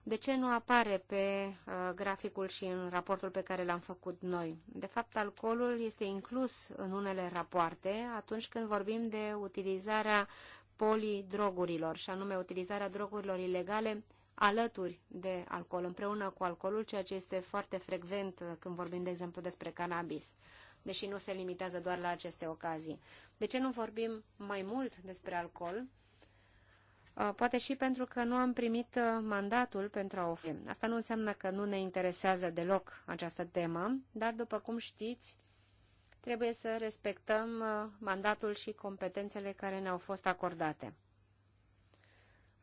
De ce nu apare pe uh, graficul și în raportul pe care l-am făcut noi? De fapt, alcoolul este inclus în unele rapoarte atunci când vorbim de utilizarea polidrogurilor, și anume utilizarea drogurilor ilegale alături de alcool, împreună cu alcoolul, ceea ce este foarte frecvent uh, când vorbim, de exemplu, despre cannabis, deși nu se limitează doar la aceste ocazii. De ce nu vorbim mai mult despre alcool? Uh, poate și pentru că nu am primit uh, mandatul pentru a oferi. Asta nu înseamnă că nu ne interesează deloc această temă, dar, după cum știți, trebuie să respectăm mandatul și competențele care ne-au fost acordate.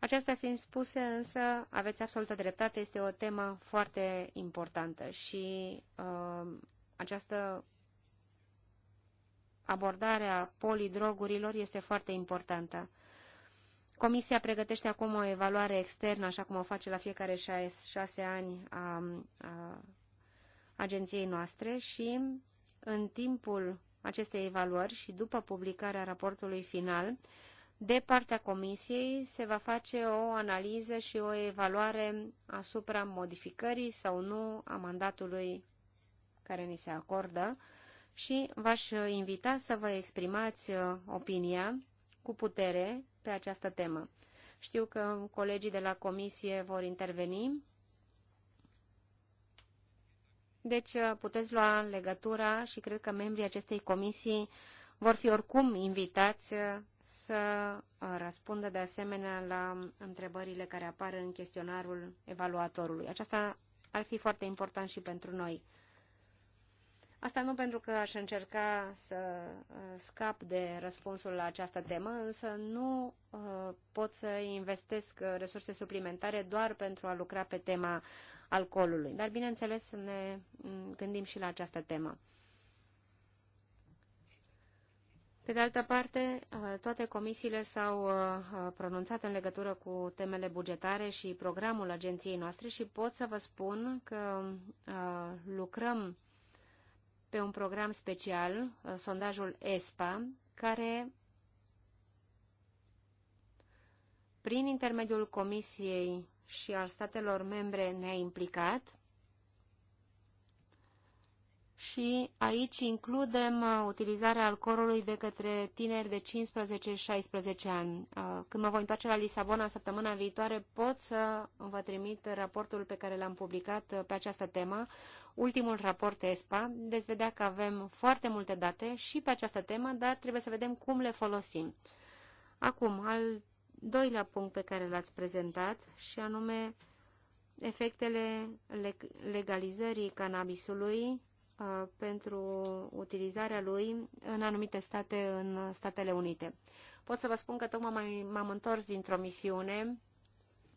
Aceasta fiind spuse, însă, aveți absolută dreptate, este o temă foarte importantă și uh, această abordare a polidrogurilor este foarte importantă. Comisia pregătește acum o evaluare externă, așa cum o face la fiecare șase, ani a, a agenției noastre și în timpul acestei evaluări și după publicarea raportului final, de partea Comisiei se va face o analiză și o evaluare asupra modificării sau nu a mandatului care ni se acordă și v-aș invita să vă exprimați uh, opinia cu putere pe această temă. Știu că colegii de la Comisie vor interveni. Deci uh, puteți lua legătura și cred că membrii acestei comisii vor fi oricum invitați uh, să uh, răspundă de asemenea la întrebările care apar în chestionarul evaluatorului. Aceasta ar fi foarte important și pentru noi. Asta nu pentru că aș încerca să uh, scap de răspunsul la această temă, însă nu pot să investesc resurse suplimentare doar pentru a lucra pe tema alcoolului. Dar, bineînțeles, ne mm, gândim și la această temă. Pe de altă parte, uh, toate comisiile s-au uh, uh, pronunțat în legătură cu temele bugetare și programul agenției noastre și pot să vă spun că lucrăm pe un program special, sondajul ESPA, care prin intermediul comisiei și al statelor membre ne-a implicat și aici includem uh, utilizarea alcoolului de către tineri de 15-16 ani. Uh, când mă voi întoarce la Lisabona săptămâna viitoare, pot să vă trimit raportul pe care l-am publicat uh, pe această temă, ultimul raport ESPA. Deci vedea că avem foarte multe date și pe această temă, dar trebuie să vedem cum le folosim. Acum, al doilea punct pe care l-ați prezentat și anume efectele legalizării cannabisului Uh, pentru utilizarea lui în anumite state, în Statele Unite. Pot să vă spun că tocmai m-am întors dintr-o misiune,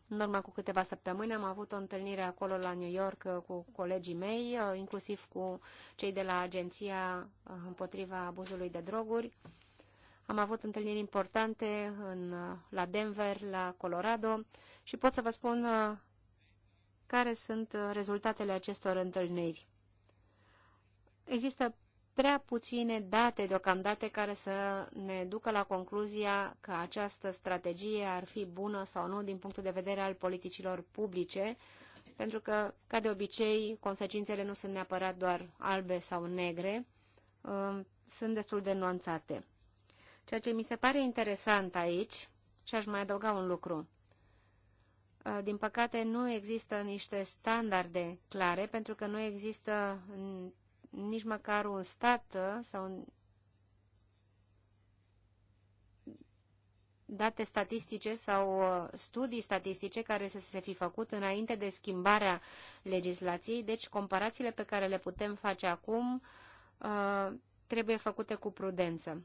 în urmă cu câteva săptămâni am avut o întâlnire acolo la New York uh, cu colegii mei, uh, inclusiv cu cei de la Agenția împotriva abuzului de droguri. Am avut întâlniri importante în, la Denver, la Colorado și pot să vă spun care sunt rezultatele acestor întâlniri există prea puține date deocamdată care să ne ducă la concluzia că această strategie ar fi bună sau nu din punctul de vedere al politicilor publice, pentru că, ca de obicei, consecințele nu sunt neapărat doar albe sau negre, um, sunt destul de nuanțate. Ceea ce mi se pare interesant aici, și aș mai adăuga un lucru, uh, din păcate nu există niște standarde clare, pentru că nu există nici măcar un stat uh, sau un date statistice sau uh, studii statistice care să se fi făcut înainte de schimbarea legislației, deci comparațiile pe care le putem face acum uh, trebuie făcute cu prudență.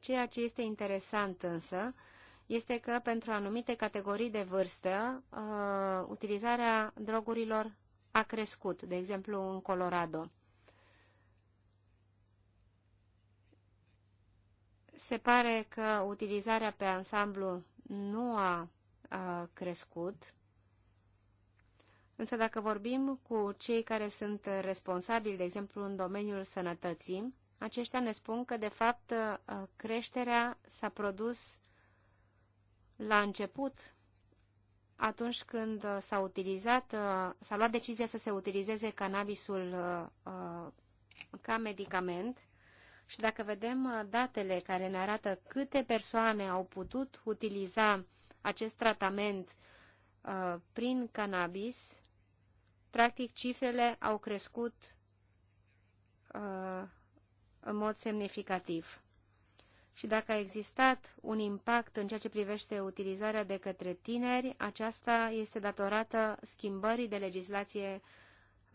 Ceea ce este interesant însă este că pentru anumite categorii de vârstă, utilizarea drogurilor a crescut, de exemplu în Colorado. Se pare că utilizarea pe ansamblu nu a, a crescut, însă dacă vorbim cu cei care sunt responsabili, de exemplu în domeniul sănătății, aceștia ne spun că, de fapt, creșterea s-a produs la început atunci când uh, s-a utilizat, uh, s-a luat decizia să se utilizeze cannabisul uh, ca medicament și dacă vedem datele care ne arată câte persoane au putut utiliza acest tratament prin cannabis, practic cifrele au crescut în mod semnificativ și dacă a existat un impact în ceea ce privește utilizarea de către tineri, aceasta este datorată schimbării de legislație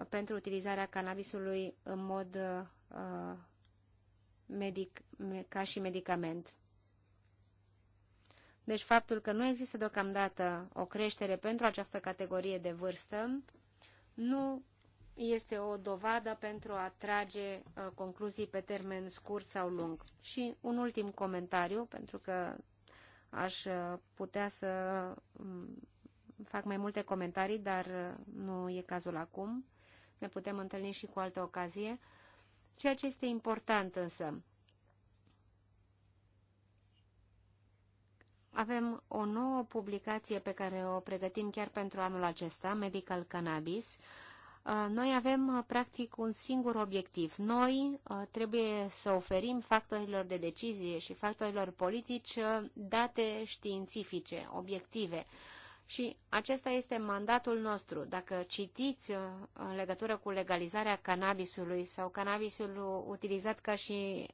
pentru utilizarea cannabisului în mod uh, medic, ca și medicament. Deci faptul că nu există deocamdată o creștere pentru această categorie de vârstă nu este o dovadă pentru a trage uh, concluzii pe termen scurt sau lung. Și un ultim comentariu, pentru că aș uh, putea să mm, fac mai multe comentarii, dar uh, nu e cazul acum. Ne putem întâlni și cu altă ocazie. Ceea ce este important însă, avem o nouă publicație pe care o pregătim chiar pentru anul acesta, Medical Cannabis, uh, Uh, noi avem uh, practic un singur obiectiv. Noi uh, trebuie să oferim factorilor de decizie și factorilor politici date științifice, obiective. Și acesta este mandatul nostru. Dacă citiți în legătură cu legalizarea cannabisului sau cannabisul utilizat ca și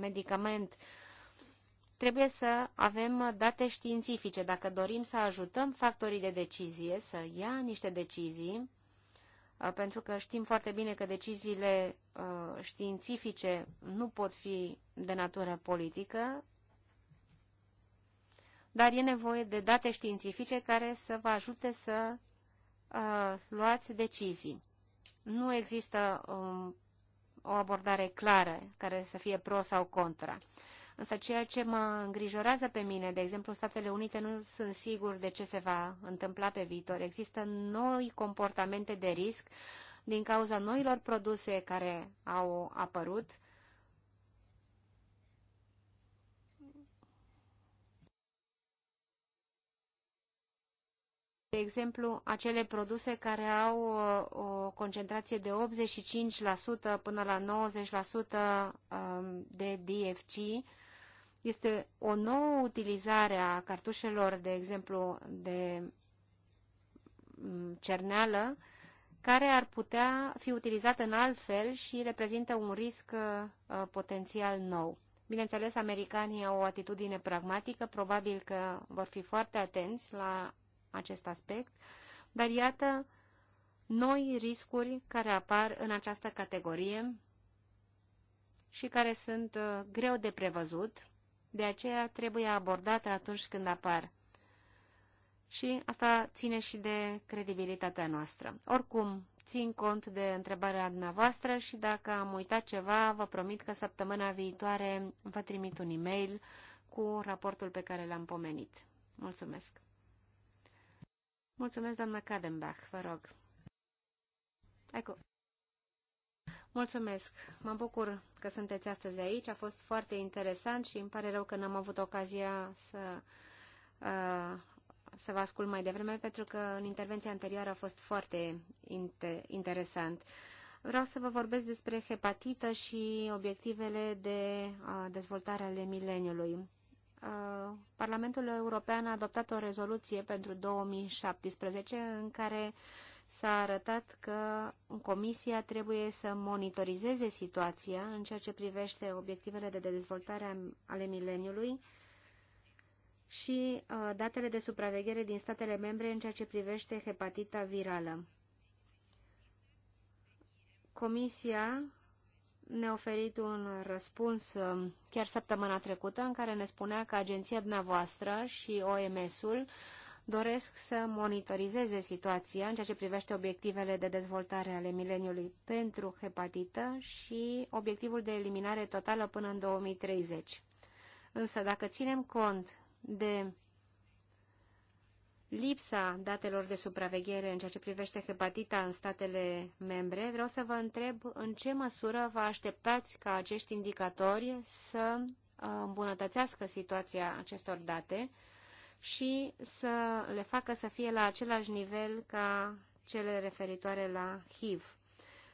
medicament, trebuie să avem date științifice. Dacă dorim să ajutăm factorii de decizie să ia niște decizii, Uh, pentru că știm foarte bine că deciziile uh, științifice nu pot fi de natură politică, dar e nevoie de date științifice care să vă ajute să uh, luați decizii. Nu există um, o abordare clară care să fie pro sau contra. Însă ceea ce mă îngrijorează pe mine, de exemplu, Statele Unite nu sunt sigur de ce se va întâmpla pe viitor. Există noi comportamente de risc din cauza noilor produse care au apărut. De exemplu, acele produse care au uh, o concentrație de 85% până la 90% um, de DFG, este o nouă utilizare a cartușelor, de exemplu, de mm, cerneală, care ar putea fi utilizată în alt fel și reprezintă un risc uh, potențial nou. Bineînțeles, americanii au o atitudine pragmatică, probabil că vor fi foarte atenți la acest aspect, dar iată noi riscuri care apar în această categorie și care sunt uh, greu de prevăzut de aceea trebuie abordată atunci când apar. Și asta ține și de credibilitatea noastră. Oricum, țin cont de întrebarea dumneavoastră și dacă am uitat ceva, vă promit că săptămâna viitoare vă trimit un e-mail cu raportul pe care l-am pomenit. Mulțumesc! Mulțumesc, doamna Kadenbach, vă rog. Ecco. Mulțumesc! Mă bucur că sunteți astăzi aici. A fost foarte interesant și îmi pare rău că n-am avut ocazia să, uh, să vă ascult mai devreme, pentru că în intervenția anterioară a fost foarte inter interesant. Vreau să vă vorbesc despre hepatită și obiectivele de uh, dezvoltare ale mileniului. Uh, Parlamentul European a adoptat o rezoluție pentru 2017 în care uh, s-a arătat că Comisia trebuie să monitorizeze situația în ceea ce privește obiectivele de dezvoltare ale mileniului și uh, datele de supraveghere din statele membre în ceea ce privește hepatita virală. Comisia ne-a oferit un răspuns uh, chiar săptămâna trecută în care ne spunea că agenția dumneavoastră și OMS-ul doresc să monitorizeze situația în ceea ce privește obiectivele de dezvoltare ale mileniului pentru hepatită și obiectivul de eliminare totală până în 2030. Însă dacă ținem cont de lipsa datelor de supraveghere în ceea ce privește hepatita în statele membre, vreau să vă întreb în ce măsură vă așteptați ca acești indicatori să îmbunătățească situația acestor date și să le facă să fie la același nivel ca cele referitoare la HIV.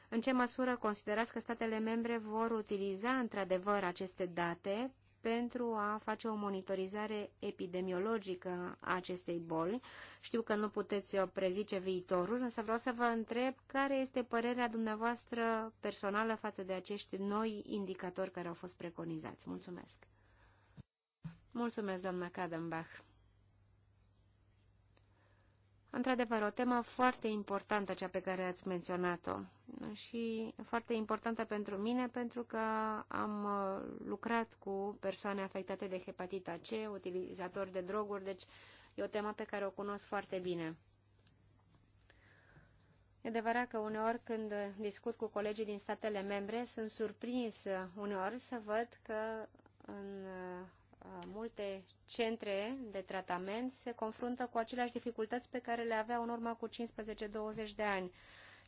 În ce măsură considerați că statele membre vor utiliza într-adevăr aceste date pentru a face o monitorizare epidemiologică a acestei boli. Știu că nu puteți prezice viitorul, însă vreau să vă întreb care este părerea dumneavoastră personală față de acești noi indicatori care au fost preconizați. Mulțumesc! Mulțumesc, doamna Kadenbach! Într-adevăr, o temă foarte importantă, cea pe care ați menționat-o și foarte importantă pentru mine pentru că am uh, lucrat cu persoane afectate de hepatita C, utilizatori de droguri, deci e o temă pe care o cunosc foarte bine. E adevărat că uneori când discut cu colegii din statele membre, sunt surprins uneori să văd că în uh, multe centre de tratament se confruntă cu aceleași dificultăți pe care le aveau în urmă cu 15-20 de ani.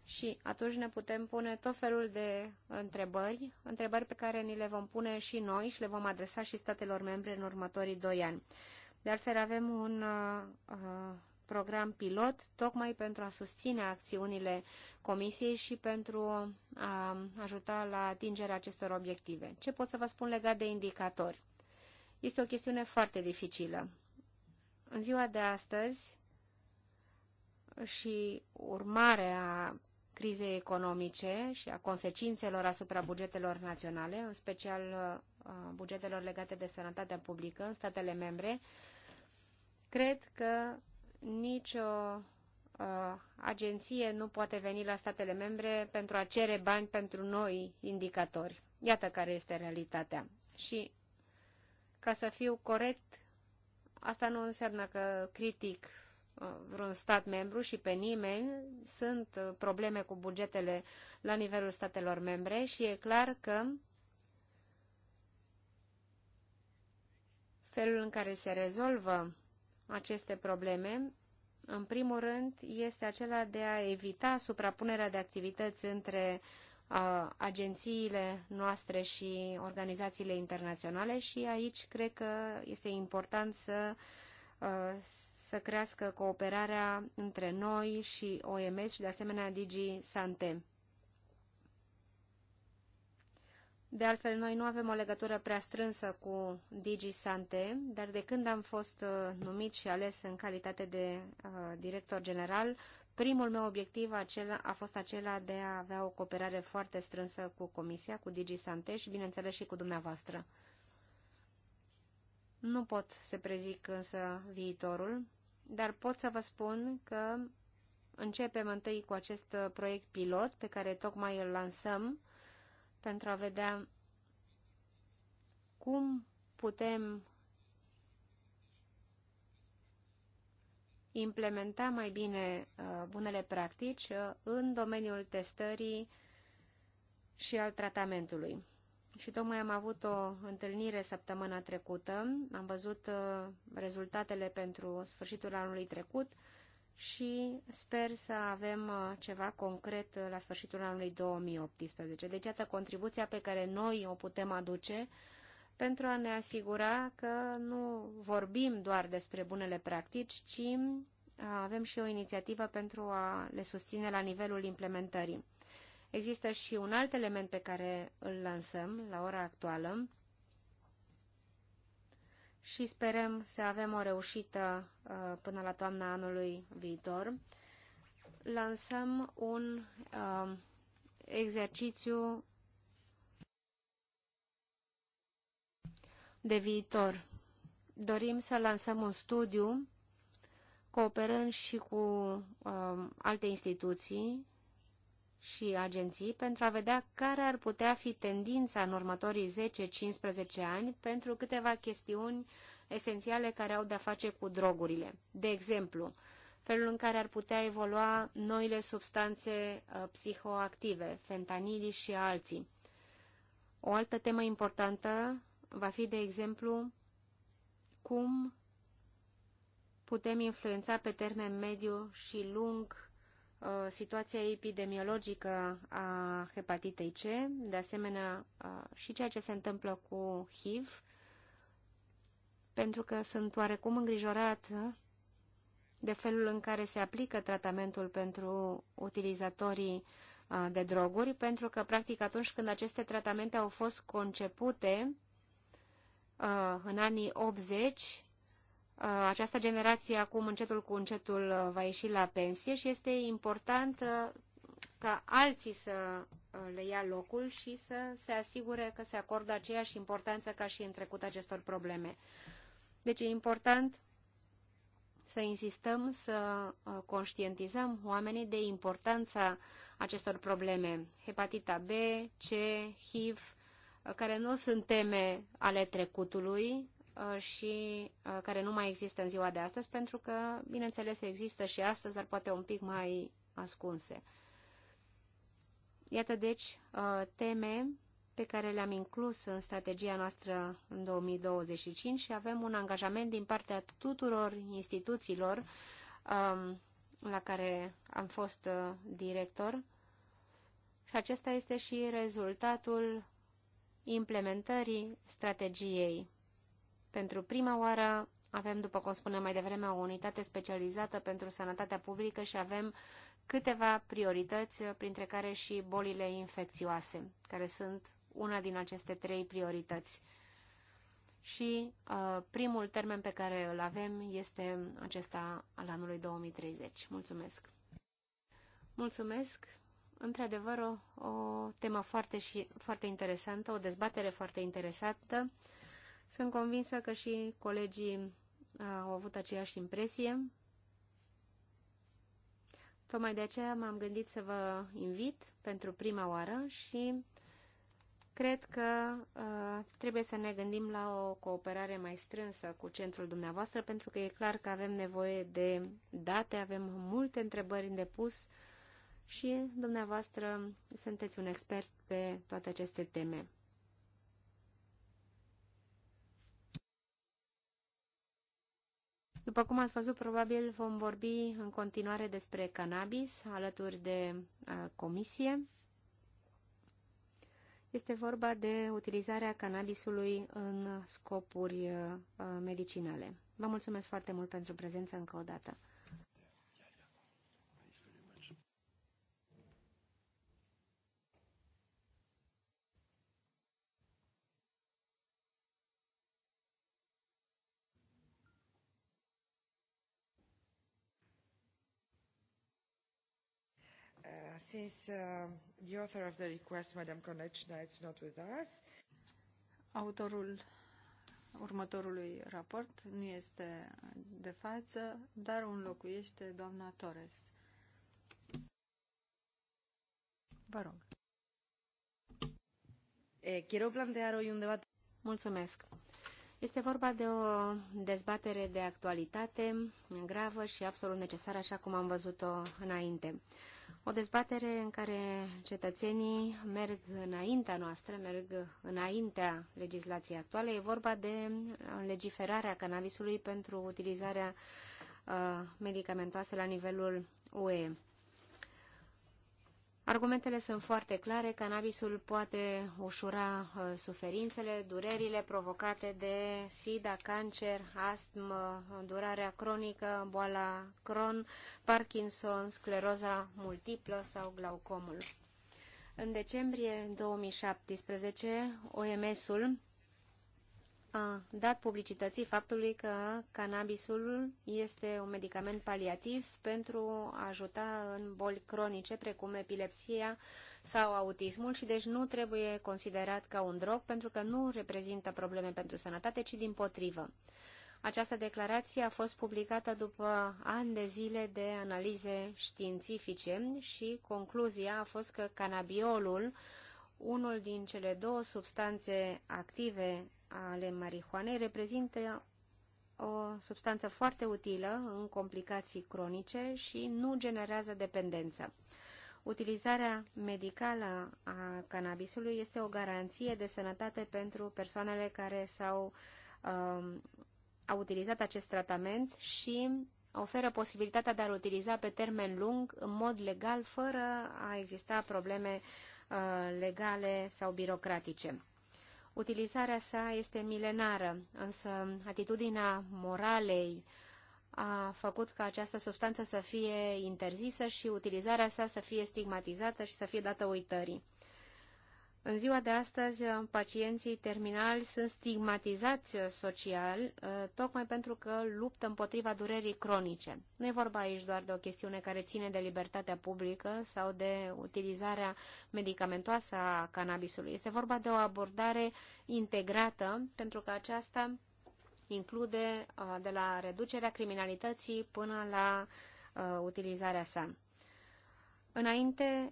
Și atunci ne putem pune tot felul de întrebări, întrebări pe care ni le vom pune și noi și le vom adresa și statelor membre în următorii doi ani. De altfel, avem un uh, program pilot tocmai pentru a susține acțiunile Comisiei și pentru a ajuta la atingerea acestor obiective. Ce pot să vă spun legat de indicatori? Este o chestiune foarte dificilă. În ziua de astăzi și urmarea crize crizei economice și a consecințelor asupra bugetelor naționale, în special uh, bugetelor legate de sănătatea publică în statele membre, cred că nicio uh, agenție nu poate veni la statele membre pentru a cere bani pentru noi indicatori. Iată care este realitatea. Și ca să fiu corect, asta nu înseamnă că critic uh, vreun stat membru și pe nimeni. Sunt uh, probleme cu bugetele la nivelul statelor membre și e clar că felul în care se rezolvă aceste probleme, în primul rând, este acela de a evita suprapunerea de activități între uh, agențiile noastre și organizațiile internaționale și aici cred că este important să, să crească cooperarea între noi și OMS și de asemenea Digi Sante. De altfel, noi nu avem o legătură prea strânsă cu Digi Sante, dar de când am fost numit și ales în calitate de director general, Primul meu obiectiv acela, a fost acela de a avea o cooperare foarte strânsă cu Comisia, cu Digi Sante și, bineînțeles, și cu dumneavoastră. Nu pot să prezic însă viitorul, dar pot să vă spun că începem întâi cu acest proiect pilot pe care tocmai îl lansăm pentru a vedea cum putem implementa mai bine uh, bunele practici uh, în domeniul testării și al tratamentului. Și tocmai am avut o întâlnire săptămâna trecută, am văzut uh, rezultatele pentru sfârșitul anului trecut și sper să avem ceva concret la sfârșitul anului 2018. Deci, iată contribuția pe care noi o putem aduce pentru a ne asigura că nu vorbim doar despre bunele practici, ci uh, avem și o inițiativă pentru a le susține la nivelul implementării. Există și un alt element pe care îl lansăm la ora actuală și sperăm să avem o reușită uh, până la toamna anului viitor. Lansăm un uh, exercițiu de viitor. Dorim să lansăm un studiu cooperând și cu um, alte instituții și agenții pentru a vedea care ar putea fi tendința în următorii 10-15 ani pentru câteva chestiuni esențiale care au de-a face cu drogurile. De exemplu, felul în care ar putea evolua noile substanțe uh, psihoactive, fentanilii și alții. O altă temă importantă va fi, de exemplu, cum putem influența pe termen mediu și lung uh, situația epidemiologică a hepatitei C, de asemenea uh, și ceea ce se întâmplă cu HIV, pentru că sunt oarecum îngrijorat de felul în care se aplică tratamentul pentru utilizatorii uh, de droguri, pentru că, practic, atunci când aceste tratamente au fost concepute, Uh, în anii 80. Uh, această generație acum încetul cu încetul uh, va ieși la pensie și este important ca alții să le ia locul și să se asigure că se acordă aceeași importanță ca și în trecut acestor probleme. Deci e important să insistăm să conștientizăm oamenii de importanța acestor probleme. Hepatita B, C, HIV, care nu sunt teme ale trecutului uh, și uh, care nu mai există în ziua de astăzi, pentru că, bineînțeles, există și astăzi, dar poate un pic mai ascunse. Iată, deci, uh, teme pe care le-am inclus în strategia noastră în 2025 și avem un angajament din partea tuturor instituțiilor um, la care am fost director. Și acesta este și rezultatul implementării strategiei. Pentru prima oară avem, după cum spunem mai devreme, o unitate specializată pentru sănătatea publică și avem câteva priorități, printre care și bolile infecțioase, care sunt una din aceste trei priorități. Și uh, primul termen pe care îl avem este acesta al anului 2030. Mulțumesc! Mulțumesc! într-adevăr, o, o temă foarte, și, foarte interesantă, o dezbatere foarte interesantă. Sunt convinsă că și colegii uh, au avut aceeași impresie. Tocmai de aceea m-am gândit să vă invit pentru prima oară și cred că uh, trebuie să ne gândim la o cooperare mai strânsă cu centrul dumneavoastră, pentru că e clar că avem nevoie de date, avem multe întrebări îndepus depus, și dumneavoastră sunteți un expert pe toate aceste teme. După cum ați văzut, probabil vom vorbi în continuare despre cannabis alături de comisie. Este vorba de utilizarea cannabisului în scopuri medicinale. Vă mulțumesc foarte mult pentru prezență încă o dată. since uh, the author of the request, Konechna, is not with us. Autorul următorului raport nu este de față, dar un locuiește doamna Torres. Vă rog. quiero plantear hoy un debate. Mulțumesc. Este vorba de o dezbatere de actualitate gravă și absolut necesară, așa cum am văzut-o înainte. O dezbatere în care cetățenii merg înaintea noastră, merg înaintea legislației actuale. E vorba de legiferarea cannabisului pentru utilizarea uh, medicamentoasă la nivelul UE. Argumentele sunt foarte clare, cannabisul poate ușura uh, suferințele, durerile provocate de sida, cancer, astm, durarea cronică, boala Crohn, Parkinson, scleroza multiplă sau glaucomul. În decembrie 2017, OMS-ul a dat publicității faptului că cannabisul este un medicament paliativ pentru a ajuta în boli cronice precum epilepsia sau autismul și deci nu trebuie considerat ca un drog pentru că nu reprezintă probleme pentru sănătate, ci din potrivă. Această declarație a fost publicată după ani de zile de analize științifice și concluzia a fost că cannabiolul, unul din cele două substanțe active ale marihuanei reprezintă o substanță foarte utilă în complicații cronice și nu generează dependență. Utilizarea medicală a cannabisului este o garanție de sănătate pentru persoanele care s-au uh, au utilizat acest tratament și oferă posibilitatea de a-l utiliza pe termen lung în mod legal fără a exista probleme uh, legale sau birocratice. Utilizarea sa este milenară, însă atitudinea moralei a făcut ca această substanță să fie interzisă și utilizarea sa să fie stigmatizată și să fie dată uitării. În ziua de astăzi, pacienții terminali sunt stigmatizați social, ă, tocmai pentru că luptă împotriva durerii cronice. Nu e vorba aici doar de o chestiune care ține de libertatea publică sau de utilizarea medicamentoasă a cannabisului. Este vorba de o abordare integrată, pentru că aceasta include ă, de la reducerea criminalității până la ă, utilizarea sa. Înainte,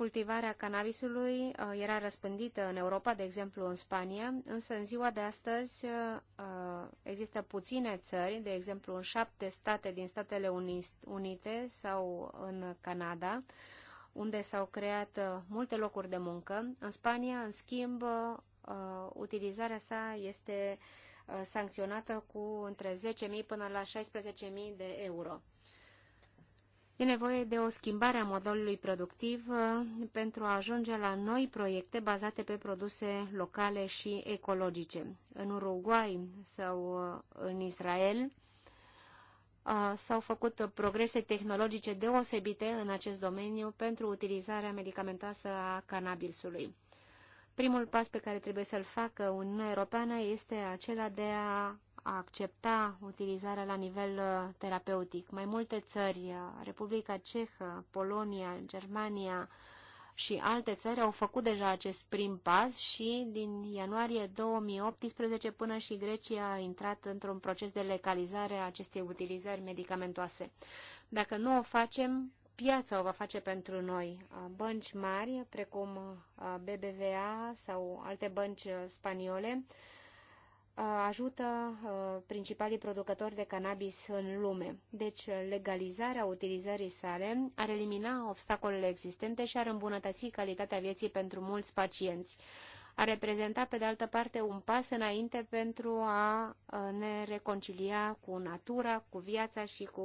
Cultivarea cannabisului uh, era răspândită în Europa, de exemplu în Spania, însă în ziua de astăzi uh, există puține țări, de exemplu în șapte state din Statele Unite sau în Canada, unde s-au creat uh, multe locuri de muncă. În Spania, în schimb, utilizarea sa este sancționată cu între 10.000 până la 16.000 de euro. E nevoie de o schimbare a modelului productiv uh, pentru a ajunge la noi proiecte bazate pe produse locale și ecologice. În Uruguay sau uh, în Israel uh, s-au făcut progrese tehnologice deosebite în acest domeniu pentru utilizarea medicamentoasă a cannabisului. Primul pas pe care trebuie să-l facă Uniunea Europeană este acela de a a accepta utilizarea la nivel uh, terapeutic. Mai multe țări, uh, Republica Cehă, Polonia, Germania și alte țări au făcut deja acest prim pas și din ianuarie 2018 până și Grecia a intrat într-un proces de legalizare a acestei utilizări medicamentoase. Dacă nu o facem, piața o va face pentru noi. Uh, bănci mari, precum BBVA sau alte bănci spaniole, ajută uh, principalii producători de cannabis în lume. Deci, legalizarea utilizării sale ar elimina obstacolele existente și ar îmbunătăți calitatea vieții pentru mulți pacienți. Ar reprezenta, pe de altă parte, un pas înainte pentru a uh, ne reconcilia cu natura, cu viața și cu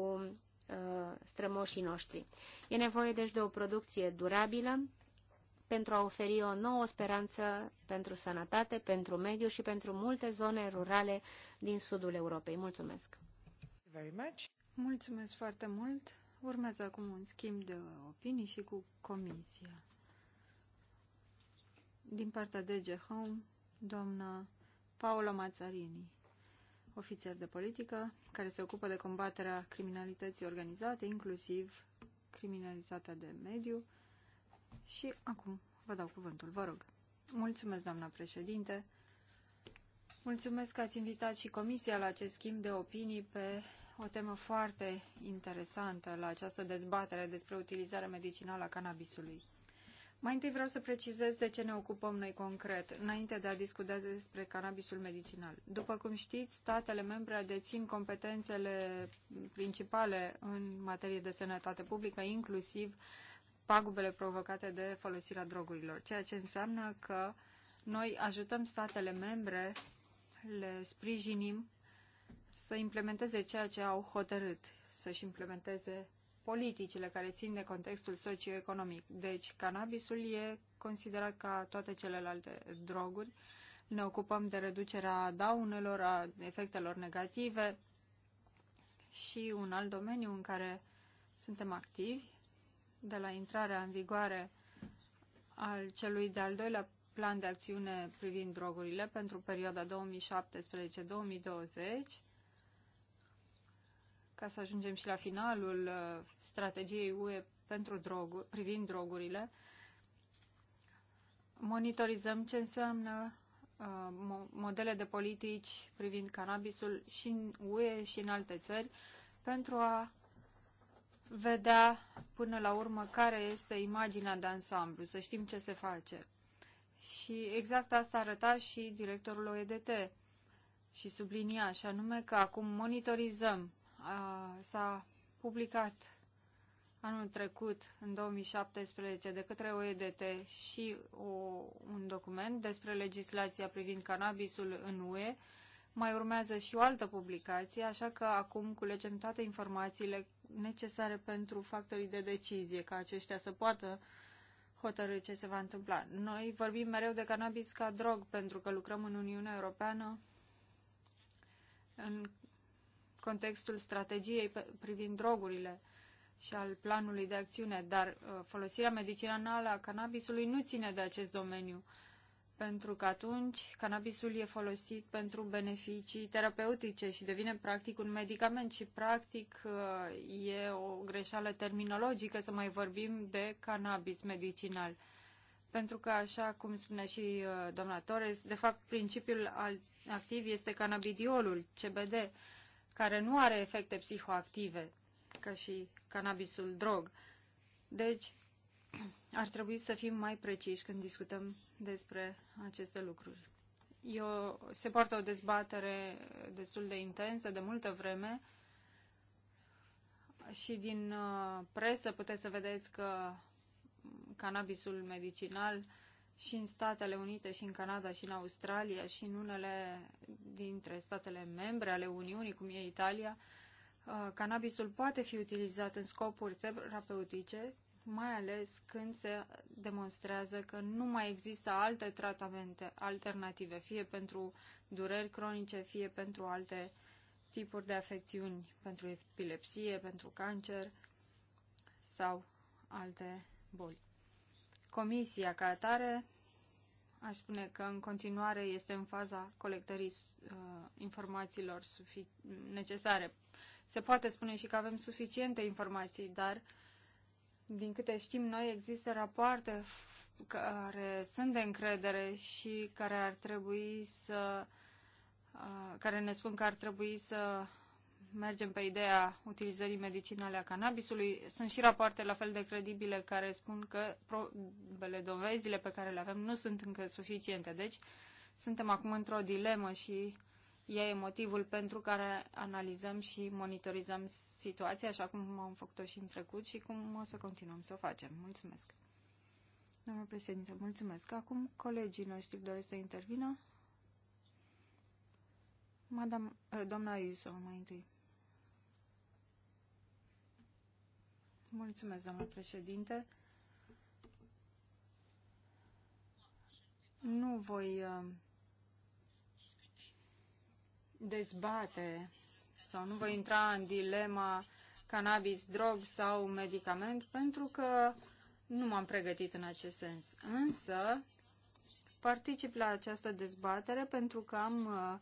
uh, strămoșii noștri. E nevoie, deci, de o producție durabilă, pentru a oferi o nouă speranță pentru sănătate, pentru mediu și pentru multe zone rurale din sudul Europei. Mulțumesc! Mulțumesc foarte mult! Urmează acum un schimb de opinii și cu Comisia. Din partea DG Home, doamna Paolo Mazzarini, ofițer de politică, care se ocupă de combaterea criminalității organizate, inclusiv criminalitatea de mediu, și acum vă dau cuvântul, vă rog. Mulțumesc, doamna președinte. Mulțumesc că ați invitat și Comisia la acest schimb de opinii pe o temă foarte interesantă la această dezbatere despre utilizarea medicinală a cannabisului. Mai întâi vreau să precizez de ce ne ocupăm noi concret, înainte de a discuta despre cannabisul medicinal. După cum știți, statele membre dețin competențele principale în materie de sănătate publică, inclusiv uh, pagubele provocate de folosirea drogurilor, ceea ce înseamnă că noi ajutăm statele membre, le sprijinim să implementeze ceea ce au hotărât, să-și implementeze politicile care țin de contextul socioeconomic. Deci, cannabisul e considerat ca toate celelalte droguri. Ne ocupăm de reducerea daunelor, a efectelor negative și un alt domeniu în care suntem activi de la intrarea în vigoare al celui de-al doilea plan de acțiune privind drogurile pentru perioada 2017-2020 ca să ajungem și la finalul uh, strategiei UE pentru droguri, privind drogurile, monitorizăm ce înseamnă uh, modele de politici privind cannabisul și în UE și în alte țări pentru a vedea până la urmă care este imaginea de ansamblu, să știm ce se face. Și exact asta arăta și directorul OEDT și sublinia, și anume că acum monitorizăm. S-a publicat anul trecut, în 2017, de către OEDT și o, un document despre legislația privind cannabisul în UE. Mai urmează și o altă publicație, așa că acum culegem toate informațiile necesare pentru factorii de decizie, ca aceștia să poată hotărâi ce se va întâmpla. Noi vorbim mereu de cannabis ca drog, pentru că lucrăm în Uniunea Europeană în contextul strategiei privind drogurile și al planului de acțiune, dar uh, folosirea medicinală a cannabisului nu ține de acest domeniu pentru că atunci cannabisul e folosit pentru beneficii terapeutice și devine practic un medicament și practic uh, e o greșeală terminologică să mai vorbim de cannabis medicinal. Pentru că, așa cum spune și uh, doamna Torres, de fapt principiul activ este cannabidiolul, CBD, care nu are efecte psihoactive, ca și cannabisul drog. Deci, ar trebui să fim mai preciși când discutăm despre aceste lucruri. Eu, se poartă o dezbatere destul de intensă, de multă vreme, și din uh, presă puteți să vedeți că cannabisul medicinal și în Statele Unite, și în Canada, și în Australia, și în unele dintre statele membre ale Uniunii, cum e Italia, uh, cannabisul poate fi utilizat în scopuri terapeutice mai ales când se demonstrează că nu mai există alte tratamente alternative, fie pentru dureri cronice, fie pentru alte tipuri de afecțiuni, pentru epilepsie, pentru cancer sau alte boli. Comisia ca atare aș spune că în continuare este în faza colectării uh, informațiilor necesare. Se poate spune și că avem suficiente informații, dar uh, din câte știm noi, există rapoarte care sunt de încredere și care ar trebui să uh, care ne spun că ar trebui să mergem pe ideea utilizării medicinale a cannabisului. Sunt și rapoarte la fel de credibile care spun că probele, dovezile pe care le avem nu sunt încă suficiente. Deci, suntem acum într-o dilemă și e motivul pentru care analizăm și monitorizăm situația, așa cum am făcut-o și în trecut și cum o să continuăm să o facem. Mulțumesc. Domnul președinte, mulțumesc. Acum colegii noștri doresc să intervină. Madame, eh, doamna Iuso, mai întâi. Mulțumesc, domnul președinte. Nu voi eh, dezbate sau nu voi intra în dilema cannabis, drog sau medicament, pentru că nu m-am pregătit în acest sens. Însă, particip la această dezbatere pentru că am uh,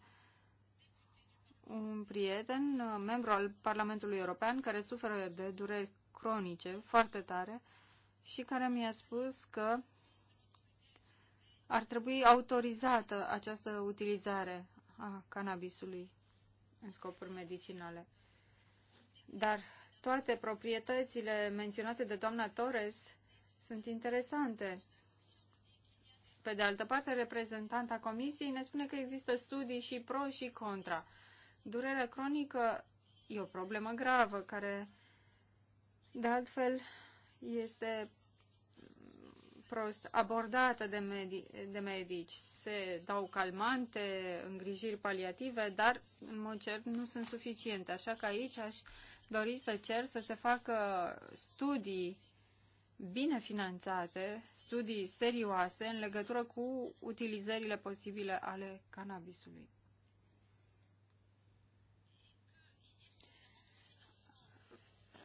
un prieten, uh, membru al Parlamentului European, care suferă de dureri cronice foarte tare și care mi-a spus că ar trebui autorizată această utilizare a cannabisului în scopuri medicinale. Dar toate proprietățile menționate de doamna Torres sunt interesante. Pe de altă parte, reprezentanta comisiei ne spune că există studii și pro și contra. Durerea cronică e o problemă gravă care, de altfel, este prost abordată de, medi- de medici. Se dau calmante, îngrijiri paliative, dar, în mod cert, nu sunt suficiente. Așa că aici aș dori să cer să se facă studii bine finanțate, studii serioase în legătură cu utilizările posibile ale cannabisului.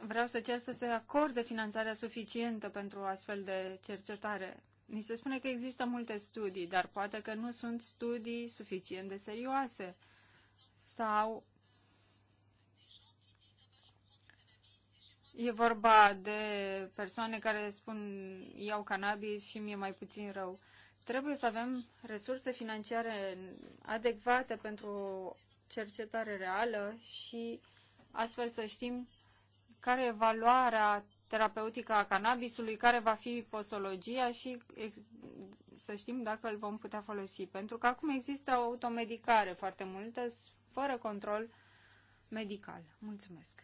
vreau să cer să se acorde finanțarea suficientă pentru o astfel de cercetare. Mi se spune că există multe studii, dar poate că nu sunt studii suficient de serioase sau E vorba de persoane care spun iau cannabis și mi-e mai puțin rău. Trebuie să avem resurse financiare adecvate pentru cercetare reală și astfel să știm care e valoarea terapeutică a cannabisului, care va fi posologia și să știm dacă îl vom putea folosi. Pentru că acum există o automedicare foarte multă, fără control medical. Mulțumesc!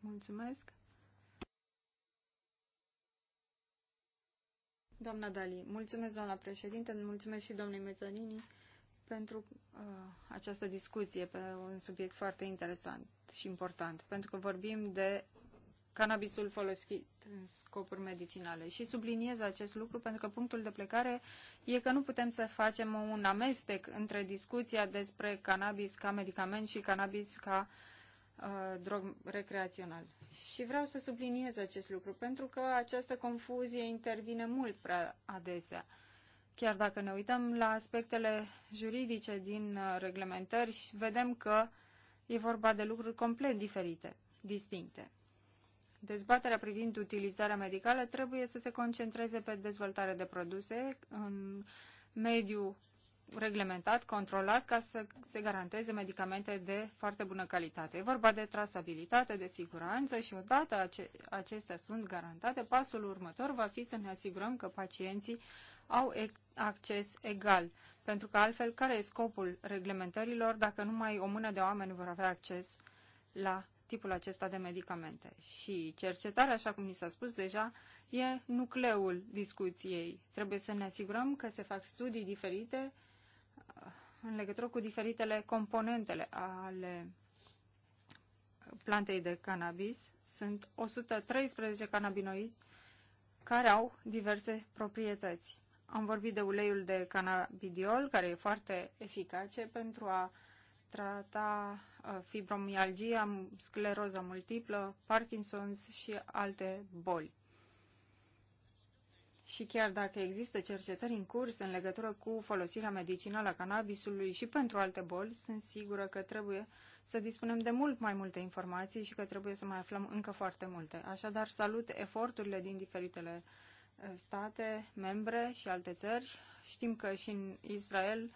Mulțumesc! Doamna Dali, mulțumesc, doamna președinte, mulțumesc și domnului Mezzanini pentru uh, această discuție pe un subiect foarte interesant și important, pentru că vorbim de cannabisul folosit în scopuri medicinale. Și subliniez acest lucru pentru că punctul de plecare e că nu putem să facem un amestec între discuția despre cannabis ca medicament și cannabis ca uh, drog recreațional. Și vreau să subliniez acest lucru pentru că această confuzie intervine mult prea adesea. Uh, Chiar dacă ne uităm la aspectele juridice din uh, reglementări, vedem că e vorba de lucruri complet diferite, distincte. Dezbaterea privind utilizarea medicală trebuie să se concentreze pe dezvoltarea de produse în mediu reglementat, controlat, ca să se garanteze medicamente de foarte bună calitate. E vorba de trasabilitate, de siguranță și odată ace- acestea sunt garantate, pasul următor va fi să ne asigurăm că pacienții au acces egal, pentru că altfel care e scopul reglementărilor dacă numai o mână de oameni vor avea acces la tipul acesta de medicamente. Și cercetarea, așa cum ni s-a spus deja, e nucleul discuției. Trebuie să ne asigurăm că se fac studii diferite uh, în legătură cu diferitele componentele ale plantei de cannabis. Sunt 113 cannabinoizi care au diverse proprietăți. Am vorbit de uleiul de cannabidiol, care e foarte eficace pentru a trata uh, fibromialgia, scleroza multiplă, Parkinson's și alte boli. Și chiar dacă există cercetări în curs în legătură cu folosirea medicinală a cannabisului și pentru alte boli, sunt sigură că trebuie să dispunem de mult mai multe informații și că trebuie să mai aflăm încă foarte multe. Așadar, salut eforturile din diferitele uh, state membre și alte țări. Știm că și în Israel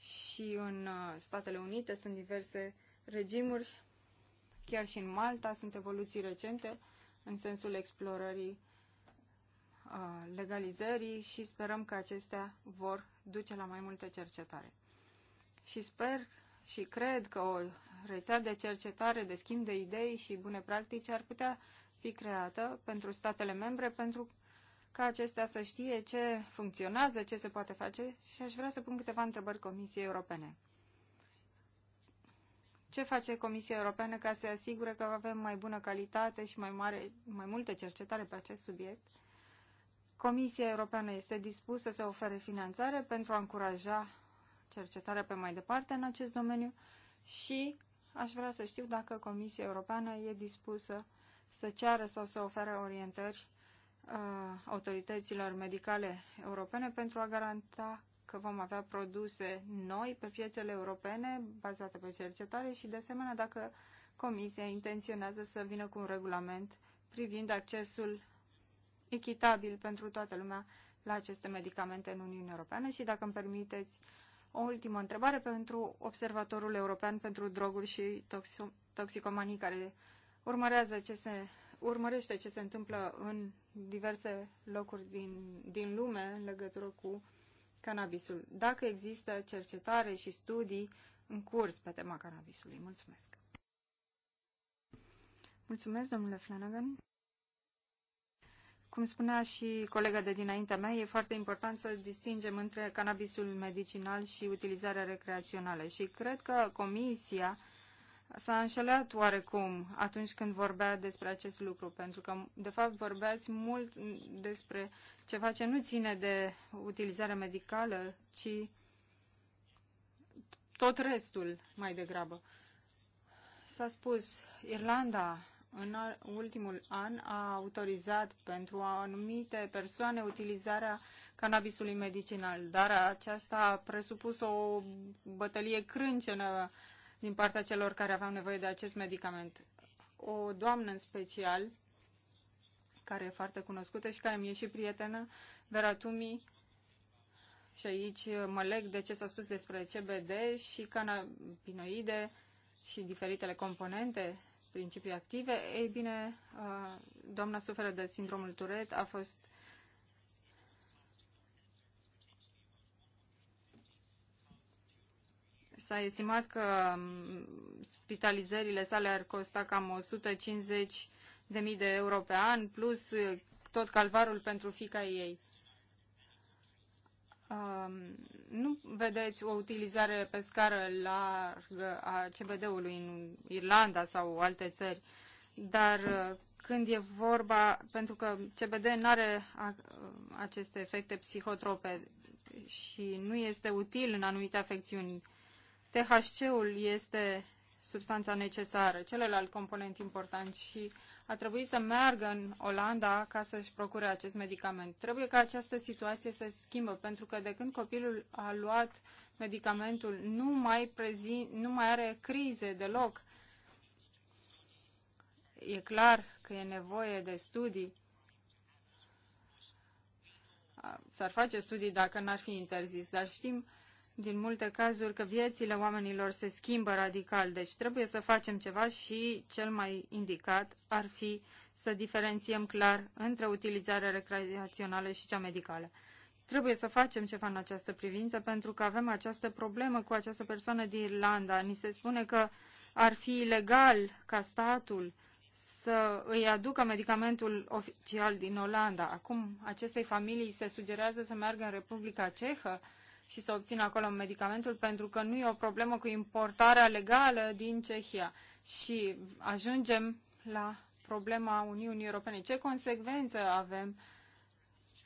și în uh, Statele Unite sunt diverse regimuri, chiar și în Malta sunt evoluții recente în sensul explorării uh, legalizării și sperăm că acestea vor duce la mai multe cercetare. Și sper și cred că o rețea de cercetare, de schimb de idei și bune practici ar putea fi creată pentru statele membre pentru ca acestea să știe ce funcționează, ce se poate face și aș vrea să pun câteva întrebări Comisiei Europene. Ce face Comisia Europeană ca să se asigure că avem mai bună calitate și mai, mare, mai multă cercetare pe acest subiect? Comisia Europeană este dispusă să ofere finanțare pentru a încuraja cercetarea pe mai departe în acest domeniu și aș vrea să știu dacă Comisia Europeană e dispusă să ceară sau să ofere orientări autorităților medicale europene pentru a garanta că vom avea produse noi pe piețele europene bazate pe cercetare și, de asemenea, dacă Comisia intenționează să vină cu un regulament privind accesul echitabil pentru toată lumea la aceste medicamente în Uniunea Europeană și, dacă îmi permiteți, o ultimă întrebare pentru Observatorul European pentru Droguri și Toxicomanii care urmărează ce se urmărește ce se întâmplă în diverse locuri din, din lume în legătură cu cannabisul. Dacă există cercetare și studii în curs pe tema cannabisului. Mulțumesc! Mulțumesc, domnule Flanagan! Cum spunea și colega de dinaintea mea, e foarte important să distingem între cannabisul medicinal și utilizarea recreațională și cred că Comisia s-a înșelat oarecum atunci când vorbea despre acest lucru, pentru că, de fapt, vorbeați mult despre ceva ce nu ține de utilizarea medicală, ci tot restul mai degrabă. S-a spus, Irlanda în ultimul an a autorizat pentru anumite persoane utilizarea cannabisului medicinal, dar aceasta a presupus o bătălie crâncenă din partea celor care aveau nevoie de acest medicament. O doamnă în special, care e foarte cunoscută și care mi-e și prietenă, Vera Tumi, și aici mă leg de ce s-a spus despre CBD și canabinoide și diferitele componente, principii active. Ei bine, uh, doamna suferă de sindromul Turet a fost S-a estimat că spitalizările sale ar costa cam 150 de mii de euro pe an, plus tot calvarul pentru fica ei. Um, nu vedeți o utilizare pe scară largă a CBD-ului în Irlanda sau alte țări, dar uh, când e vorba, pentru că CBD nu are aceste efecte psihotrope și nu este util în anumite afecțiuni THC-ul este substanța necesară, celălalt component important și a trebuit să meargă în Olanda ca să-și procure acest medicament. Trebuie ca această situație să se schimbă, pentru că de când copilul a luat medicamentul nu mai, prezi, nu mai are crize deloc. E clar că e nevoie de studii. S-ar face studii dacă n-ar fi interzis, dar știm din multe cazuri că viețile oamenilor se schimbă radical, deci trebuie să facem ceva și cel mai indicat ar fi să diferențiem clar între utilizarea recreațională și cea medicală. Trebuie să facem ceva în această privință pentru că avem această problemă cu această persoană din Irlanda. Ni se spune că ar fi ilegal ca statul să îi aducă medicamentul oficial din Olanda. Acum acestei familii se sugerează să meargă în Republica Cehă și să obțină acolo medicamentul, pentru că nu e o problemă cu importarea legală din Cehia. Și ajungem la problema Uniunii Europene. Ce consecvență avem?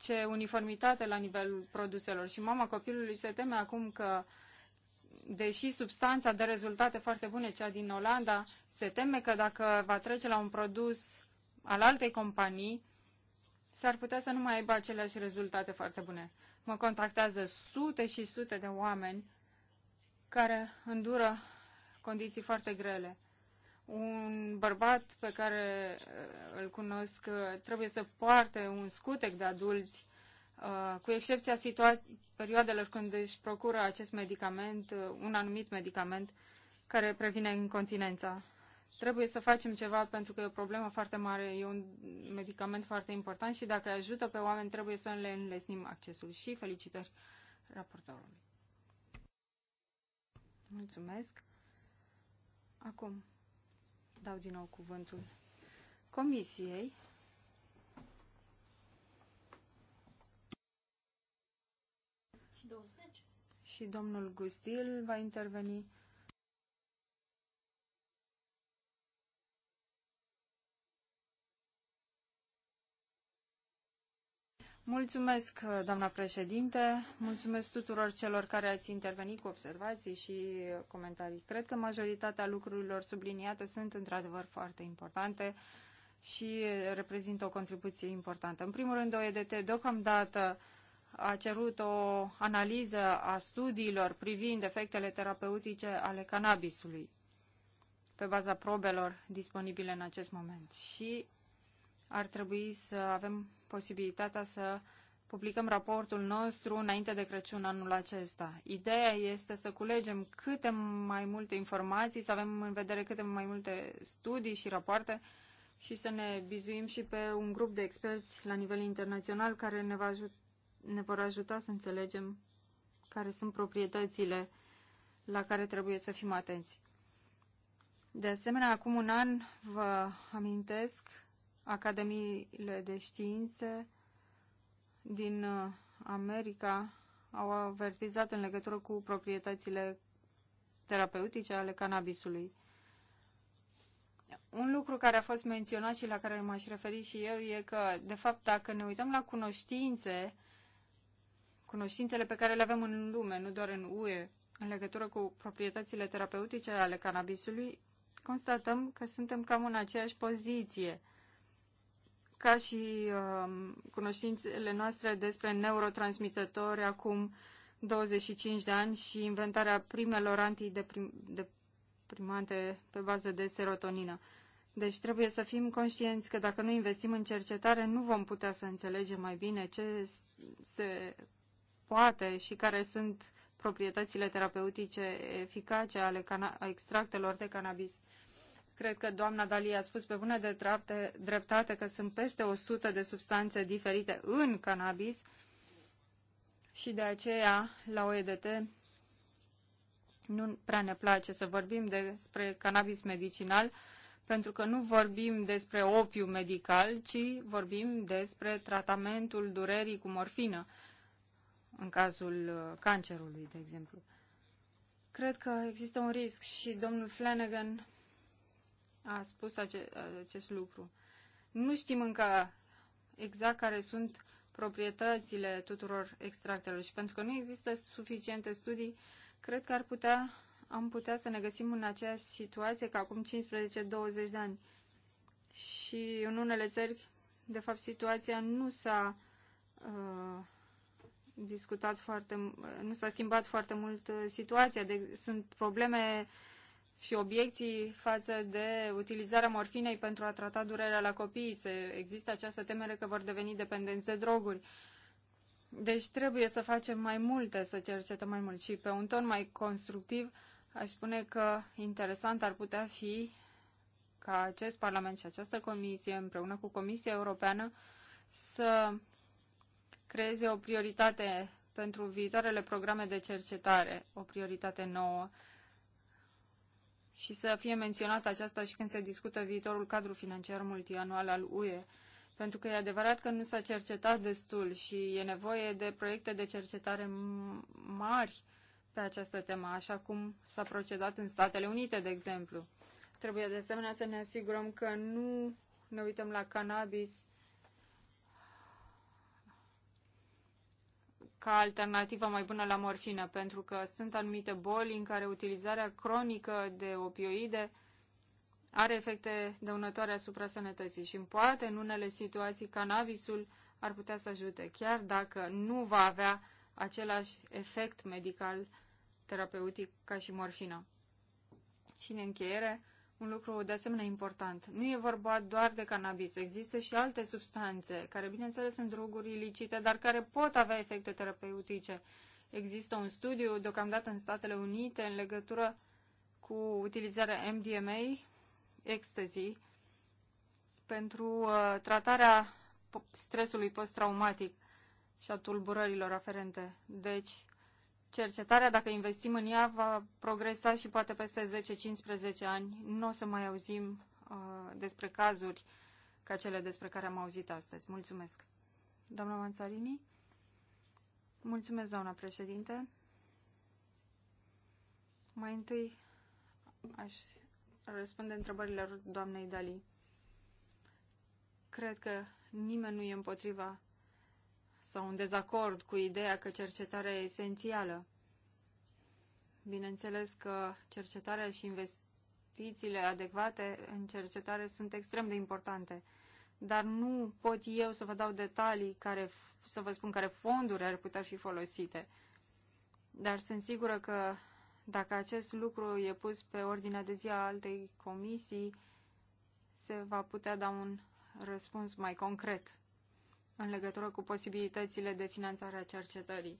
Ce uniformitate la nivelul produselor? Și mama copilului se teme acum că deși substanța de rezultate foarte bune, cea din Olanda, se teme că dacă va trece la un produs al altei companii, s-ar putea să nu mai aibă aceleași rezultate foarte bune. Mă contactează sute și sute de oameni care îndură condiții foarte grele. Un bărbat pe care uh, îl cunosc uh, trebuie să poarte un scutec de adulți, uh, cu excepția perioadelor când își procură acest medicament, un anumit medicament care previne incontinența trebuie să facem ceva pentru că e o problemă foarte mare, e un medicament foarte important și dacă ajută pe oameni trebuie să le înlesnim accesul. Și felicitări raportorului. Mulțumesc. Acum dau din nou cuvântul Comisiei. Și 20. Și domnul Gustil va interveni Mulțumesc, doamna președinte, mulțumesc tuturor celor care ați intervenit cu observații și comentarii. Cred că majoritatea lucrurilor subliniate sunt într-adevăr foarte importante și reprezintă o contribuție importantă. În primul rând, OEDT deocamdată a cerut o analiză a studiilor privind efectele terapeutice ale cannabisului pe baza probelor disponibile în acest moment. Și ar trebui să avem posibilitatea să publicăm raportul nostru înainte de Crăciun anul acesta. Ideea este să culegem câte mai multe informații, să avem în vedere câte mai multe studii și rapoarte și să ne bizuim și pe un grup de experți la nivel internațional care ne, va ajut, ne vor ajuta să înțelegem care sunt proprietățile la care trebuie să fim atenți. De asemenea, acum un an vă amintesc Academiile de științe din uh, America au avertizat în legătură cu proprietățile terapeutice ale cannabisului. Un lucru care a fost menționat și la care m-aș referi și eu e că, de fapt, dacă ne uităm la cunoștințe, cunoștințele pe care le avem în lume, nu doar în UE, în legătură cu proprietățile terapeutice ale cannabisului, constatăm că suntem cam în aceeași poziție – ca și um, cunoștințele noastre despre neurotransmițători acum 25 de ani și inventarea primelor antideprimante pe bază de serotonină. Deci trebuie să fim conștienți că dacă nu investim în cercetare, nu vom putea să înțelegem mai bine ce se poate și care sunt proprietățile terapeutice eficace ale extractelor de cannabis Cred că doamna Dali a spus pe bună de dreptate că sunt peste 100 de substanțe diferite în cannabis și de aceea la OEDT nu prea ne place să vorbim despre cannabis medicinal pentru că nu vorbim despre opiu medical, ci vorbim despre tratamentul durerii cu morfină în cazul uh, cancerului, de exemplu. Cred că există un risc și domnul Flanagan a spus ace acest lucru. Nu știm încă exact care sunt proprietățile tuturor extractelor și pentru că nu există suficiente studii, cred că ar putea, am putea să ne găsim în aceeași situație ca acum 15-20 de ani. Și în unele țări, de fapt, situația nu s-a uh, discutat foarte, nu s-a schimbat foarte mult uh, situația. De, sunt probleme uh, și obiecții față de utilizarea morfinei pentru a trata durerea la copii. Se, există această temere că vor deveni dependenți de droguri. Deci trebuie să facem mai multe, să cercetăm mai mult. Și pe un ton mai constructiv, aș spune că interesant ar putea fi ca acest Parlament și această Comisie, împreună cu Comisia Europeană, să creeze o prioritate pentru viitoarele programe de cercetare, o prioritate nouă și să fie menționată aceasta și când se discută viitorul cadru financiar multianual al UE. Pentru că e adevărat că nu s-a cercetat destul și e nevoie de proiecte de cercetare mari pe această temă, așa cum s-a procedat în Statele Unite, de exemplu. Trebuie de asemenea să ne asigurăm că nu ne uităm la cannabis ca alternativă mai bună la morfină, pentru că sunt anumite boli în care utilizarea cronică de opioide are efecte dăunătoare asupra sănătății și poate în unele situații cannabisul ar putea să ajute, chiar dacă nu va avea același efect medical terapeutic ca și morfina. Și în încheiere, un lucru de asemenea important. Nu e vorba doar de cannabis, există și alte substanțe, care bineînțeles sunt droguri ilicite, dar care pot avea efecte terapeutice. Există un studiu deocamdată în Statele Unite în legătură cu utilizarea MDMA, ecstasy, pentru uh, tratarea stresului post-traumatic și a tulburărilor aferente. Deci, cercetarea, dacă investim în ea, va progresa și poate peste 10-15 ani nu o să mai auzim uh, despre cazuri ca cele despre care am auzit astăzi. Mulțumesc. Doamna Manțarini? Mulțumesc, doamna președinte. Mai întâi aș răspunde întrebărilor doamnei Dali. Cred că nimeni nu e împotriva sau un dezacord cu ideea că cercetarea e esențială. Bineînțeles că cercetarea și investițiile adecvate în cercetare sunt extrem de importante, dar nu pot eu să vă dau detalii care, să vă spun care fonduri ar putea fi folosite. Dar sunt sigură că dacă acest lucru e pus pe ordinea de zi a altei comisii, se va putea da un răspuns mai concret în legătură cu posibilitățile de finanțare a cercetării.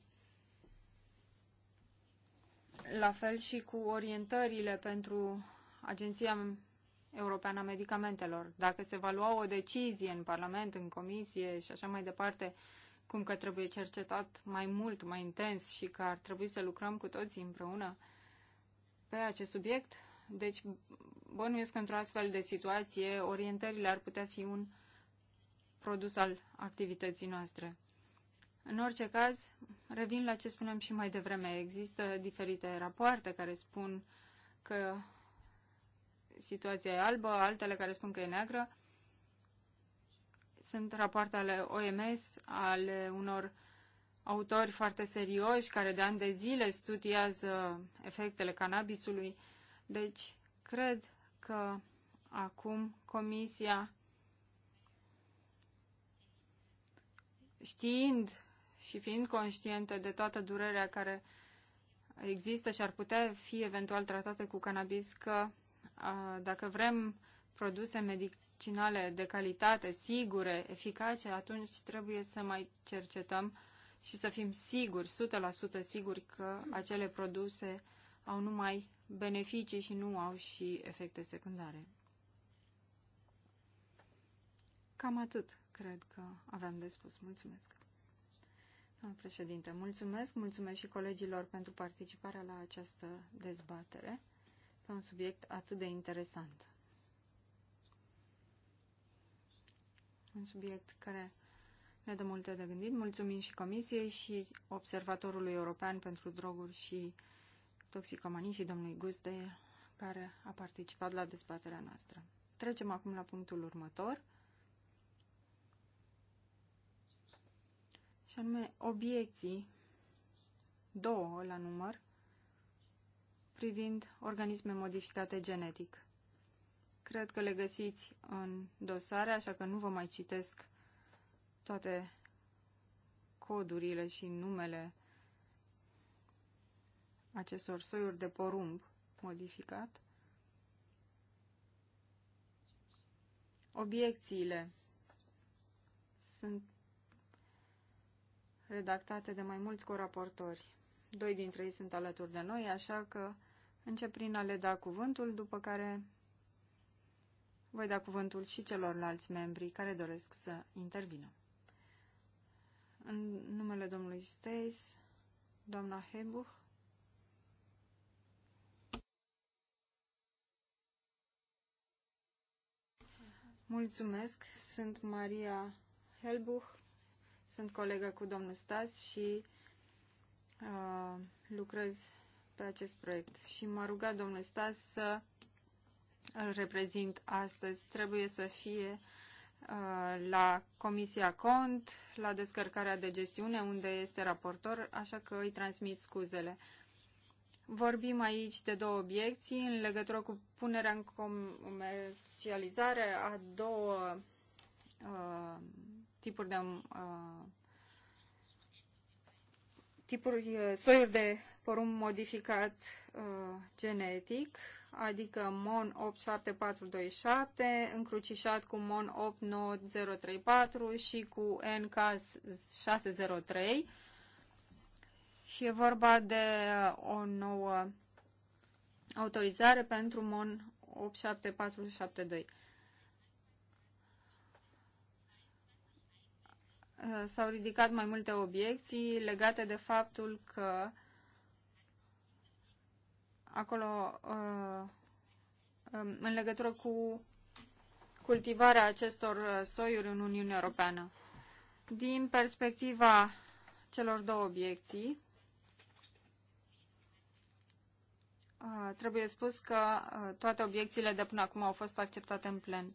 La fel și cu orientările pentru Agenția Europeană a Medicamentelor. Dacă se va lua o decizie în Parlament, în Comisie și așa mai departe, cum că trebuie cercetat mai mult, mai intens și că ar trebui să lucrăm cu toții împreună pe acest subiect, deci bănuiesc că într-o astfel de situație orientările ar putea fi un produs al activității noastre. În orice caz, revin la ce spuneam și mai devreme. Există diferite rapoarte care spun că situația e albă, altele care spun că e neagră. Sunt rapoarte ale OMS, ale unor autori foarte serioși care de ani de zile studiază efectele cannabisului. Deci, cred că acum Comisia știind și fiind conștientă de toată durerea care există și ar putea fi eventual tratată cu cannabis, că dacă vrem produse medicinale de calitate, sigure, eficace, atunci trebuie să mai cercetăm și să fim siguri, 100% siguri că acele produse au numai beneficii și nu au și efecte secundare. Cam atât cred că aveam de spus. Mulțumesc. Domnul președinte, mulțumesc, mulțumesc și colegilor pentru participarea la această dezbatere pe un subiect atât de interesant. Un subiect care ne dă multe de gândit. Mulțumim și Comisiei și Observatorului European pentru Droguri și Toxicomanii și domnului Guste, care a participat la dezbaterea noastră. Trecem acum la punctul următor. și anume obiecții, două la număr, privind organisme modificate genetic. Cred că le găsiți în dosare, așa că nu vă mai citesc toate codurile și numele acestor soiuri de porumb modificat. Obiecțiile sunt redactate de mai mulți coraportori. Doi dintre ei sunt alături de noi, așa că încep prin a le da cuvântul, după care voi da cuvântul și celorlalți membri care doresc să intervină. În numele domnului Steis, doamna Hebuch, Mulțumesc, sunt Maria Helbuch, sunt colegă cu domnul Stas și uh, lucrez pe acest proiect. Și m-a rugat domnul Stas să îl reprezint astăzi. Trebuie să fie uh, la Comisia Cont, la descărcarea de gestiune, unde este raportor, așa că îi transmit scuzele. Vorbim aici de două obiecții în legătură cu punerea în comercializare a două uh, tipuri de uh, tipuri, uh, soiuri de porumb modificat uh, genetic, adică MON 87427 încrucișat cu MON 89034 și cu NCAS 603 și e vorba de uh, o nouă autorizare pentru MON 87472. Uh, s-au ridicat mai multe obiecții legate de faptul că acolo uh, um, în legătură cu cultivarea acestor uh, soiuri în Uniunea Europeană. Din perspectiva celor două obiecții, trebuie spus că toate obiecțiile de până acum au fost acceptate în plen.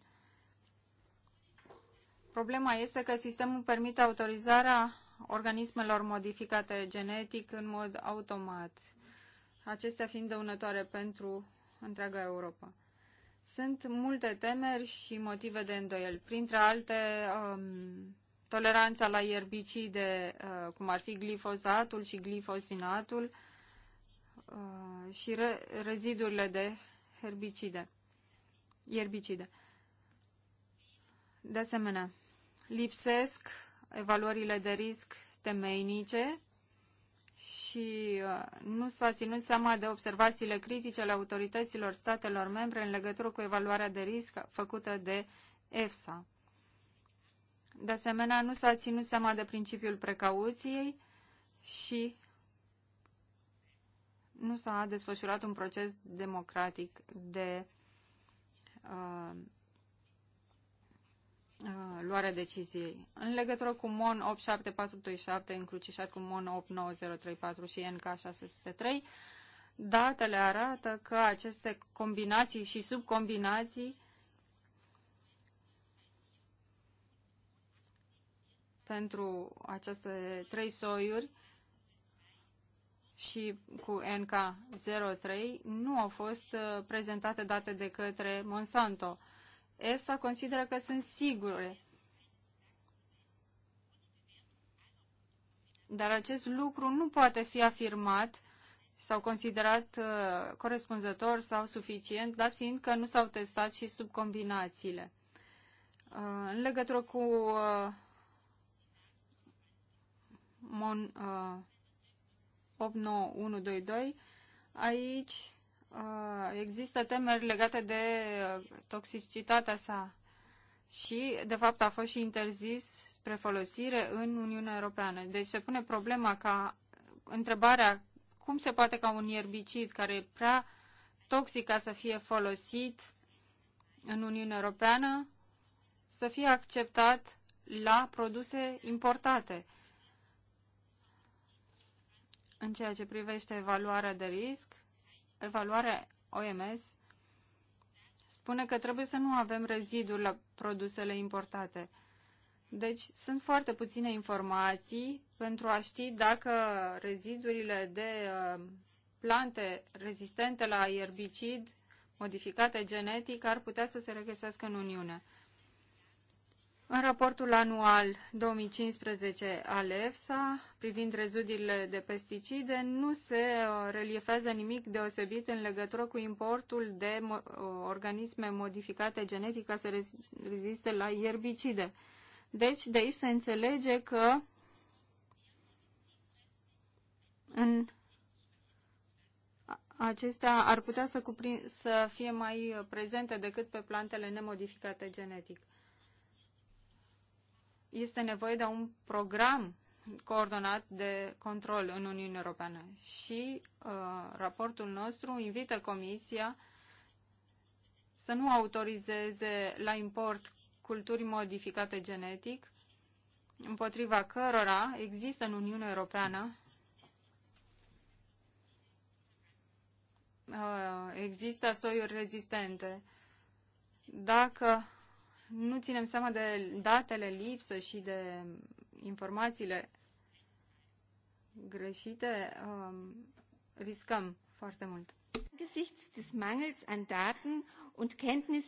Problema este că sistemul permite autorizarea organismelor modificate genetic în mod automat, acestea fiind dăunătoare pentru întreaga Europa. Sunt multe temeri și motive de îndoiel, printre alte um, toleranța la ierbicide, uh, cum ar fi glifosatul și glifosinatul, uh, și re- rezidurile de herbicide. Ierbicide. De asemenea, lipsesc evaluările de risc temeinice și uh, nu s-a ținut seama de observațiile critice ale autorităților statelor membre în legătură cu evaluarea de risc făcută de EFSA. De asemenea, nu s-a ținut seama de principiul precauției și nu s-a desfășurat un proces democratic de uh, Uh, luarea deciziei. În legătură cu MON 87427 încrucișat cu MON 89034 și NK 603, datele arată că aceste combinații și subcombinații pentru aceste trei soiuri și cu NK03 nu au fost uh, prezentate date de către Monsanto. EFSA consideră că sunt sigure. Dar acest lucru nu poate fi afirmat sau considerat uh, corespunzător sau suficient, dat fiind că nu s-au testat și subcombinațiile. Uh, în legătură cu uh, mon, 89122, uh, aici există temeri legate de uh, toxicitatea sa și, de fapt, a fost și interzis spre folosire în Uniunea Europeană. Deci se pune problema ca întrebarea cum se poate ca un ierbicid care e prea toxic ca să fie folosit în Uniunea Europeană să fie acceptat la produse importate. În ceea ce privește evaluarea de risc, evaluarea OMS spune că trebuie să nu avem reziduri la produsele importate. Deci sunt foarte puține informații pentru a ști dacă rezidurile de uh, plante rezistente la ierbicid modificate genetic ar putea să se regăsească în Uniune. În raportul anual 2015 al EFSA, privind rezidurile de pesticide, nu se uh, reliefează nimic deosebit în legătură cu importul de uh, organisme modificate genetic ca să reziste la ierbicide. Deci, de aici se înțelege că în acestea ar putea să, cuprin, să fie mai prezente decât pe plantele nemodificate genetic este nevoie de un program coordonat de control în Uniunea Europeană și uh, raportul nostru invită Comisia să nu autorizeze la import culturi modificate genetic, împotriva cărora există în Uniunea Europeană uh, există soiuri rezistente. Dacă nu ținem seama de datele lipsă și de informațiile greșite, um, riscăm foarte mult. Angesichts des Mangels an Daten und Kenntnis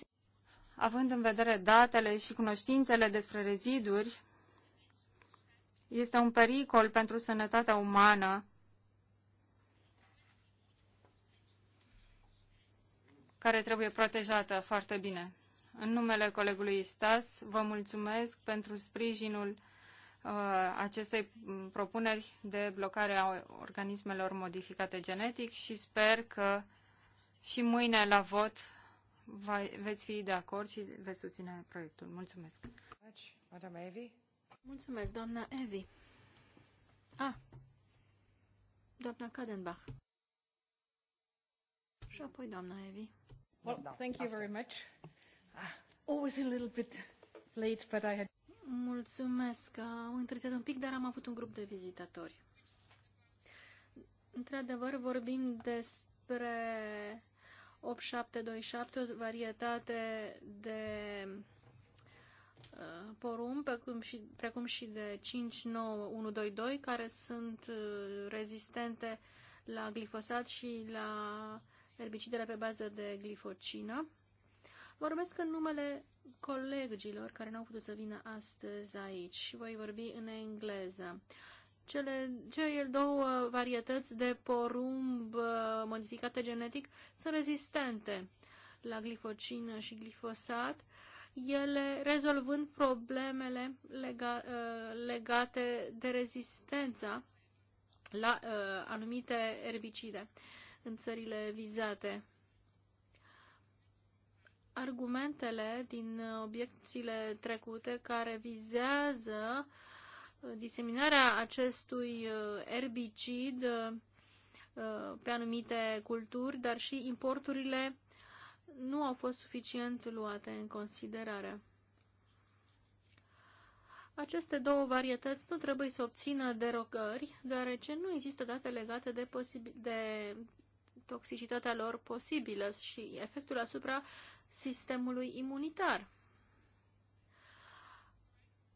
Având în vedere datele și cunoștințele despre reziduri, este un pericol pentru sănătatea umană care trebuie protejată foarte bine. În numele colegului Stas, vă mulțumesc pentru sprijinul uh, acestei propuneri de blocare a organismelor modificate genetic și sper că și mâine la vot veți fi de acord și veți susține proiectul. Mulțumesc. Mulțumesc, doamna Evi. Ah, doamna Kadenbach. Și apoi doamna Evi. Well, thank you very much. Always a little bit late, but I had... Mulțumesc. Am întârziat un pic, dar am avut un grup de vizitatori. Într-adevăr, vorbim despre 8727, o varietate de porumb, precum și, precum și de 59122, care sunt rezistente la glifosat și la herbicidele pe bază de glifocină. Vorbesc în numele colegilor care n-au putut să vină astăzi aici și voi vorbi în engleză. Cele, cele două varietăți de porumb uh, modificate genetic sunt rezistente la glifocină și glifosat, ele rezolvând problemele lega, uh, legate de rezistența la uh, anumite erbicide în țările vizate argumentele din obiecțiile trecute care vizează diseminarea acestui uh, erbicid uh, uh, pe anumite culturi, dar și importurile nu au fost suficient luate în considerare. Aceste două varietăți nu trebuie să obțină derogări, deoarece nu există date legate de, de toxicitatea lor posibilă și efectul asupra sistemului imunitar.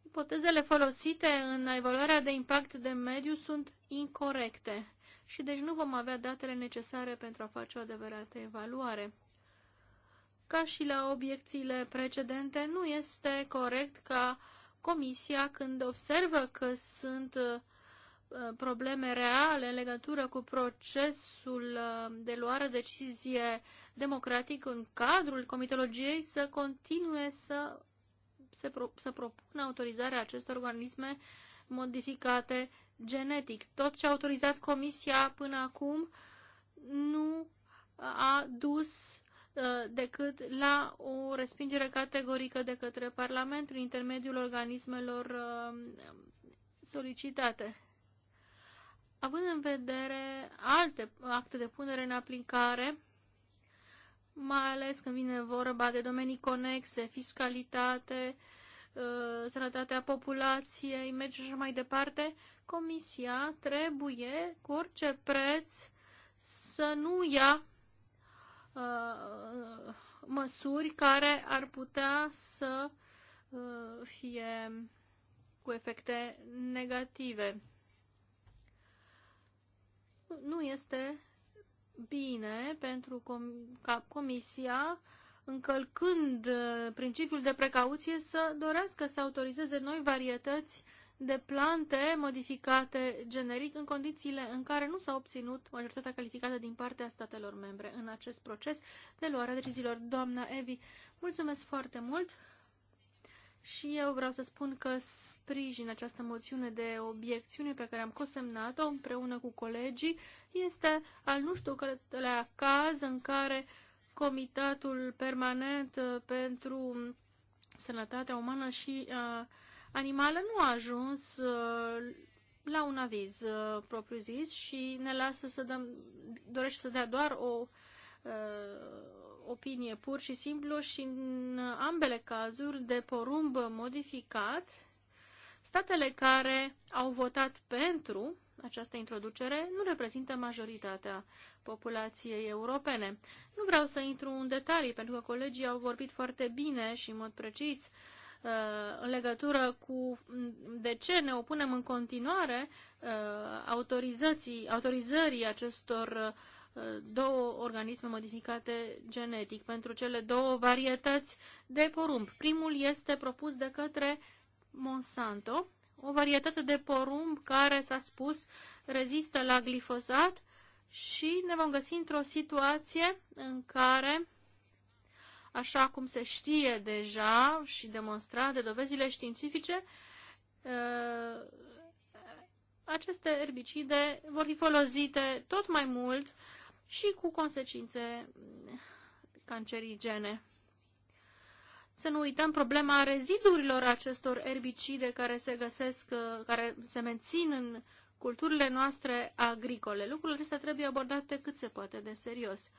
Ipotezele folosite în evaluarea de impact de mediu sunt incorrecte și deci nu vom avea datele necesare pentru a face o adevărată evaluare. Ca și la obiecțiile precedente, nu este corect ca Comisia, când observă că sunt uh, probleme reale în legătură cu procesul uh, de luare decizie democratic în cadrul comitologiei să continue să, se pro, să propună autorizarea acestor organisme modificate genetic. Tot ce a autorizat Comisia până acum nu a dus uh, decât la o respingere categorică de către Parlament prin intermediul organismelor uh, solicitate. Având în vedere alte acte de punere în aplicare, mai ales când vine vorba de domenii conexe, fiscalitate, uh, sănătatea populației, merge și mai departe, Comisia trebuie cu orice preț să nu ia uh, măsuri care ar putea să uh, fie cu efecte negative. Nu este bine pentru com- ca Comisia, încălcând uh, principiul de precauție, să dorească să autorizeze noi varietăți de plante modificate generic în condițiile în care nu s-a obținut majoritatea calificată din partea statelor membre în acest proces de a deciziilor. Doamna Evi, mulțumesc foarte mult! Și eu vreau să spun că sprijin această moțiune de obiecțiune pe care am cosemnat-o împreună cu colegii. Este al nu știu cărătelea caz în care Comitatul Permanent uh, pentru Sănătatea Umană și uh, Animală nu a ajuns uh, la un aviz uh, propriu-zis și ne lasă să dăm, dorește să dea doar o, uh, opinie pur și simplu și în ambele cazuri de porumb modificat, statele care au votat pentru această introducere nu reprezintă majoritatea populației europene. Nu vreau să intru în detalii, pentru că colegii au vorbit foarte bine și în mod precis uh, în legătură cu de ce ne opunem în continuare uh, autorizării acestor două organisme modificate genetic, pentru cele două varietăți de porumb. Primul este propus de către Monsanto, o varietate de porumb care, s-a spus, rezistă la glifosat și ne vom găsi într-o situație în care, așa cum se știe deja și demonstrat de dovezile științifice, uh, aceste erbicide vor fi folosite tot mai mult și cu consecințe cancerigene. Să nu uităm problema rezidurilor acestor erbicide care se găsesc, uh, care se mențin în culturile noastre agricole. Lucrurile acestea trebuie abordate cât se poate de serios.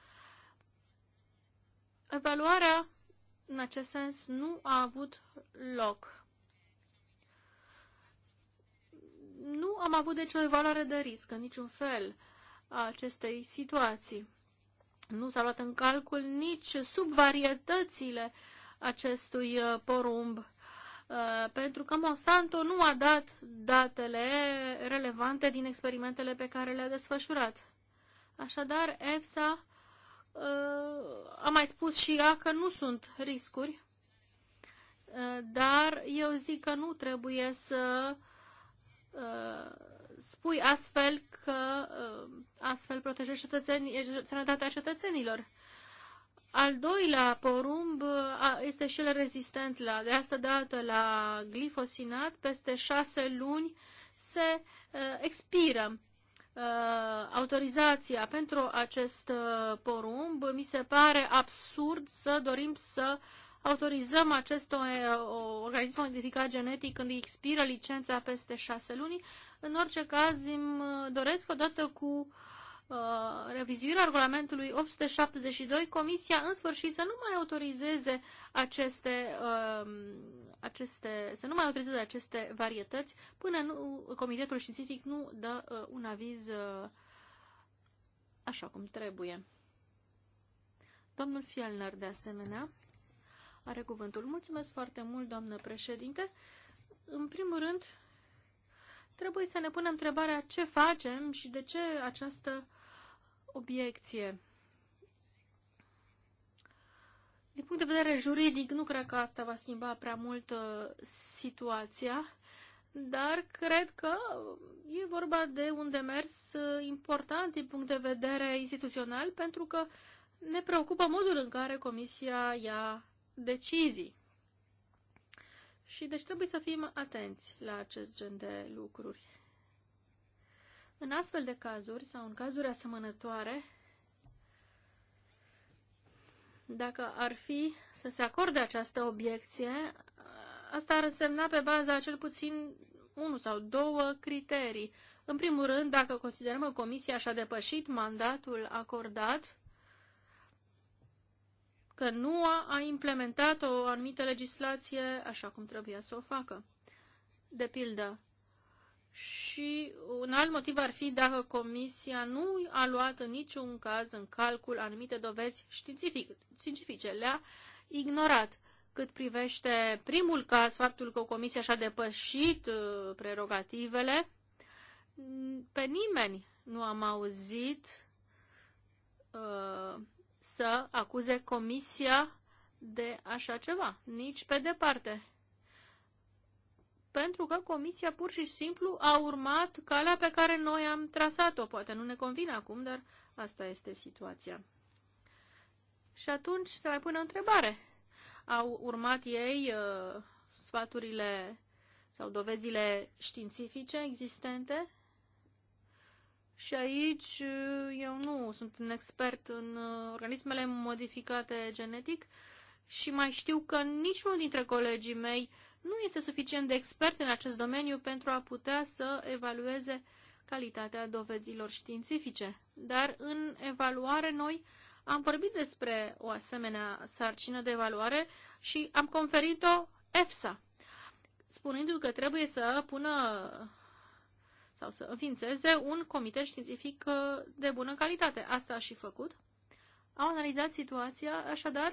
Evaluarea, în acest sens, nu a avut loc. Nu am avut, deci, o evaluare de risc în niciun fel a acestei situații. Nu s-a luat în calcul nici subvarietățile acestui uh, porumb, uh, pentru că Monsanto nu a dat datele relevante din experimentele pe care le-a desfășurat. Așadar, EFSA uh, a mai spus și ea că nu sunt riscuri, dar eu zic că nu trebuie să spui astfel că uh, astfel protejezi cetățenii, sănătatea cetățenilor. Al doilea porumb uh, este și el rezistent la, de asta dată, la glifosinat. Peste șase luni se uh, expiră autorizația pentru acest porumb. Mi se pare absurd să dorim să autorizăm acest organism modificat genetic când îi expiră licența peste șase luni. În orice caz, îmi uh, doresc odată cu uh, revizuirea regulamentului 872, Comisia în sfârșit să nu mai autorizeze aceste, uh, aceste, să nu mai autorizeze aceste varietăți până nu, Comitetul Științific nu dă uh, un aviz uh, așa cum trebuie. Domnul Fielner, de asemenea, are cuvântul. Mulțumesc foarte mult, doamnă președinte. În primul rând, trebuie să ne punem întrebarea ce facem și de ce această obiecție. Din punct de vedere juridic, nu cred că asta va schimba prea mult uh, situația, dar cred că e vorba de un demers uh, important din punct de vedere instituțional, pentru că ne preocupă modul în care Comisia ia decizii. Și deci trebuie să fim atenți la acest gen de lucruri. În astfel de cazuri sau în cazuri asemănătoare, dacă ar fi să se acorde această obiecție, asta ar însemna pe baza cel puțin unul sau două criterii. În primul rând, dacă considerăm că Comisia și-a depășit mandatul acordat că nu a implementat o anumită legislație așa cum trebuia să o facă. De pildă, și un alt motiv ar fi dacă comisia nu a luat în niciun caz în calcul anumite dovezi științifice, le-a ignorat. Cât privește primul caz, faptul că o comisie și-a depășit uh, prerogativele, pe nimeni nu am auzit uh, să acuze Comisia de așa ceva, nici pe departe. Pentru că Comisia pur și simplu a urmat calea pe care noi am trasat-o. Poate nu ne convine acum, dar asta este situația. Și atunci se mai pune o întrebare. Au urmat ei uh, sfaturile sau dovezile științifice existente și aici uh, eu nu sunt un expert în uh, organismele modificate genetic și mai știu că niciunul dintre colegii mei nu este suficient de expert în acest domeniu pentru a putea să evalueze calitatea dovezilor științifice. Dar în evaluare noi am vorbit despre o asemenea sarcină de evaluare și am conferit-o EFSA, spunându că trebuie să pună sau să înființeze un comitet științific uh, de bună calitate. Asta a și făcut. Au analizat situația, așadar,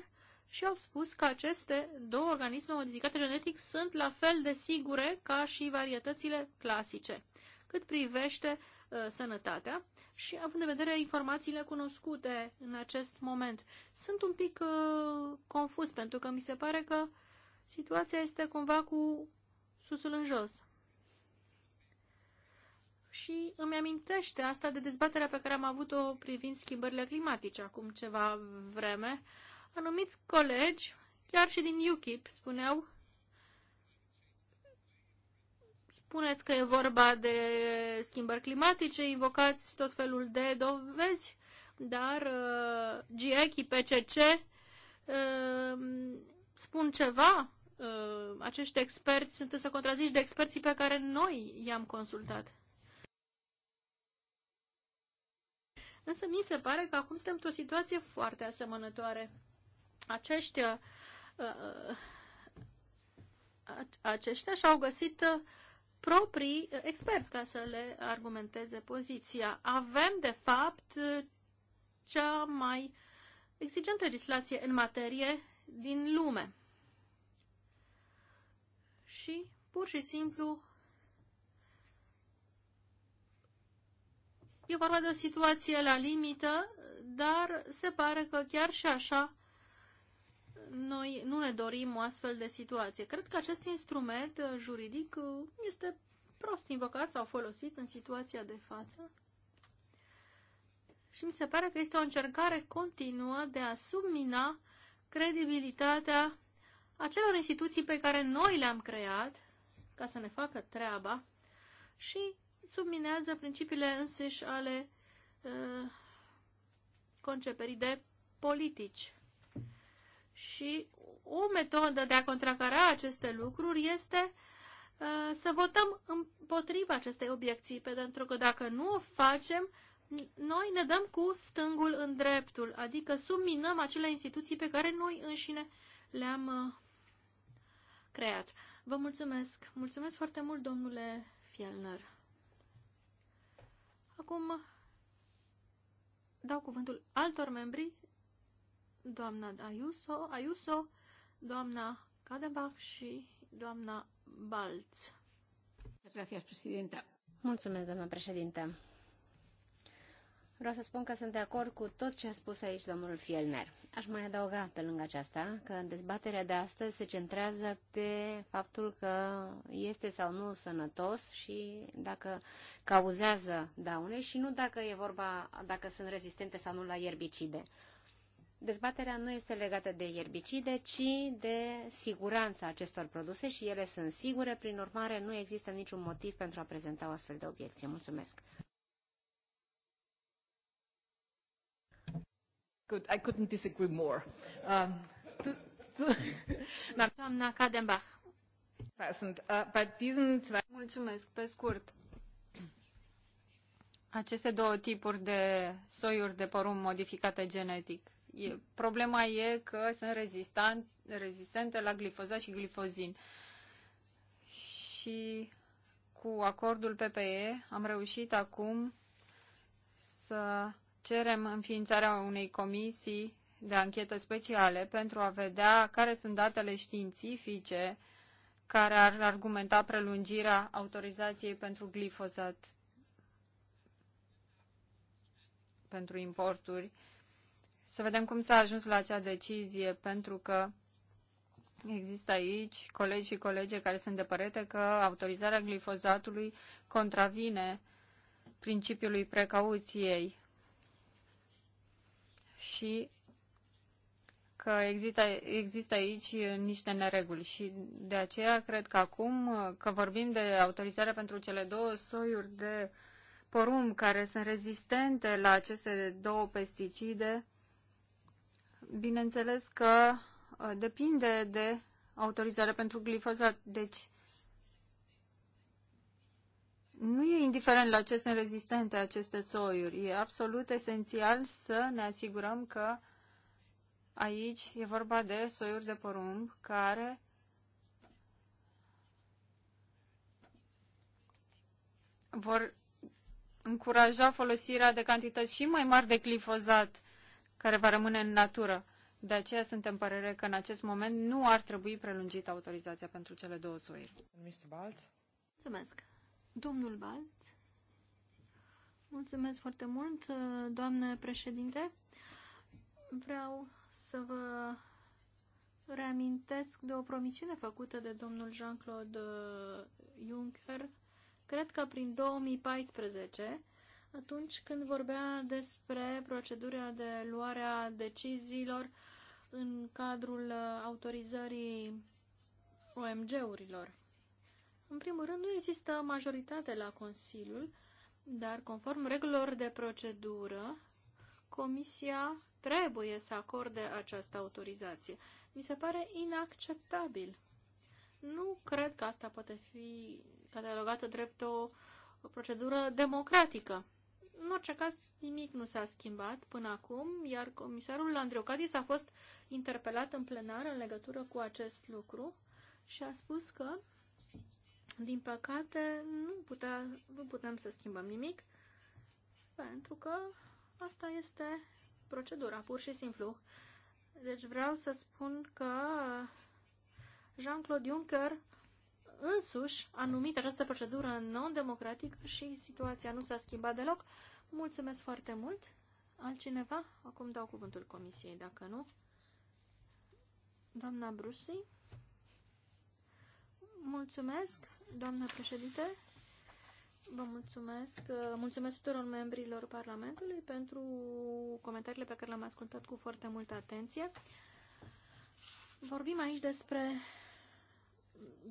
și au spus că aceste două organisme modificate genetic sunt la fel de sigure ca și varietățile clasice, cât privește uh, sănătatea și având în vedere informațiile cunoscute în acest moment. Sunt un pic uh, confuz pentru că mi se pare că situația este cumva cu susul în jos și îmi amintește asta de dezbaterea pe care am avut-o privind schimbările climatice acum ceva vreme. Anumiți colegi, chiar și din UKIP, spuneau spuneți că e vorba de schimbări climatice, invocați tot felul de dovezi, dar uh, GIEC, IPCC uh, spun ceva. Uh, acești experți sunt să contrazici de experții pe care noi i-am consultat. Însă mi se pare că acum suntem într-o situație foarte asemănătoare. Aceștia, uh, uh, uh, aceștia și-au găsit proprii experți ca să le argumenteze poziția. Avem, de fapt, cea mai exigentă legislație în materie din lume. Și pur și simplu E vorba de o situație la limită, dar se pare că chiar și așa noi nu ne dorim o astfel de situație. Cred că acest instrument juridic este prost invocat sau folosit în situația de față. Și mi se pare că este o încercare continuă de a submina credibilitatea acelor instituții pe care noi le-am creat ca să ne facă treaba și subminează principiile însăși ale uh, conceperii de politici. Și o metodă de a contracara aceste lucruri este uh, să votăm împotriva acestei obiecții, pentru că dacă nu o facem, noi ne dăm cu stângul în dreptul, adică subminăm acele instituții pe care noi înșine le-am uh, creat. Vă mulțumesc! Mulțumesc foarte mult, domnule Fielner! Acum dau cuvântul altor membri, doamna Ayuso, Ayuso doamna Cadebach și doamna Balț. Mulțumesc, doamna președinte. Vreau să spun că sunt de acord cu tot ce a spus aici domnul Fielner. Aș mai adăuga pe lângă aceasta că dezbaterea de astăzi se centrează pe faptul că este sau nu sănătos și dacă cauzează daune și nu dacă e vorba dacă sunt rezistente sau nu la ierbicide. Dezbaterea nu este legată de ierbicide, ci de siguranța acestor produse și ele sunt sigure, prin urmare nu există niciun motiv pentru a prezenta o astfel de obiecție. Mulțumesc! Good. I couldn't disagree more. Um, to, to Doamna Kadenbach. Uh, Mulțumesc, pe scurt. Aceste două tipuri de soiuri de porumb modificate genetic. E, problema e că sunt rezistant, rezistente la glifozat și glifozin. Și cu acordul PPE am reușit acum să cerem înființarea unei comisii de anchetă speciale pentru a vedea care sunt datele științifice care ar argumenta prelungirea autorizației pentru glifosat pentru importuri. Să vedem cum s-a ajuns la acea decizie, pentru că există aici colegi și colege care sunt de părere că autorizarea glifozatului contravine principiului precauției și că există, există aici niște nereguli și de aceea cred că acum că vorbim de autorizarea pentru cele două soiuri de porum care sunt rezistente la aceste două pesticide, bineînțeles că uh, depinde de autorizare pentru glifosat. Deci nu e indiferent la ce sunt rezistente aceste soiuri. E absolut esențial să ne asigurăm că aici e vorba de soiuri de porumb care vor încuraja folosirea de cantități și mai mari de glifozat care va rămâne în natură. De aceea suntem părere că în acest moment nu ar trebui prelungită autorizația pentru cele două soiuri. Mulțumesc. Domnul Balț. Mulțumesc foarte mult, uh, doamnă președinte. Vreau să vă reamintesc de o promisiune făcută de domnul Jean-Claude uh, Juncker, cred că prin 2014, atunci când vorbea despre procedura de luare a deciziilor în cadrul uh, autorizării OMG-urilor. În primul rând, nu există majoritate la Consiliul, dar conform regulilor de procedură, Comisia trebuie să acorde această autorizație. Mi se pare inacceptabil. Nu cred că asta poate fi catalogată drept o, procedură democratică. În orice caz, nimic nu s-a schimbat până acum, iar comisarul Andreocadis a fost interpelat în plenar în legătură cu acest lucru și a spus că din păcate, nu, putea, nu putem să schimbăm nimic, pentru că asta este procedura, pur și simplu. Deci vreau să spun că Jean-Claude Juncker însuși a numit această procedură non-democratică și situația nu s-a schimbat deloc. Mulțumesc foarte mult! Altcineva? Acum dau cuvântul comisiei, dacă nu. Doamna Brusi? Mulțumesc! doamnă președinte. Vă mulțumesc. Mulțumesc tuturor membrilor Parlamentului pentru comentariile pe care le-am ascultat cu foarte multă atenție. Vorbim aici despre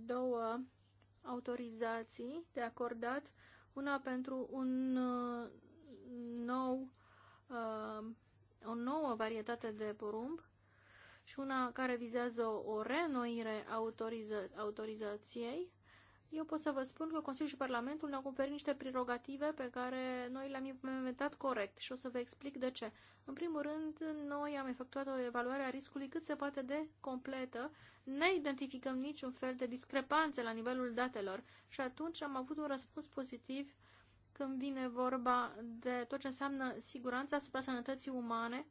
două autorizații de acordat. Una pentru un uh, nou, uh, o nouă varietate de porumb și una care vizează o renoire autoriză, autorizației eu pot să vă spun că Consiliul și Parlamentul ne-au conferit niște prerogative pe care noi le-am implementat corect și o să vă explic de ce. În primul rând, noi am efectuat o evaluare a riscului cât se poate de completă, ne identificăm niciun fel de discrepanțe la nivelul datelor și atunci am avut un răspuns pozitiv când vine vorba de tot ce înseamnă siguranța asupra sănătății umane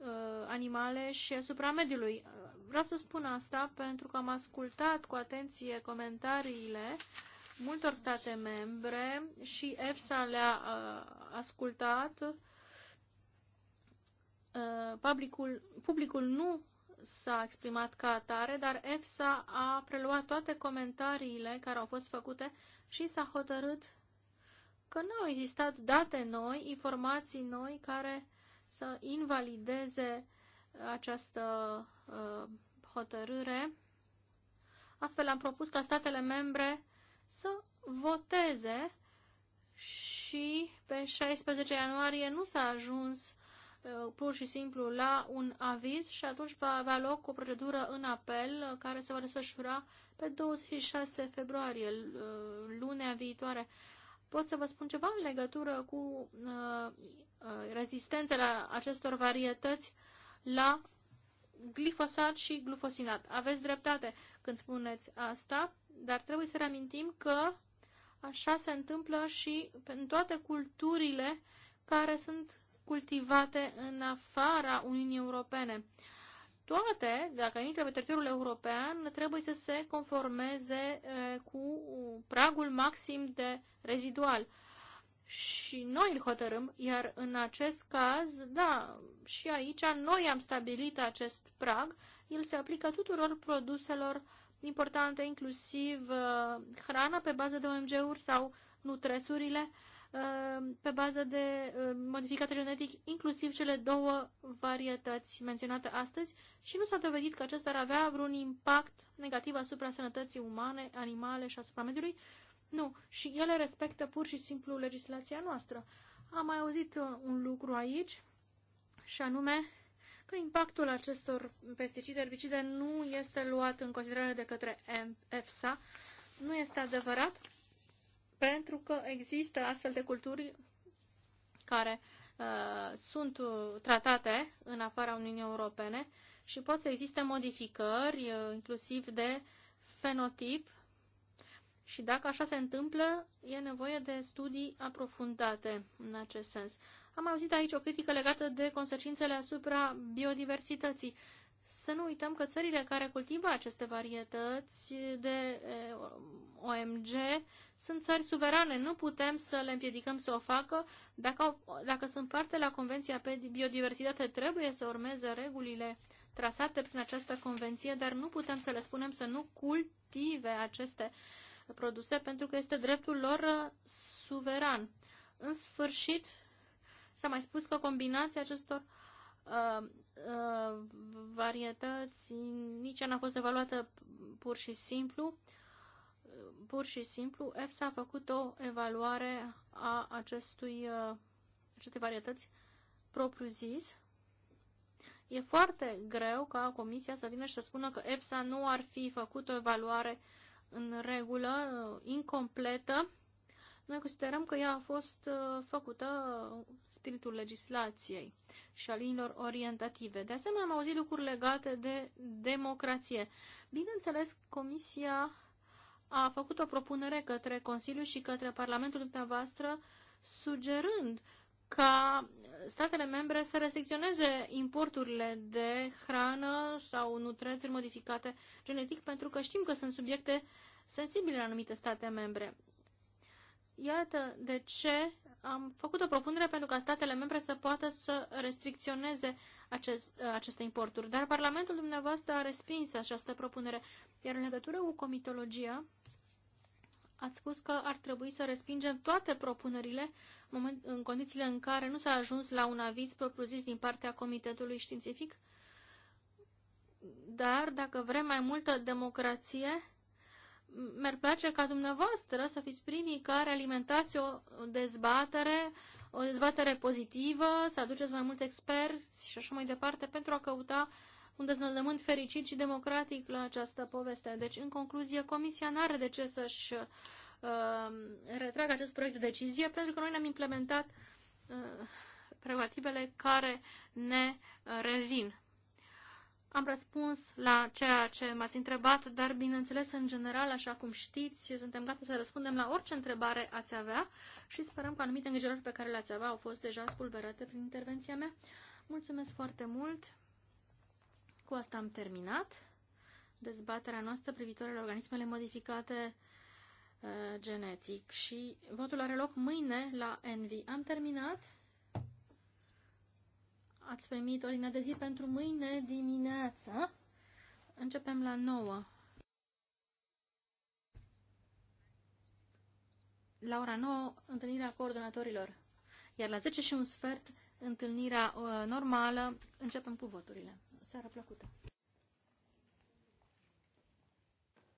Uh, animale și asupra mediului. Uh, vreau să spun asta pentru că am ascultat cu atenție comentariile multor state membre și EFSA le-a uh, ascultat. Publicul, publicul nu s-a exprimat ca atare, dar EFSA a preluat toate comentariile care au fost făcute și s-a hotărât că nu au existat date noi, informații noi care să invalideze această uh, hotărâre. Astfel am propus ca statele membre să voteze și pe 16 ianuarie nu s-a ajuns uh, pur și simplu la un aviz și atunci va avea loc o procedură în apel uh, care se va desfășura pe 26 februarie, uh, lunea viitoare. Pot să vă spun ceva în legătură cu uh, Uh, rezistențele acestor varietăți la glifosat și glufosinat. Aveți dreptate când spuneți asta, dar trebuie să reamintim că așa se întâmplă și în toate culturile care sunt cultivate în afara Uniunii Europene. Toate, dacă intră pe teritoriul european, trebuie să se conformeze uh, cu pragul maxim de rezidual și noi îl hotărâm, iar în acest caz, da, și aici noi am stabilit acest prag, el se aplică tuturor produselor importante, inclusiv uh, hrana pe bază de OMG-uri sau nutrețurile uh, pe bază de uh, modificate genetic, inclusiv cele două varietăți menționate astăzi și nu s-a dovedit că acesta ar avea vreun impact negativ asupra sănătății umane, animale și asupra mediului nu, și ele respectă pur și simplu legislația noastră. Am mai auzit uh, un lucru aici, și anume că impactul acestor pesticide erbicide nu este luat în considerare de către EFSA. Nu este adevărat, pentru că există astfel de culturi care uh, sunt uh, tratate în afara Uniunii Europene și pot să existe modificări, uh, inclusiv de fenotip, și dacă așa se întâmplă, e nevoie de studii aprofundate în acest sens. Am auzit aici o critică legată de consecințele asupra biodiversității. Să nu uităm că țările care cultivă aceste varietăți de eh, OMG sunt țări suverane. Nu putem să le împiedicăm să o facă. Dacă, dacă sunt parte la Convenția pe Biodiversitate, trebuie să urmeze regulile trasate prin această convenție, dar nu putem să le spunem să nu cultive aceste uh, produse pentru că este dreptul lor uh, suveran. În sfârșit, s-a mai spus că combinația acestor uh, uh, varietăți nici n-a fost evaluată pur și simplu. Pur și simplu, EFSA a făcut o evaluare a acestui, uh, acestei varietăți propriu-zis. E foarte greu ca Comisia să vină și să spună că EFSA nu ar fi făcut o evaluare uh, în regulă, uh, incompletă. Noi considerăm că ea a fost uh, făcută spiritul legislației și al liniilor orientative. De asemenea, am auzit lucruri legate de democrație. Bineînțeles, Comisia a făcut o propunere către Consiliu și către Parlamentul dumneavoastră, sugerând ca statele membre să restricționeze importurile de hrană sau nutrețuri modificate genetic, pentru că știm că sunt subiecte sensibile în anumite state membre. Iată de ce am făcut o propunere pentru ca statele membre să poată să restricționeze acest, aceste importuri. Dar Parlamentul dumneavoastră a respins această propunere, iar în legătură cu comitologia, ați spus că ar trebui să respingem toate propunerile în condițiile în care nu s-a ajuns la un aviz propriu-zis din partea Comitetului Științific. Dar dacă vrem mai multă democrație, mi-ar place ca dumneavoastră să fiți primii care alimentați o dezbatere, o dezbatere pozitivă, să aduceți mai mulți experți și așa mai departe pentru a căuta uh, un deznădământ fericit și democratic la această poveste. Deci, în concluzie, Comisia nu are de ce să-și uh, retragă acest proiect de decizie, pentru că noi ne-am implementat uh, prerogativele care ne uh, revin. Am răspuns la ceea ce m-ați întrebat, dar bineînțeles, în general, așa cum știți, suntem gata să răspundem la orice întrebare ați avea și sperăm că anumite îngrijorări pe care le-ați avea au fost deja spulberate prin intervenția mea. Mulțumesc foarte mult! Cu asta am terminat dezbaterea noastră privitoare la organismele modificate uh, genetic și votul are loc mâine la Envi. Am terminat. Ați primit ordinea de zi pentru mâine dimineață. Începem la 9. La ora 9, întâlnirea coordonatorilor. Iar la 10 și un sfert, întâlnirea uh, normală, începem cu voturile seară plăcută!